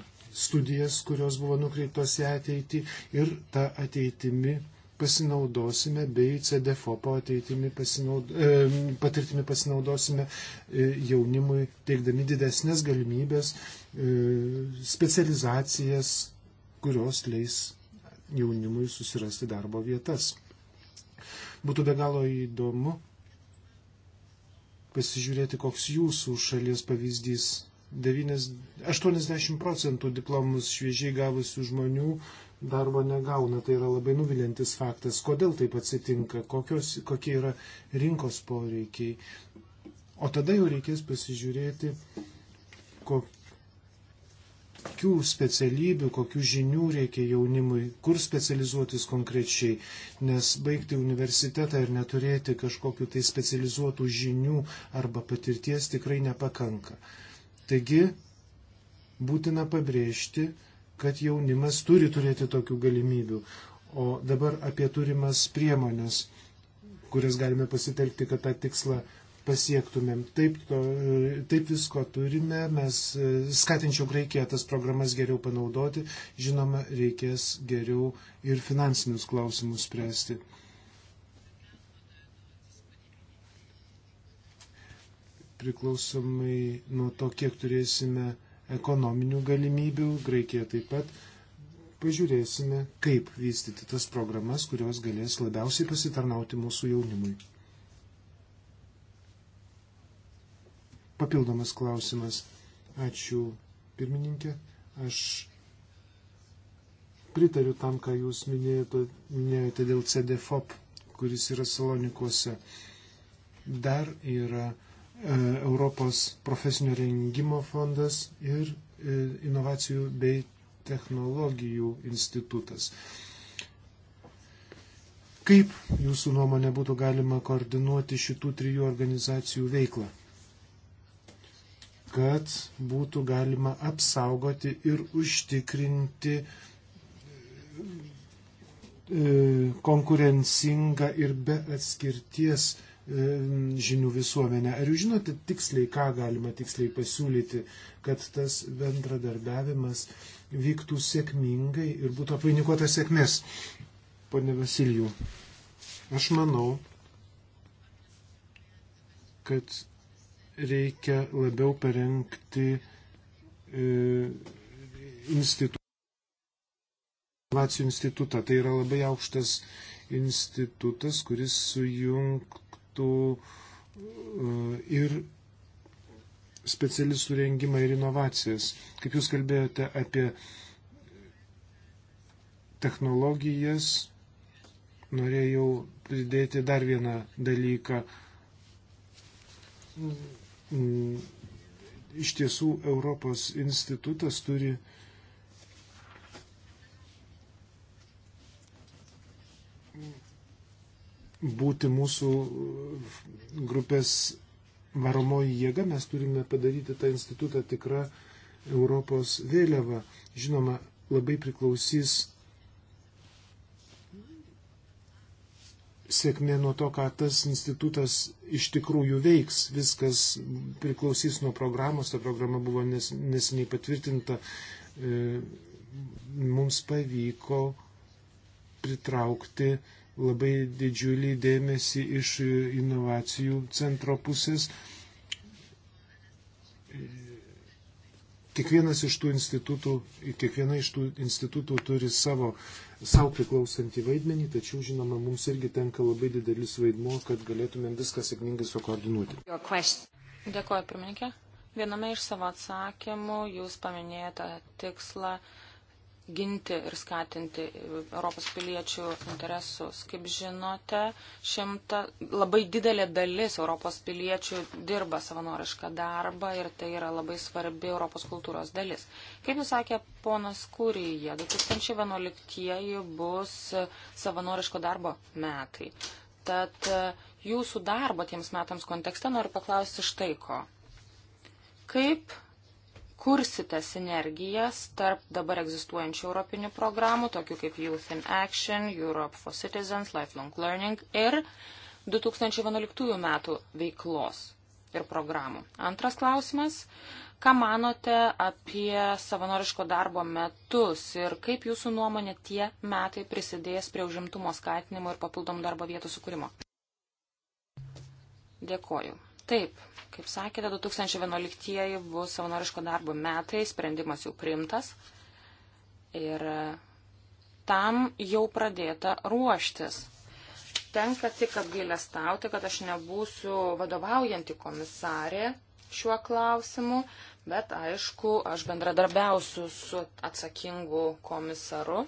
studijas, kurios buvo nukreiptos į ateitį ir tą ateitimi pasinaudosime bei CDFOPO ateitimi pasinaud... E, patirtimi pasinaudosime e, jaunimui, teikdami didesnės galimybės, specializacijas, kurios leis jaunimui susirasti darbo vietas. Būtų be galo įdomu pasižiūrėti, koks jūsų šalies pavyzdys. 9, 80 procentų diplomus šviežiai gavusių žmonių darbo negauna. Tai yra labai nuvilintis faktas. Kodėl taip atsitinka? Kokios, kokie yra rinkos poreikiai? O tada jau reikės pasižiūrėti, kokie kokių specialybių, kokių žinių reikia jaunimui, kur specializuotis konkrečiai, nes baigti universitetą ir neturėti kažkokiu tai specializuotų žinių arba patirties tikrai nepakanka. Taigi, būtina pabrėžti, kad jaunimas turi turėti tokių galimybių. O dabar apie turimas priemonės, kurias galime pasitelkti, kad tą tikslą pasiektumėm. Taip, to, taip visko turime, mes e, skatinčiau Graikiją tas programas geriau panaudoti, žinoma, reikės geriau ir finansinius klausimus spręsti. Priklausomai nuo to, kiek turėsime ekonominių galimybių, Graikija taip pat pažiūrėsime, kaip vystyti tas programas, kurios galės labiausiai pasitarnauti mūsų jaunimui. papildomas klausimas. Ačiū, pirmininkė. Aš pritariu tam, ką jūs minėjote, minėjote dėl CDFOP, kuris yra Salonikuose. Dar yra e, Europos profesinio rengimo fondas ir e, inovacijų bei technologijų institutas. Kaip jūsų nuomonė būtų galima koordinuoti šitų trijų organizacijų veiklą? kad būtų galima apsaugoti ir užtikrinti e, konkurencingą ir be atskirties e, žinių visuomenę. Ar jūs žinote tiksliai, ką galima tiksliai pasiūlyti, kad tas bendradarbiavimas vyktų sėkmingai ir būtų apvainikuota sėkmės? Pone Vasilijų, aš manau, kad reikia labiau parengti e, institutą, inovacijų institutą. Tai yra labai aukštas institutas, kuris sujungtų e, ir specialistų rengimą ir inovacijas. Kaip Jūs kalbėjote apie technologijas, norėjau pridėti dar vieną dalyką Mm, iš tiesų Europos institutas turi būti mūsų grupės varomoji jėga, mes turime padaryti tą institutą tikrą Europos vėliavą. Žinoma, labai priklausys sėkmė nuo to, ką tas institutas iš tikrųjų veiks. Viskas priklausys nuo programos, ta programa buvo nes, nesiniai patvirtinta. E, mums pavyko pritraukti labai didžiulį dėmesį iš inovacijų centro pusės kiekvienas iš tų institutų, kiekviena iš tų institutų turi savo savo priklausantį vaidmenį, tačiau žinoma, mums irgi tenka labai didelis vaidmuo, kad galėtumėm viską sėkmingai sukoordinuoti. Dėkuoju, pirmininkė. Viename iš savo atsakymų jūs paminėjote tikslą ginti ir skatinti Europos piliečių interesus. Kaip žinote, šimta, labai didelė dalis Europos piliečių dirba savanorišką darbą ir tai yra labai svarbi Europos kultūros dalis. Kaip jūs sakė ponas Kūryje, 2011 bus savanoriško darbo metai. Tad jūsų darbo tiems metams kontekste noriu paklausti štai ko. Kaip kursite sinergijas tarp dabar egzistuojančių europinių programų, tokių kaip Youth in Action, Europe for Citizens, Lifelong Learning ir 2011 metų veiklos ir programų. Antras klausimas. Ką manote apie savanoriško darbo metus ir kaip jūsų nuomonė tie metai prisidės prie užimtumo skatinimo ir papildomų darbo vietų sukūrimo? Dėkoju. Taip, kaip sakėte, 2011 bus savanoriško darbo metai, sprendimas jau priimtas ir tam jau pradėta ruoštis. Tenka tik apgailestauti, kad aš nebūsiu vadovaujanti komisarė šiuo klausimu, bet aišku, aš bendradarbiausiu su atsakingu komisaru.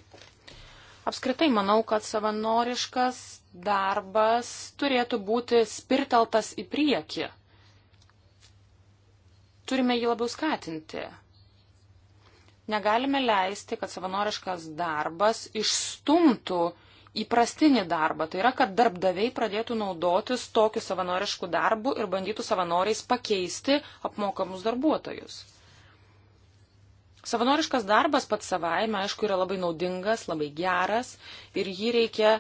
Apskritai manau, kad savanoriškas darbas turėtų būti spirteltas į priekį. Turime jį labiau skatinti. Negalime leisti, kad savanoriškas darbas išstumtų įprastinį darbą. Tai yra, kad darbdaviai pradėtų naudotis tokiu savanorišku darbu ir bandytų savanoriais pakeisti apmokamus darbuotojus. Savanoriškas darbas pats savaime, aišku, yra labai naudingas, labai geras ir jį reikia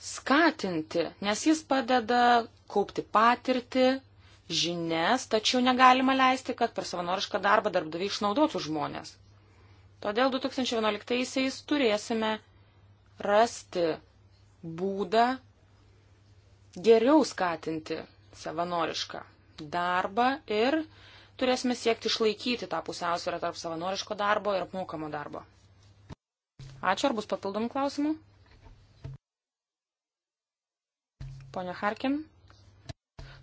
skatinti, nes jis padeda kaupti patirtį, žinias, tačiau negalima leisti, kad per savanorišką darbą darbdaviai išnaudotų žmonės. Todėl 2011-aisiais turėsime rasti būdą geriau skatinti savanorišką darbą ir turėsime siekti išlaikyti tą pusiausvyrą tarp savanoriško darbo ir apmokamo darbo. Ačiū, ar bus papildomų klausimų? Pone Harkin.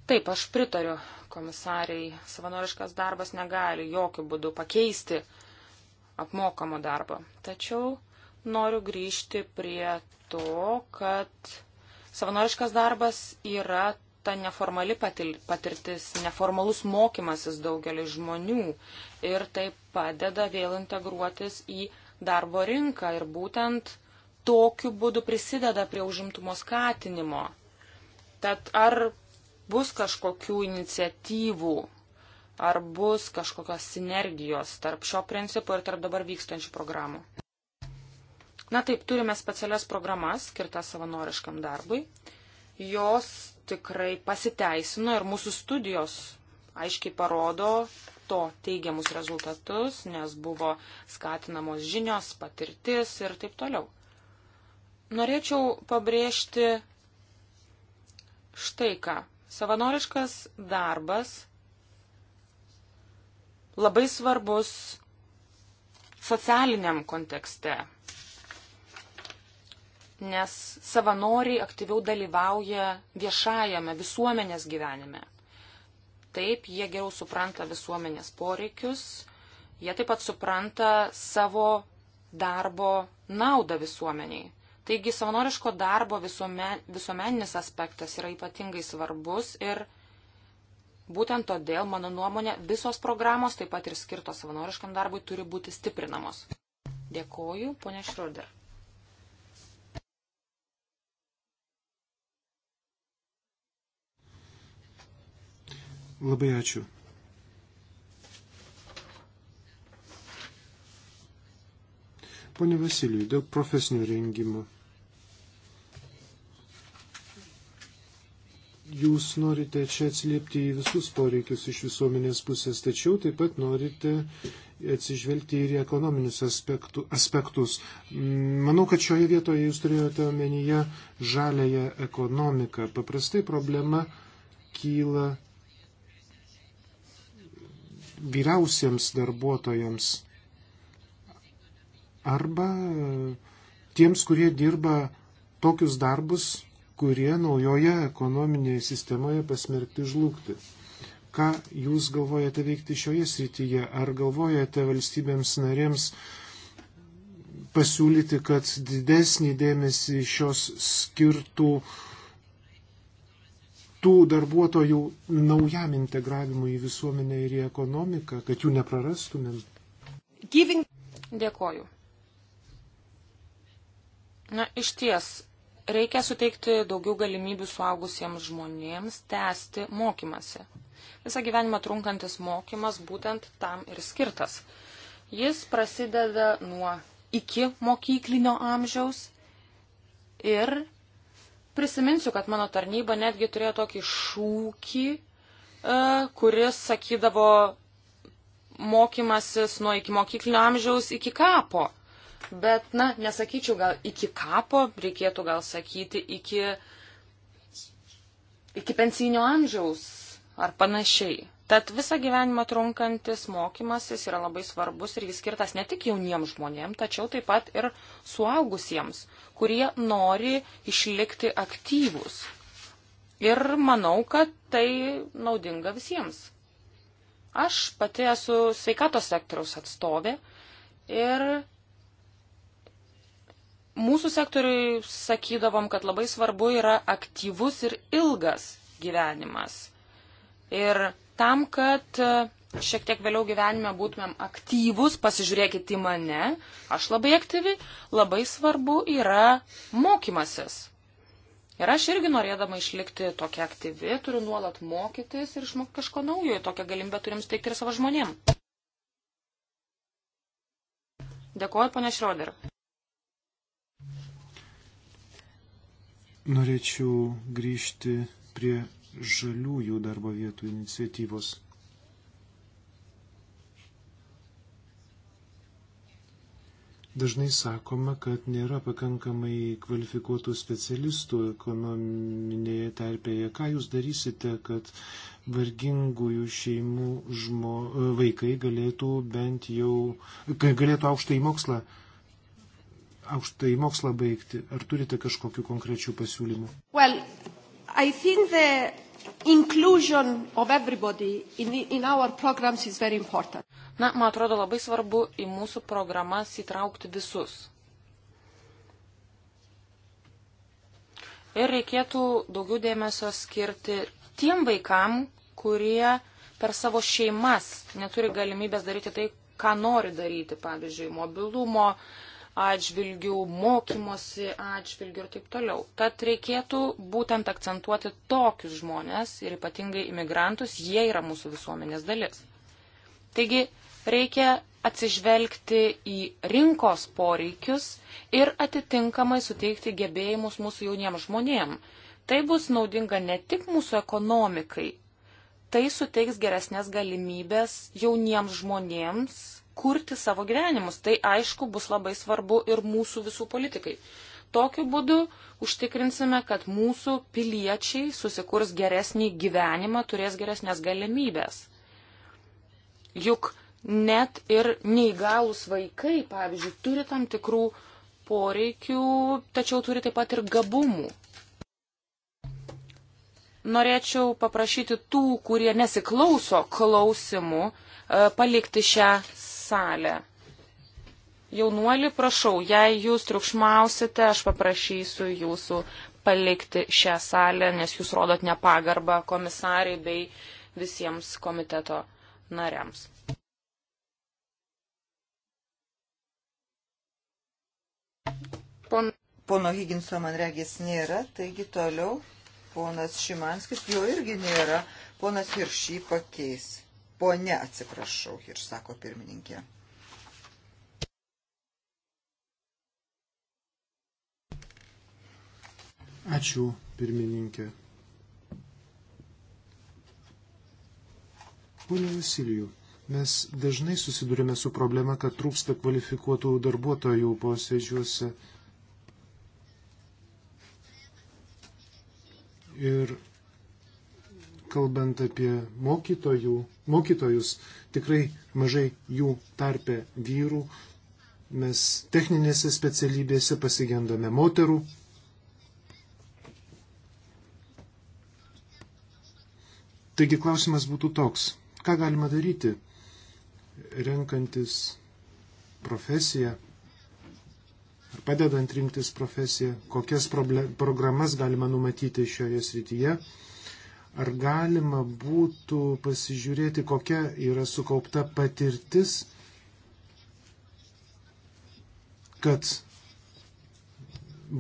Taip, aš pritariu komisariai. Savanoriškas darbas negali jokių būdų pakeisti apmokamo darbo. Tačiau noriu grįžti prie to, kad savanoriškas darbas yra ta neformali patirtis, neformalus mokymasis daugelį žmonių ir tai padeda vėl integruotis į darbo rinką ir būtent tokiu būdu prisideda prie užimtumo skatinimo Tad ar bus kažkokių iniciatyvų, ar bus kažkokios sinergijos tarp šio principo ir tarp dabar vykstančių programų? Na taip, turime specialias programas skirtas savanoriškam darbui. Jos tikrai pasiteisino ir mūsų studijos aiškiai parodo to teigiamus rezultatus, nes buvo skatinamos žinios, patirtis ir taip toliau. Norėčiau pabrėžti štai ką. Savanoriškas darbas labai svarbus socialiniam kontekste, nes savanoriai aktyviau dalyvauja viešajame visuomenės gyvenime. Taip, jie geriau supranta visuomenės poreikius, jie taip pat supranta savo darbo naudą visuomeniai. Taigi savanoriško darbo visuomen, visuomeninis aspektas yra ypatingai svarbus ir būtent todėl, mano nuomonė, visos programos, taip pat ir skirtos savanoriškam darbui, turi būti stiprinamos. Dėkoju, ponia Šruder. Labai ačiū. Pone Vasilijui, dėl profesinio rengimo. jūs norite čia atsiliepti į visus poreikius iš visuomenės pusės, tačiau taip pat norite atsižvelgti ir į ekonominius aspektu, aspektus. Manau, kad šioje vietoje jūs turėjote omenyje žalėją ekonomiką. Paprastai problema kyla vyriausiems darbuotojams arba tiems, kurie dirba tokius darbus, kurie naujoje ekonominėje sistemoje pasmerkti žlugti. Ką jūs galvojate veikti šioje srityje? Ar galvojate valstybėms narėms pasiūlyti, kad didesnį dėmesį šios skirtų tų darbuotojų naujam integravimui į visuomenę ir į ekonomiką, kad jų neprarastumėm? Giving... Dėkoju. Na, iš ties, Reikia suteikti daugiau galimybių suaugusiems žmonėms tęsti mokymasi. Visą gyvenimą trunkantis mokymas būtent tam ir skirtas. Jis prasideda nuo iki mokyklinio amžiaus ir prisiminsiu, kad mano tarnyba netgi turėjo tokį šūkį, e, kuris sakydavo mokymasis nuo iki mokyklinio amžiaus iki kapo bet, na, nesakyčiau gal iki kapo, reikėtų gal sakyti iki, iki pensinio amžiaus ar panašiai. Tad visą gyvenimą trunkantis mokymasis yra labai svarbus ir jis skirtas ne tik jauniems žmonėms, tačiau taip pat ir suaugusiems, kurie nori išlikti aktyvus. Ir manau, kad tai naudinga visiems. Aš pati esu sveikatos sektoriaus atstovė ir Mūsų sektoriui sakydavom, kad labai svarbu yra aktyvus ir ilgas gyvenimas. Ir tam, kad e, šiek tiek vėliau gyvenime būtumėm aktyvus, pasižiūrėkite į mane, aš labai aktyvi, labai svarbu yra mokymasis. Ir aš irgi norėdama išlikti tokia aktyvi, turiu nuolat mokytis ir išmokti kažko naujo, tokią galimybę turim steigti ir savo žmonėm. Dėkuoju, ponia Šroder. Norėčiau grįžti prie žaliųjų darbo vietų iniciatyvos. Dažnai sakoma, kad nėra pakankamai kvalifikuotų specialistų ekonominėje terpėje. Ką jūs darysite, kad vargingųjų šeimų žmo, vaikai galėtų bent jau, galėtų aukštą į mokslą aukštai mokslą baigti. Ar turite kažkokiu konkrečiu pasiūlymu? Well, Inclusion of everybody in, in our programs is very important. Na, man atrodo labai svarbu į mūsų programas įtraukti visus. Ir reikėtų daugiau dėmesio skirti tiem vaikam, kurie per savo šeimas neturi galimybės daryti tai, ką nori daryti, pavyzdžiui, mobilumo, uh, atžvilgių, mokymosi atžvilgių ir taip toliau. Tad reikėtų būtent akcentuoti tokius žmonės ir ypatingai imigrantus, jie yra mūsų visuomenės dalis. Taigi reikia atsižvelgti į rinkos poreikius ir atitinkamai suteikti gebėjimus mūsų jauniems žmonėm. Tai bus naudinga ne tik mūsų ekonomikai, tai suteiks geresnės galimybės jauniems žmonėms kurti savo gyvenimus. Tai aišku bus labai svarbu ir mūsų visų politikai. Tokiu būdu užtikrinsime, kad mūsų piliečiai susikurs geresnį gyvenimą, turės geresnės galimybės. Juk net ir neįgalus vaikai, pavyzdžiui, turi tam tikrų poreikių, tačiau turi taip pat ir gabumų. Norėčiau paprašyti tų, kurie nesiklauso klausimų, e, palikti šią salę. Jaunuoli, prašau, jei jūs triukšmausite, aš paprašysiu jūsų palikti šią salę, nes jūs rodot nepagarbą komisariai bei visiems komiteto nariams. Pon... Pono Higginso man regis nėra, taigi toliau ponas Šimanskis jo irgi nėra, ponas Hiršy pakeis. Pone, atsiprašau, ir sako pirmininkė. Ačiū, pirmininkė. Pone Vasilijų, mes dažnai susidurime su problema, kad trūksta kvalifikuotų darbuotojų posėdžiuose. Ir kalbant apie mokytojų mokytojus, tikrai mažai jų tarpe vyrų. Mes techninėse specialybėse pasigendame moterų. Taigi klausimas būtų toks, ką galima daryti, renkantis profesiją ar padedant rinktis profesiją, kokias problemas galima numatyti šioje srityje Ar galima būtų pasižiūrėti, kokia yra sukaupta patirtis, kad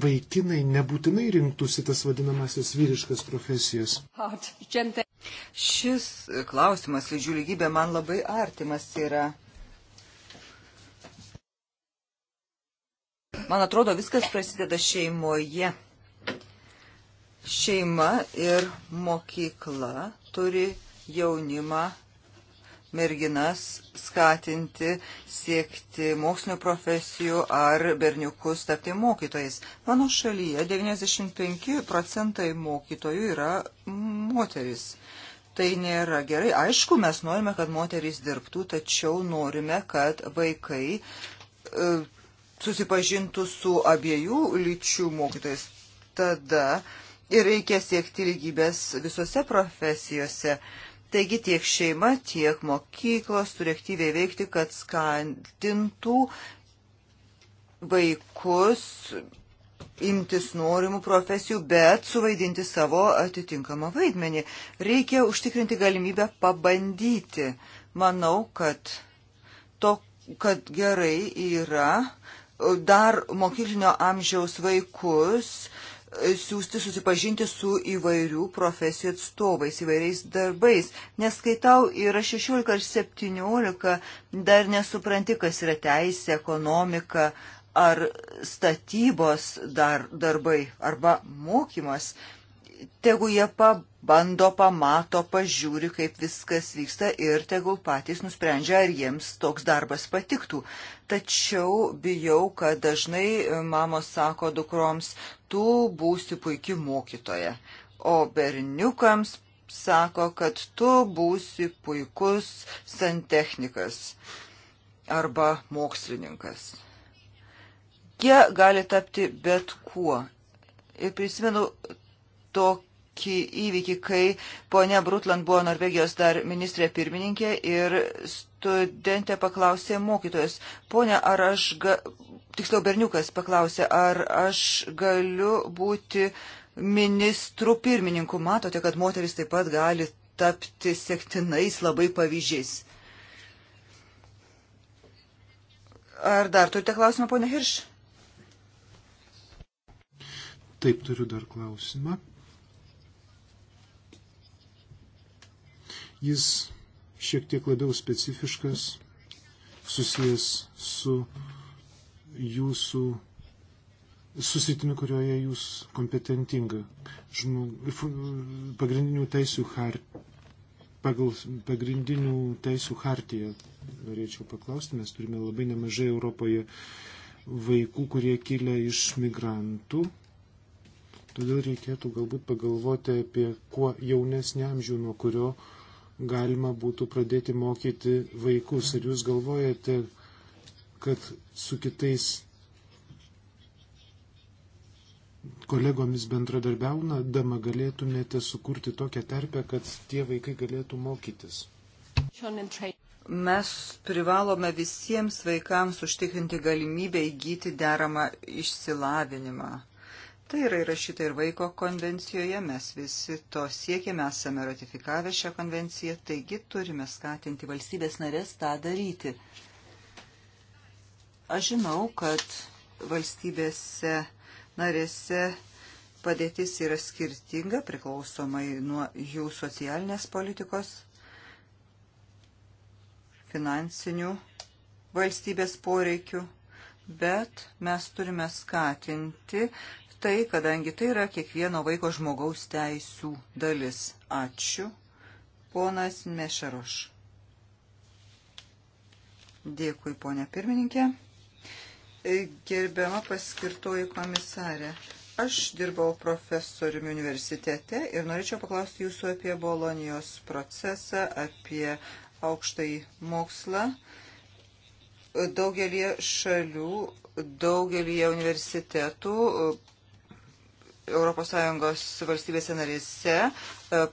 vaikinai nebūtinai rinktųsi tas vadinamasis vyriškas profesijas? Šis klausimas, lyčių lygybė, man labai artimas yra. Man atrodo, viskas prasideda šeimoje. Šeima ir mokykla turi jaunimą merginas skatinti siekti mokslinio profesijų ar berniukus tapti mokytojais. Mano šalyje 95 procentai mokytojų yra moteris. Tai nėra gerai. Aišku, mes norime, kad moterys dirbtų, tačiau norime, kad vaikai e, susipažintų su abiejų lyčių mokytojais. Tada e, ir reikia siekti lygybės visose profesijose. Taigi tiek šeima, tiek mokyklos turi aktyviai veikti, kad skantintų vaikus imtis norimų profesijų, bet suvaidinti savo atitinkamą vaidmenį. Reikia užtikrinti galimybę pabandyti. Manau, kad to, kad gerai yra dar mokyklinio amžiaus vaikus siūsti susipažinti su įvairių profesijų atstovais, įvairiais darbais. Neskaitau, yra 16 ar 17, dar nesupranti, kas yra teisė, ekonomika ar statybos dar, darbai arba mokymas. E, tegu jie pabando, pamato, pažiūri, kaip viskas vyksta ir tegul patys nusprendžia, ar jiems toks darbas patiktų. Tačiau bijau, kad dažnai mamos sako dukroms, tu būsi puikia mokytoja, o berniukams sako, kad tu būsi puikus santechnikas arba mokslininkas. Jie gali tapti bet kuo. Ir prisimenu tokį įvykį, kai ponia Brutland buvo Norvegijos dar ministrė pirmininkė ir studentė paklausė mokytojas, ponia, ar aš, ga... tiksliau berniukas paklausė, ar aš galiu būti ministrų pirmininku. Matote, kad moteris taip pat gali tapti sektinais labai pavyzdžiais. Ar dar turite klausimą, ponia Hirš? Taip, turiu dar klausimą. Jis šiek tiek labiau specifiškas, susijęs su jūsų susitimi, kurioje jūs kompetentinga. Žmog, pagrindinių teisų hartija pagal pagrindinių teisų hartiją. Norėčiau paklausti, mes turime labai nemažai Europoje vaikų, kurie kilia iš migrantų. Todėl reikėtų galbūt pagalvoti apie kuo jaunesnį amžių, nuo kurio uh, galima būtų pradėti mokyti vaikus. Ar jūs galvojate, kad su kitais kolegomis bendradarbiaudama galėtumėte sukurti tokią terpę, kad tie vaikai galėtų mokytis? Mes privalome visiems vaikams užtikrinti galimybę įgyti deramą išsilavinimą. Tai yra įrašyta ir vaiko konvencijoje, mes visi to siekėme, esame ratifikavę šią konvenciją, taigi turime skatinti valstybės narės tą daryti. Aš žinau, kad valstybėse narėse padėtis yra skirtinga priklausomai nuo jų socialinės politikos, finansinių valstybės poreikių, bet mes turime skatinti tai, kadangi tai yra kiekvieno vaiko žmogaus teisų dalis. Ačiū. Ponas Mešaroš. Dėkui, ponė pirmininkė. E, gerbiama paskirtoji komisarė, aš dirbau profesoriumi universitete ir norėčiau paklausti jūsų apie Bolonijos procesą, apie aukštąjį mokslą. Daugelį šalių daugelį universitetų ES valstybėse narėse e,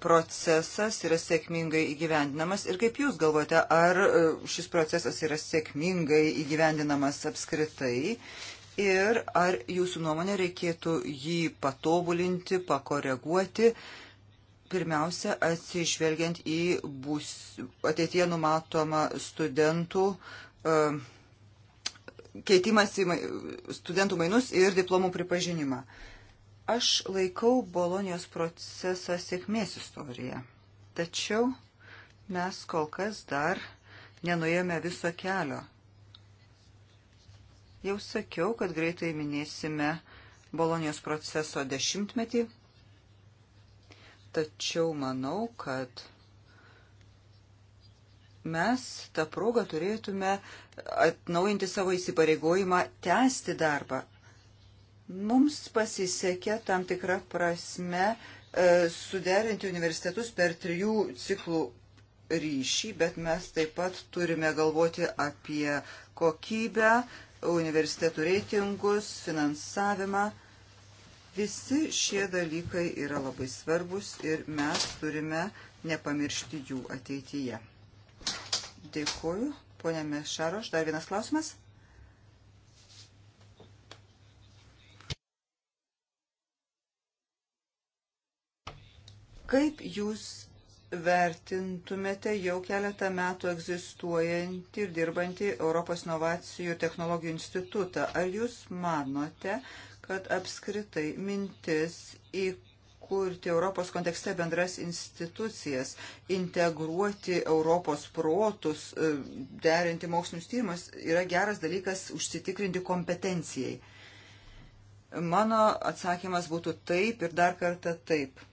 procesas yra sėkmingai įgyvendinamas ir kaip Jūs galvojate, ar e, šis procesas yra sėkmingai įgyvendinamas apskritai ir ar Jūsų nuomonė reikėtų jį patobulinti, pakoreguoti, pirmiausia, atsižvelgiant į bus, ateitie numatomą studentų e, keitimas į studentų mainus ir diplomų pripažinimą. Uh, Aš laikau Bolonijos procesą sėkmės istoriją, tačiau mes kol kas dar nenuėjome viso kelio. Jau sakiau, kad greitai minėsime Bolonijos proceso dešimtmetį, tačiau manau, kad mes tą progą turėtume atnaujinti savo įsipareigojimą tęsti darbą. Mums pasisekė tam tikrą prasme e, suderinti universitetus per trijų ciklų ryšį, bet mes taip pat turime galvoti apie kokybę, universitetų reitingus, finansavimą. Visi šie dalykai yra labai svarbus ir mes turime nepamiršti jų ateityje. Dėkuoju, ponė Mešaro, dar vienas klausimas. Kaip jūs vertintumėte jau keletą metų egzistuojantį ir dirbantį Europos inovacijų technologijų institutą? Ar jūs manote, kad apskritai mintis įkurti Europos kontekste bendras institucijas, integruoti Europos protus, e, derinti mokslinius tyrimus yra geras dalykas užsitikrinti kompetencijai? Mano atsakymas būtų taip ir dar kartą taip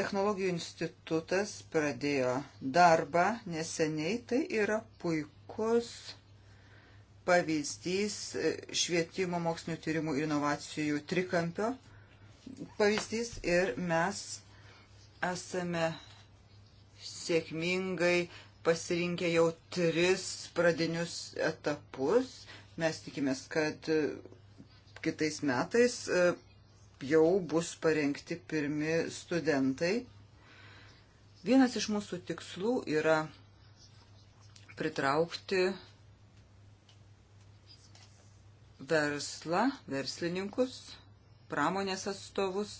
technologijų institutas pradėjo darbą neseniai. Tai yra puikus pavyzdys švietimo mokslinių tyrimų ir inovacijų trikampio pavyzdys ir mes esame sėkmingai pasirinkę jau tris pradinius etapus. Mes tikimės, kad kitais metais jau bus parengti pirmi studentai. Vienas iš mūsų tikslų yra pritraukti verslą, verslininkus, pramonės atstovus,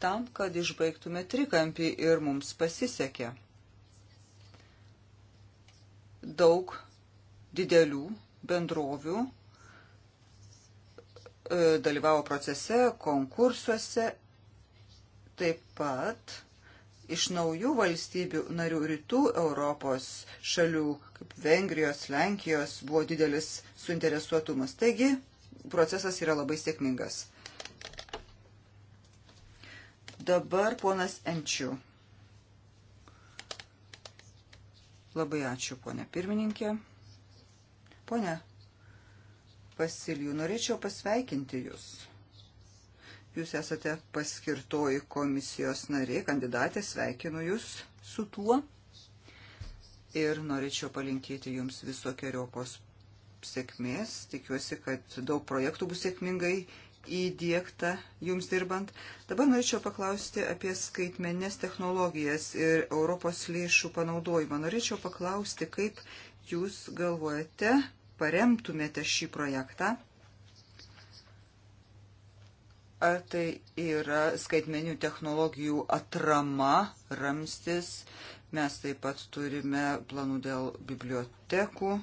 tam, kad išbaigtume trikampį ir mums pasisekė. Daug didelių bendrovių E, dalyvavo procese, konkursuose, taip pat iš naujų valstybių narių rytų Europos šalių, kaip Vengrijos, Lenkijos, buvo didelis suinteresuotumas. Taigi, procesas yra labai sėkmingas. Dabar ponas Enčių. Labai ačiū, ponė pirmininkė. Pone Vasilijų. Norėčiau pasveikinti Jūs. Jūs esate paskirtoji komisijos narė, kandidatė, sveikinu Jūs su tuo. Ir norėčiau palinkėti Jums visokiojopos sėkmės. Tikiuosi, kad daug projektų bus sėkmingai įdėkta Jums dirbant. Dabar norėčiau paklausti apie skaitmenės technologijas ir Europos lėšų panaudojimą. Norėčiau paklausti, kaip Jūs galvojate paremtumėte šį projektą? Ar tai yra skaitmeninių technologijų atrama, ramstis? Mes taip pat turime planų dėl bibliotekų.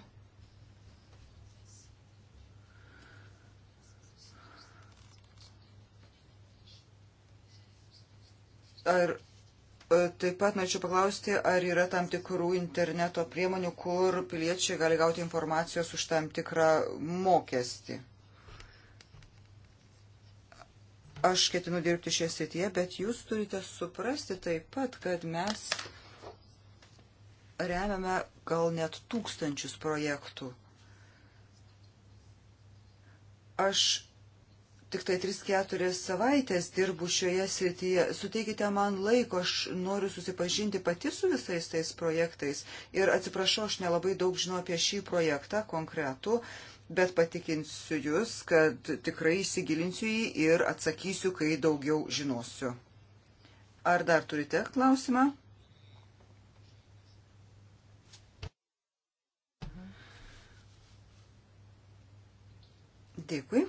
Ar E, taip pat norėčiau paklausti, ar yra tam tikrų interneto priemonių, kur piliečiai gali gauti informacijos už tam tikrą mokestį. Aš ketinu dirbti šią srityje, bet jūs turite suprasti taip pat, kad mes remiame gal net tūkstančius projektų. Aš tik tai 3-4 savaitės dirbu šioje srityje. Suteikite man laiko, aš noriu susipažinti pati su visais tais projektais. Ir atsiprašau, aš nelabai daug žinau apie šį projektą konkretų, bet patikinsiu Jūs, kad tikrai įsigilinsiu jį ir atsakysiu, kai daugiau žinosiu. Ar dar turite klausimą? Dėkui.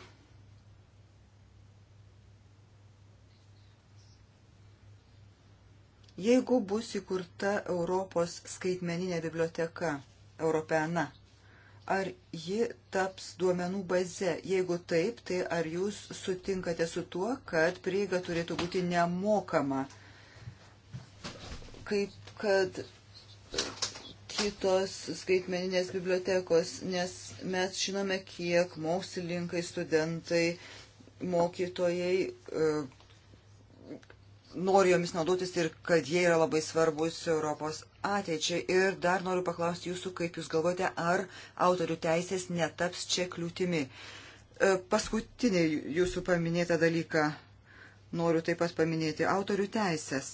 Jeigu bus įkurta Europos skaitmeninė biblioteka Europeana, ar ji taps duomenų baze? Jeigu taip, tai ar jūs sutinkate su tuo, kad prieiga turėtų būti nemokama, kaip kad kitos skaitmeninės bibliotekos, nes mes žinome, kiek mokslininkai, studentai, mokytojai e, nori jomis naudotis ir kad jie yra labai svarbus Europos ateičiai. Ir dar noriu paklausti jūsų, kaip jūs galvojate, ar autorių teisės netaps čia kliūtimi. E, paskutinį jūsų paminėtą dalyką noriu taip pat paminėti - autorių teisės.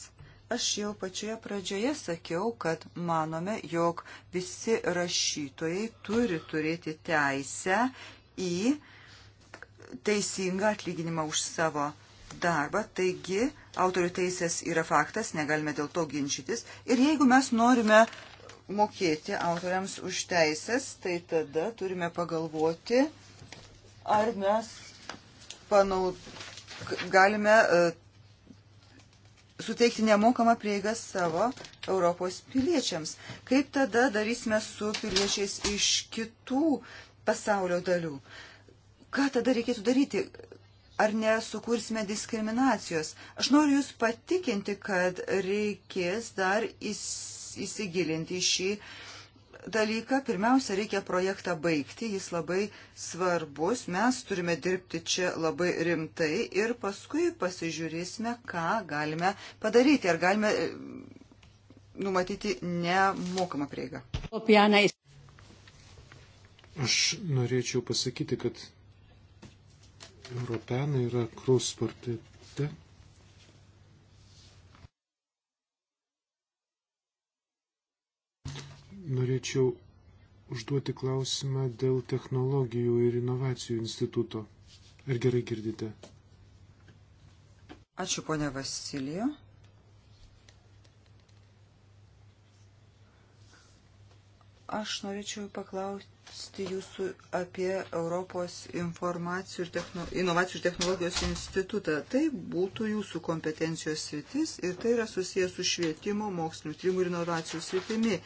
Aš jau pačioje pradžioje sakiau, kad manome, jog visi rašytojai turi turėti teisę į teisingą atlyginimą už savo darbą. Taigi, autorių teisės yra faktas, negalime dėl to ginčytis. Ir jeigu mes norime mokėti autoriams už teisės, tai tada turime pagalvoti, ar mes panaud... galime e, suteikti nemokamą prieigą savo Europos piliečiams. Kaip tada darysime su piliečiais iš kitų pasaulio dalių? Ką tada reikėtų daryti? ar nesukursime diskriminacijos. Aš noriu Jūs patikinti, kad reikės dar įsigilinti šį dalyką. Pirmiausia, reikia projektą baigti, jis labai svarbus, mes turime dirbti čia labai rimtai ir paskui pasižiūrėsime, ką galime padaryti. Ar galime e, numatyti nemokamą prieigą. Aš norėčiau pasakyti, kad Europeanai yra Krus partite. Norėčiau užduoti klausimą dėl technologijų ir inovacijų instituto. Ar gerai girdite? Ačiū, ponia Vasilijo. Aš norėčiau paklausti jūsų apie Europos informacijų ir techno, inovacijų ir technologijos institutą. Tai būtų jūsų kompetencijos sritis ir tai yra susijęs su švietimo, mokslinio tyrimų ir inovacijų sritimi.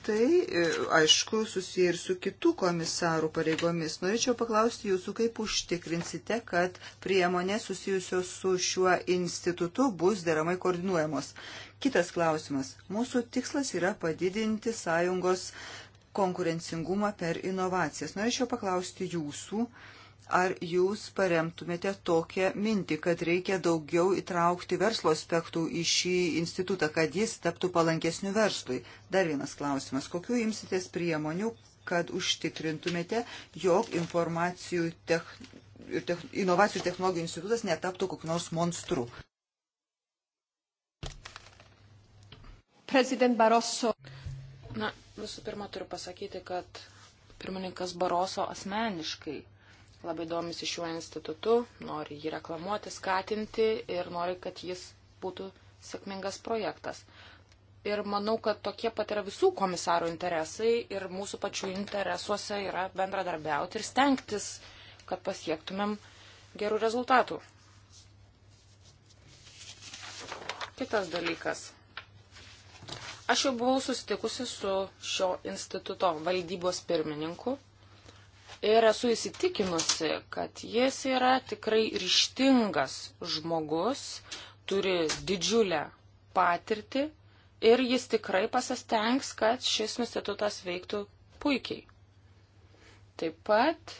Tai, e, aišku, susiję ir su kitų komisarų pareigomis. Norėčiau paklausti jūsų, kaip užtikrinsite, kad priemonės susijusios su šiuo institutu bus deramai koordinuojamos. Kitas klausimas. Mūsų tikslas yra padidinti sąjungos konkurencingumą per inovacijas. Norėčiau paklausti jūsų, ar jūs paremtumėte tokią mintį, kad reikia daugiau įtraukti verslo aspektų į šį institutą, kad jis taptų palankesniu verslui. Dar vienas klausimas. Kokiu imsitės priemonių, kad užtikrintumėte, jog informacijų tech... Tech... inovacijų technologijų institutas netaptų kokiu nors monstru? President Barroso. Na, visų pirma, turiu pasakyti, kad pirmininkas Baroso asmeniškai labai domisi šiuo institutu, nori jį reklamuoti, skatinti ir nori, kad jis būtų sėkmingas projektas. Ir manau, kad tokie pat yra visų komisarų interesai ir mūsų pačių interesuose yra bendradarbiauti ir stengtis, kad pasiektumėm gerų rezultatų. Kitas dalykas. Aš jau buvau susitikusi su šio instituto valdybos pirmininku ir esu įsitikinusi, kad jis yra tikrai ryštingas žmogus, turi didžiulę patirtį ir jis tikrai pasistengs, kad šis institutas veiktų puikiai. Taip pat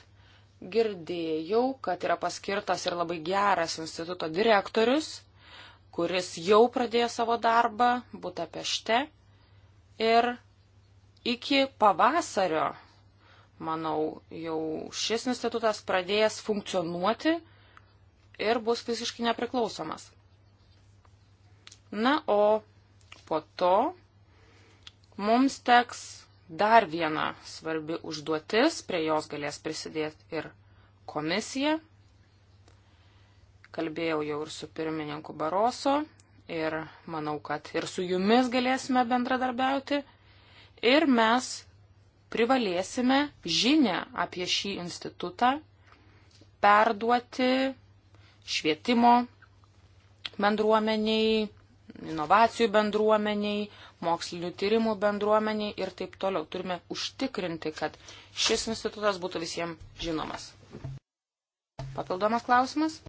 girdėjau, kad yra paskirtas ir labai geras instituto direktorius, kuris jau pradėjo savo darbą Budapešte ir iki pavasario, manau, jau šis institutas pradės funkcionuoti ir bus visiškai nepriklausomas. Na, o po to mums teks dar viena svarbi užduotis, prie jos galės prisidėti ir komisija. Kalbėjau jau ir su pirmininku Baroso ir manau, kad ir su jumis galėsime bendradarbiauti ir mes privalėsime žinę apie šį institutą perduoti švietimo bendruomeniai, inovacijų bendruomeniai, mokslinių tyrimų bendruomeniai ir taip toliau. Turime užtikrinti, kad šis institutas būtų visiems žinomas. Papildomas klausimas?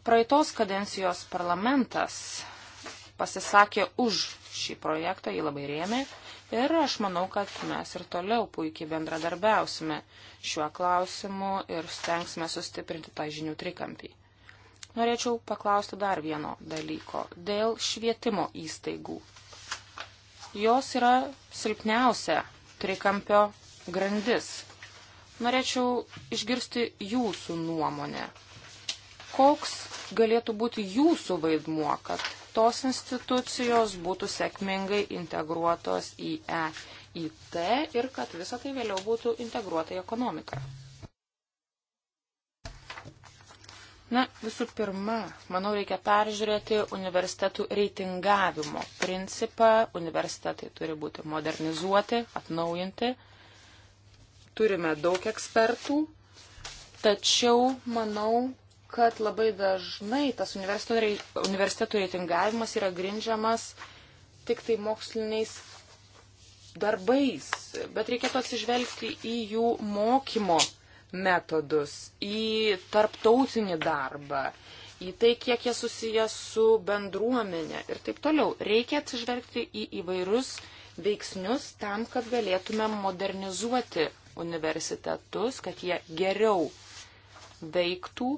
Praeitos kadencijos parlamentas pasisakė už šį projektą, jį labai rėmė ir aš manau, kad mes ir toliau puikiai bendradarbiausime šiuo klausimu ir stengsime sustiprinti tą žinių trikampį. Norėčiau paklausti dar vieno dalyko dėl švietimo įstaigų. Jos yra silpniausia trikampio grandis. Norėčiau išgirsti jūsų nuomonę. Koks galėtų būti jūsų vaidmuo, kad tos institucijos būtų sėkmingai integruotos į EIT ir kad visa tai vėliau būtų integruota į ekonomiką? Na, visų pirma, manau, reikia peržiūrėti universitetų reitingavimo principą. Universitetai turi būti modernizuoti, atnaujinti. Turime daug ekspertų, tačiau, manau, kad labai dažnai tas universitetų reitingavimas yra grindžiamas tik tai moksliniais darbais, bet reikėtų atsižvelgti į jų mokymo metodus, į tarptautinį darbą, į tai, kiek jie susijęs su bendruomenė ir taip toliau. Reikia atsižvelgti į įvairius veiksnius tam, kad galėtume modernizuoti universitetus, kad jie geriau veiktų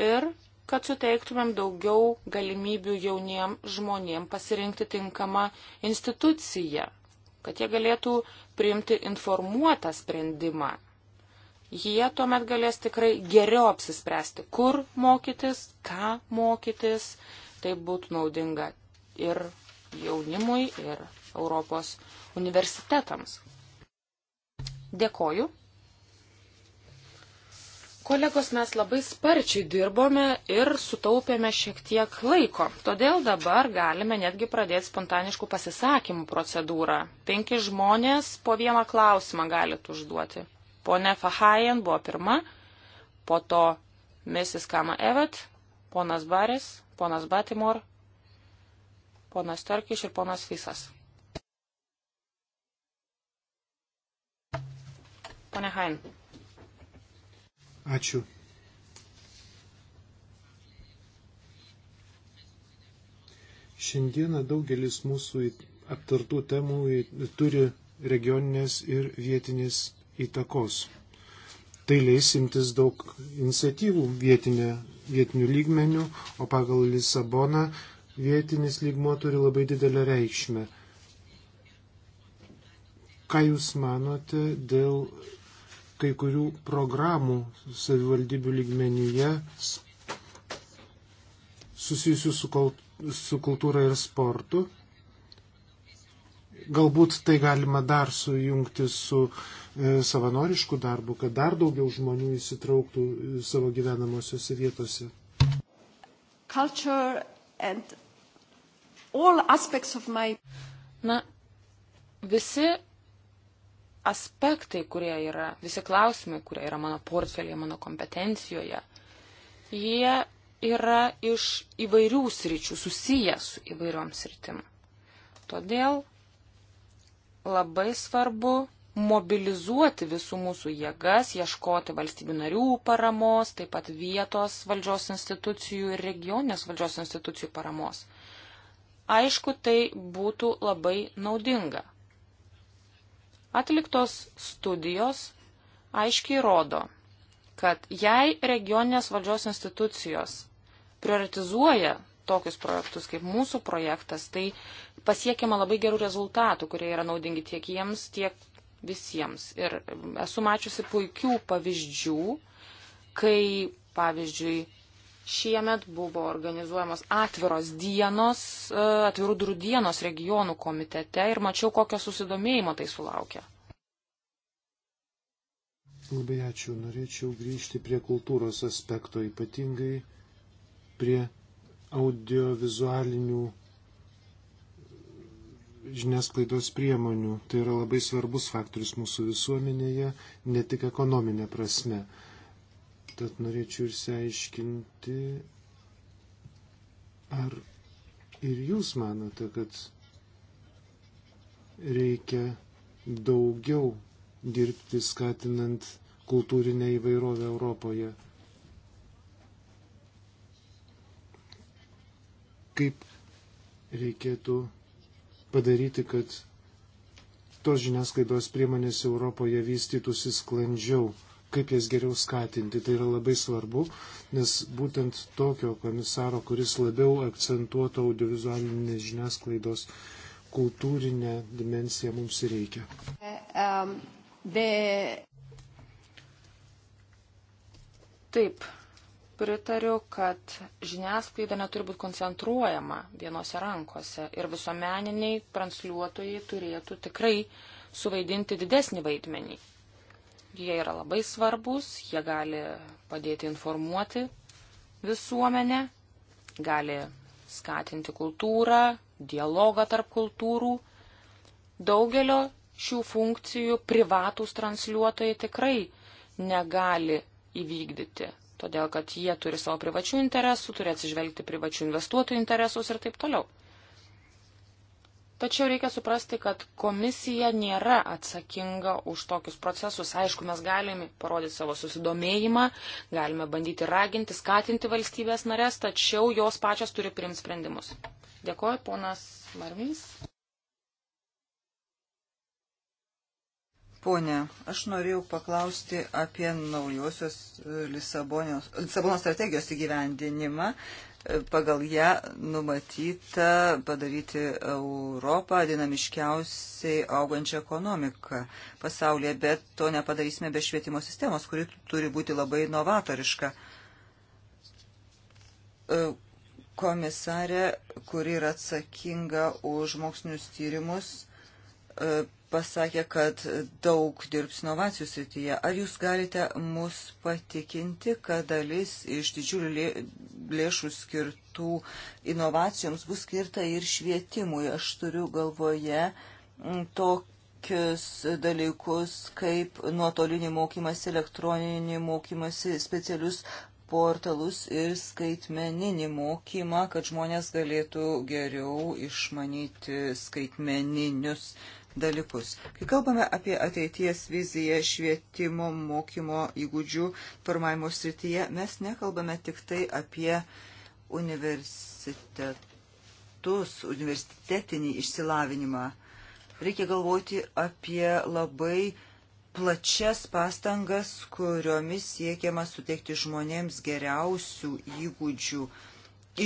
ir kad suteiktumėm daugiau galimybių jauniem žmonėm pasirinkti tinkamą instituciją, kad jie galėtų priimti informuotą sprendimą. Jie tuomet galės tikrai geriau apsispręsti, kur mokytis, ką mokytis. Tai būtų naudinga ir jaunimui, ir Europos universitetams. Dėkoju. Kolegos, mes labai sparčiai dirbome ir sutaupėme šiek tiek laiko. Todėl dabar galime netgi pradėti spontaniškų pasisakymų procedūrą. Penki žmonės po vieną klausimą galite užduoti. Pone Fahajen buvo pirma, po to Mrs. Kama Evet, ponas Baris, ponas Batimor, ponas Turkiš ir ponas Fisas. Pone Hain. Ačiū. Šiandieną daugelis mūsų aptartų temų turi regioninės ir vietinės įtakos. Tai leisimtis daug iniciatyvų vietinė, vietinių lygmenių, o pagal Lisaboną vietinis lygmo turi labai didelę reikšmę. Ką Jūs manote dėl kai kurių programų savivaldybių lygmenyje susijusių su kultūra ir sportu. Galbūt tai galima dar sujungti su e, savanorišku darbu, kad dar daugiau žmonių įsitrauktų e, savo gyvenamosiose vietose. My... Na, visi aspektai, kurie yra, visi klausimai, kurie yra mano portfelėje, mano kompetencijoje, jie yra iš įvairių sričių, susiję su įvairiom sritim. Todėl labai svarbu mobilizuoti visų mūsų jėgas, ieškoti valstybių narių paramos, taip pat vietos valdžios institucijų ir regionės valdžios institucijų paramos. Aišku, tai būtų labai naudinga. Atliktos studijos aiškiai rodo, kad jei regioninės valdžios institucijos prioritizuoja tokius projektus kaip mūsų projektas, tai pasiekiama labai gerų rezultatų, kurie yra naudingi tiek jiems, tiek visiems. Ir esu mačiusi puikių pavyzdžių, kai, pavyzdžiui, Šiemet buvo organizuojamos atviros dienos, e, atvirų durų dienos regionų komitete ir mačiau, kokio susidomėjimo tai sulaukė. Labai ačiū. Norėčiau grįžti prie kultūros aspekto, ypatingai prie audiovizualinių žiniasklaidos priemonių. Tai yra labai svarbus faktorius mūsų visuomenėje, ne tik ekonominė prasme. Tad norėčiau išsiaiškinti, ar ir jūs manote, kad reikia daugiau dirbti skatinant kultūrinę įvairovę Europoje. Kaip reikėtų padaryti, kad tos žiniasklaidos priemonės Europoje vystytųsi sklandžiau kaip jas geriau skatinti. Tai yra labai svarbu, nes būtent tokio komisaro, kuris labiau akcentuotų audiovizualinės žiniasklaidos kultūrinę dimensiją mums reikia. Um, the... Taip, pritariu, kad žiniasklaida neturi būti koncentruojama vienose rankose ir visuomeniniai transliuotojai turėtų tikrai suvaidinti didesnį vaidmenį. Jie yra labai svarbus, jie gali padėti informuoti visuomenę, gali skatinti kultūrą, dialogą tarp kultūrų. Daugelio šių funkcijų privatūs transliuotojai tikrai negali įvykdyti, todėl kad jie turi savo privačių interesų, turi atsižvelgti privačių investuotojų interesus ir taip toliau. Tačiau reikia suprasti, kad komisija nėra atsakinga už tokius procesus. Aišku, mes galime parodyti savo susidomėjimą, galime bandyti raginti, skatinti valstybės narės, tačiau jos pačios turi priimti sprendimus. Dėkuoju, ponas Marmys. Pone, aš norėjau paklausti apie naujosios Lisabonos, Lisabonos strategijos įgyvendinimą. Uh, pagal ją numatyta padaryti Europą dinamiškiausiai augančią ekonomiką pasaulyje, bet to nepadarysime be švietimo sistemos, kuri turi būti labai novatoriška. E, komisarė, kuri yra atsakinga už mokslinius tyrimus, e, pasakė, kad daug dirbs inovacijų srityje. Ar jūs galite mus patikinti, kad dalis iš didžiulių lė, lėšų skirtų inovacijoms bus skirta ir švietimui? Aš turiu galvoje mm, tokius dalykus kaip nuotolinį mokymasi, elektroninį mokymasi, specialius portalus ir skaitmeninį mokymą, kad žmonės galėtų geriau išmanyti skaitmeninius dalykus. Kai kalbame apie ateities viziją švietimo, mokymo įgūdžių formavimo srityje, mes nekalbame tik tai apie universitetus, universitetinį išsilavinimą. Reikia galvoti apie labai plačias pastangas, kuriomis siekiama suteikti žmonėms geriausių įgūdžių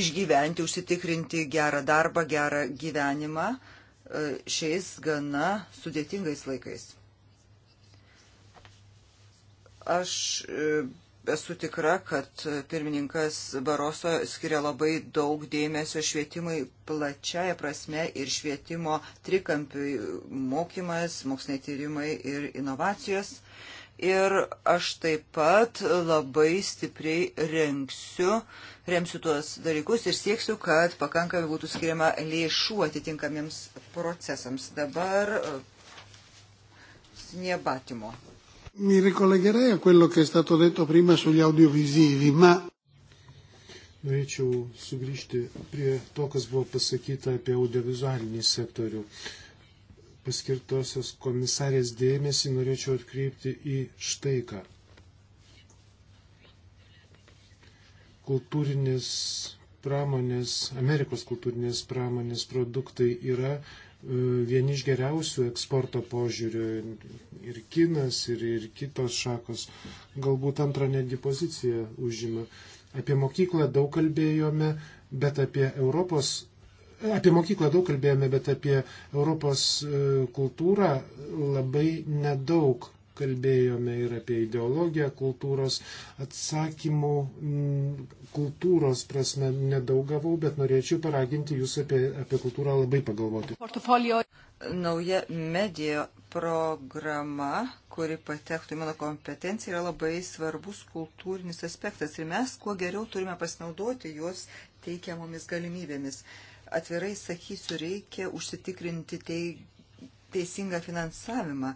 išgyventi, užsitikrinti gerą darbą, gerą gyvenimą e, šiais gana sudėtingais laikais. Aš e, esu tikra, kad pirmininkas Baroso skiria labai daug dėmesio švietimui plačiaja prasme ir švietimo trikampiui mokymas, moksliniai tyrimai ir inovacijos. Ir aš taip pat labai stipriai renksiu, remsiu tuos dalykus ir sieksiu, kad pakankamai būtų skiriama lėšų atitinkamiems procesams. Dabar e, sniebatimo. Mi ricollegherei a quello che è stato detto prima sugli audiovisivi, ma. Norėčiau sugrįžti prie to, kas buvo pasakyta apie audiovizualinį sektorių. Paskirtosios komisarės dėmesį norėčiau atkreipti į štai ką. Kultūrinės pramonės, Amerikos kultūrinės pramonės produktai yra vieni iš geriausių eksporto požiūrių ir kinas, ir, ir kitos šakos. Galbūt antrą netgi poziciją užima. Apie mokyklą daug kalbėjome, bet apie Europos. Apie mokyklą daug kalbėjome, bet apie Europos e, kultūrą labai nedaug kalbėjome ir apie ideologiją kultūros. Atsakymų mm, kultūros prasme nedaug gavau, bet norėčiau paraginti jūs apie, apie kultūrą labai pagalvoti. Portfolio. Nauja medija programa, kuri patektų į mano kompetenciją, yra labai svarbus kultūrinis aspektas ir mes kuo geriau turime pasinaudoti juos teikiamomis galimybėmis. Atvirai sakysiu, reikia užsitikrinti teigimą teisingą finansavimą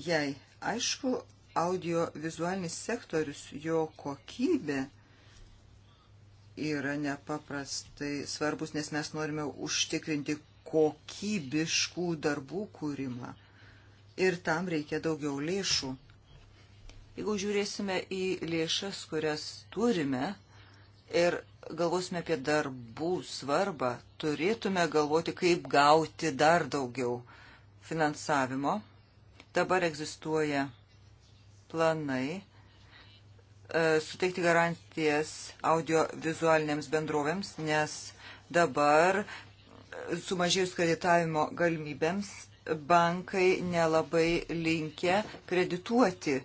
jai Aišku, audiovizualinis sektorius, jo kokybė yra nepaprastai svarbus, nes mes norime užtikrinti kokybiškų darbų kūrimą. Ir tam reikia daugiau lėšų. Jeigu žiūrėsime į lėšas, kurias turime ir galvosime apie darbų svarbą, turėtume galvoti, kaip gauti dar daugiau finansavimo Dabar egzistuoja planai e, suteikti garantijas audiovizualinėms bendrovėms, nes dabar sumažėjus kreditavimo galimybėms bankai nelabai linkia kredituoti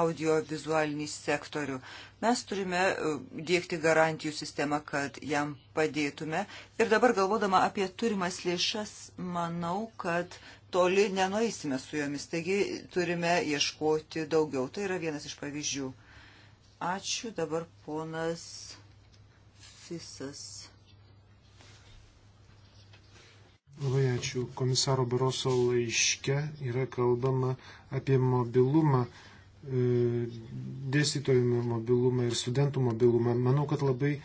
audiovizualinį sektorių. Mes turime e, dėkti garantijų sistemą, kad jam padėtume. Ir dabar galvodama apie turimas lėšas, manau, kad toli nenueisime su jomis, taigi turime ieškoti daugiau. Tai yra vienas iš pavyzdžių. Ačiū dabar ponas Fisas. Labai ačiū. Komisaro Baroso laiške yra kalbama apie mobilumą e, dėstytojų mobilumą ir studentų mobilumą. Manau, kad labai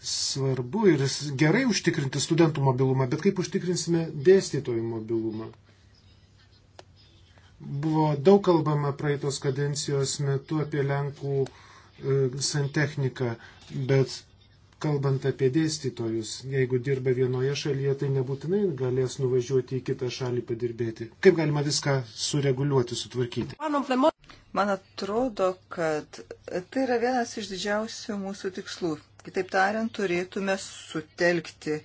svarbu ir gerai užtikrinti studentų mobilumą, bet kaip užtikrinsime dėstytojų mobilumą? Buvo daug kalbama praeitos kadencijos metu apie Lenkų e, santechniką, bet kalbant apie dėstytojus, jeigu dirba vienoje šalyje, tai nebūtinai galės nuvažiuoti į kitą šalį padirbėti. Kaip galima viską sureguliuoti, sutvarkyti? Man atrodo, kad tai yra vienas iš didžiausių mūsų tikslų. Kitaip tariant, turėtume sutelkti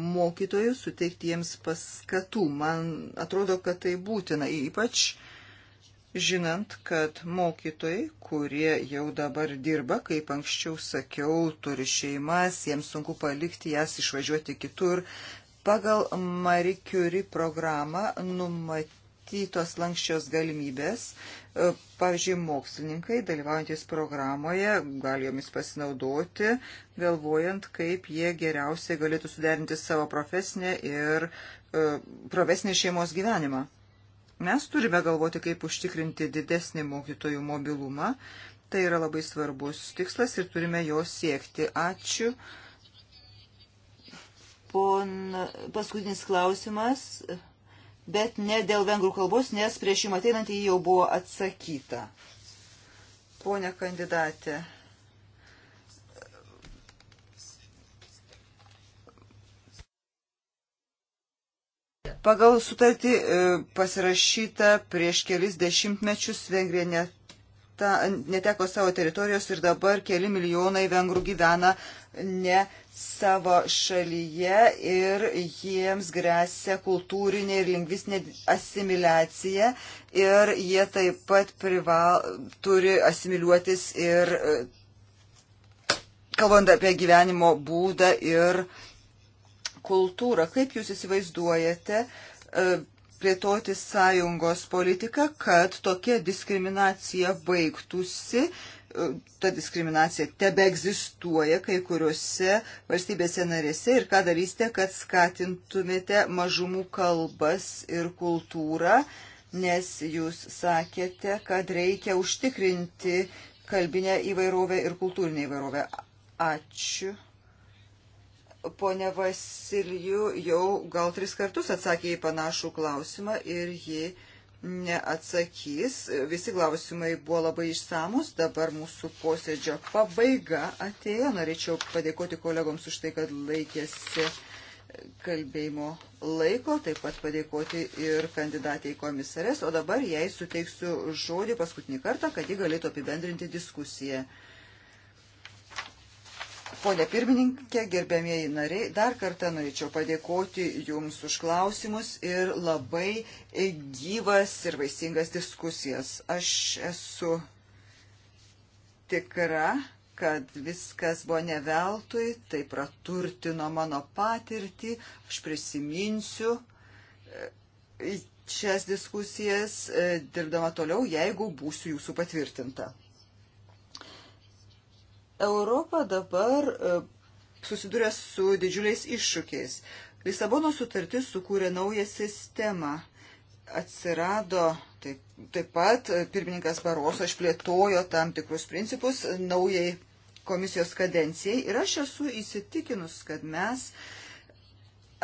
mokytojus, suteikti jiems paskatų. Man atrodo, kad tai būtina, ypač žinant, kad mokytojai, kurie jau dabar dirba, kaip anksčiau sakiau, turi šeimas, jiems sunku palikti jas išvažiuoti kitur. Pagal Marie Curie programą numatyti numatytos lankščios galimybės Pavyzdžiui, mokslininkai, dalyvaujantis programoje, gali jomis pasinaudoti, galvojant, kaip jie geriausiai galėtų suderinti savo profesinę ir e, profesinį šeimos gyvenimą. Mes turime galvoti, kaip užtikrinti didesnį mokytojų mobilumą. Tai yra labai svarbus tikslas ir turime jo siekti. Ačiū. Pon... Paskutinis klausimas bet ne dėl vengrų kalbos, nes prieš jum ateinant jį jau buvo atsakyta. Pone kandidatė. Pagal sutartį e, pasirašyta prieš kelis dešimtmečius Vengrija net ta, neteko savo teritorijos ir dabar keli milijonai vengrų gyvena ne savo šalyje ir jiems grėsia kultūrinė ir lingvistinė asimiliacija ir jie taip pat prival, turi asimiliuotis ir e, kalbant apie gyvenimo būdą ir kultūrą. Kaip jūs įsivaizduojate e, plėtoti sąjungos politiką, kad tokia diskriminacija baigtųsi? ta diskriminacija tebe egzistuoja kai kuriuose valstybėse narėse ir ką darysite, kad skatintumėte mažumų kalbas ir kultūrą, nes jūs sakėte, kad reikia užtikrinti kalbinę įvairovę ir kultūrinę įvairovę. Ačiū. Pone Vasilijų jau gal tris kartus atsakė į panašų klausimą ir ji. Jį neatsakys. Visi klausimai buvo labai išsamus, dabar mūsų posėdžio pabaiga atėjo. Norėčiau padėkoti kolegoms už tai, kad laikėsi kalbėjimo laiko, taip pat padėkoti ir kandidatai į komisarės, o dabar jai suteiksiu žodį paskutinį kartą, kad ji galėtų apibendrinti diskusiją. Pone pirmininkė, gerbėmieji nariai, dar kartą norėčiau padėkoti Jums už klausimus ir labai gyvas ir vaisingas diskusijas. Aš esu tikra, kad viskas buvo ne veltui, tai praturtino mano patirtį, aš prisiminsiu e, šias diskusijas, e, dirbdama toliau, jeigu būsiu jūsų patvirtinta. Europa dabar e, susiduria su didžiuliais iššūkiais. Lisabono sutartis sukūrė naują sistemą. Atsirado taip, taip pat e, pirmininkas Baroso išplėtojo tam tikrus principus naujai komisijos kadencijai ir aš esu įsitikinus, kad mes uh,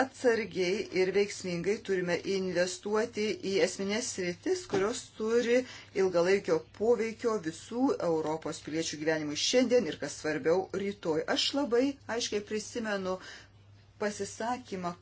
atsargiai ir veiksmingai turime investuoti į esminės sritis, kurios turi ilgalaikio poveikio visų Europos piliečių gyvenimui šiandien ir, kas svarbiau, rytoj. Aš labai aiškiai prisimenu pasisakymą,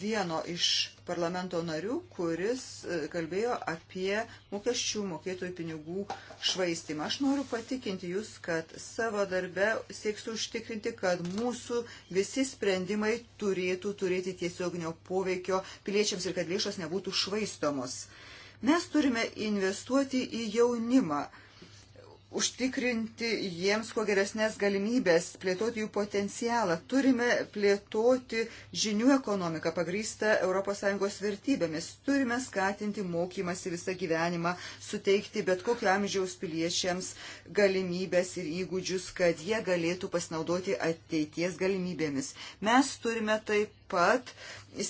vieno iš parlamento narių, kuris e, kalbėjo apie mokesčių mokėtojų pinigų švaistimą. Aš noriu patikinti Jūs, kad savo darbe sieksiu užtikrinti, kad mūsų visi sprendimai turėtų turėti tiesioginio poveikio piliečiams ir kad lėšos nebūtų švaistomos. Mes turime investuoti į jaunimą užtikrinti jiems kuo geresnės galimybės, plėtoti jų potencialą. Turime plėtoti žinių ekonomiką pagrįstą ES vertybėmis. Turime skatinti mokymasi visą gyvenimą, suteikti bet kokio amžiaus piliečiams galimybės ir įgūdžius, kad jie galėtų pasinaudoti ateities galimybėmis. Mes turime taip pat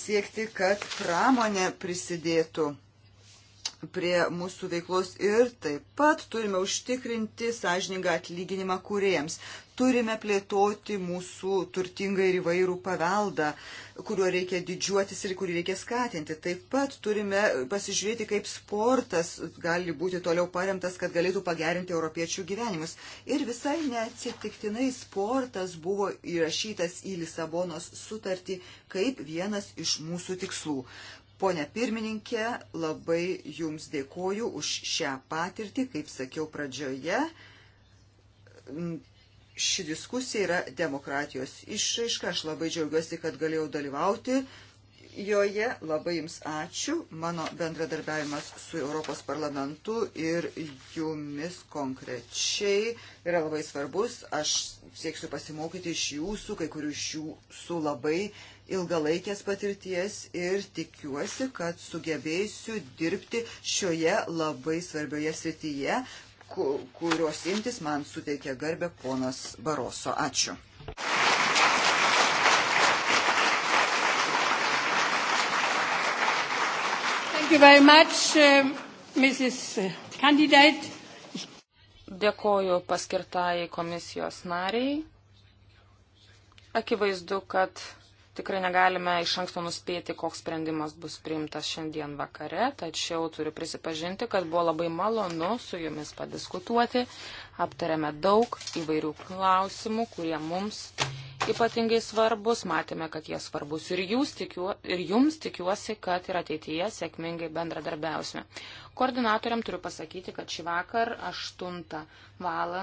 siekti, kad pramonė prisidėtų prie mūsų veiklos ir taip pat turime užtikrinti sąžiningą atlyginimą kuriems. Turime plėtoti mūsų turtingą ir įvairų paveldą, kuriuo reikia didžiuotis ir kurį reikia skatinti. Taip pat turime pasižiūrėti, kaip sportas gali būti toliau paremtas, kad galėtų pagerinti europiečių gyvenimus. Ir visai neatsitiktinai sportas buvo įrašytas į Lisabonos sutartį kaip vienas iš mūsų tikslų. Pone pirmininkė, labai Jums dėkoju už šią patirtį, kaip sakiau pradžioje. Ši diskusija yra demokratijos išraiška. Aš labai džiaugiuosi, kad galėjau dalyvauti joje. Labai Jums ačiū. Mano bendradarbiavimas su Europos parlamentu ir Jumis konkrečiai yra labai svarbus. Aš sieksiu pasimokyti iš Jūsų, kai kurių iš Jūsų labai svarbus ilgalaikės patirties ir tikiuosi, kad sugebėsiu dirbti šioje labai svarbioje srityje, kurios imtis man suteikė garbę ponas Baroso. Ačiū. Much, uh, Dėkoju paskirtai komisijos nariai. Akivaizdu, kad Tikrai negalime iš anksto nuspėti, koks sprendimas bus priimtas šiandien vakare, tačiau turiu prisipažinti, kad buvo labai malonu su jumis padiskutuoti. Aptarėme daug įvairių klausimų, kurie mums ypatingai svarbus. Matėme, kad jie svarbus ir, jūs, tikiu, ir jums tikiuosi, kad ir ateityje sėkmingai bendradarbiausime. Koordinatoriam turiu pasakyti, kad šį vakar 8 val.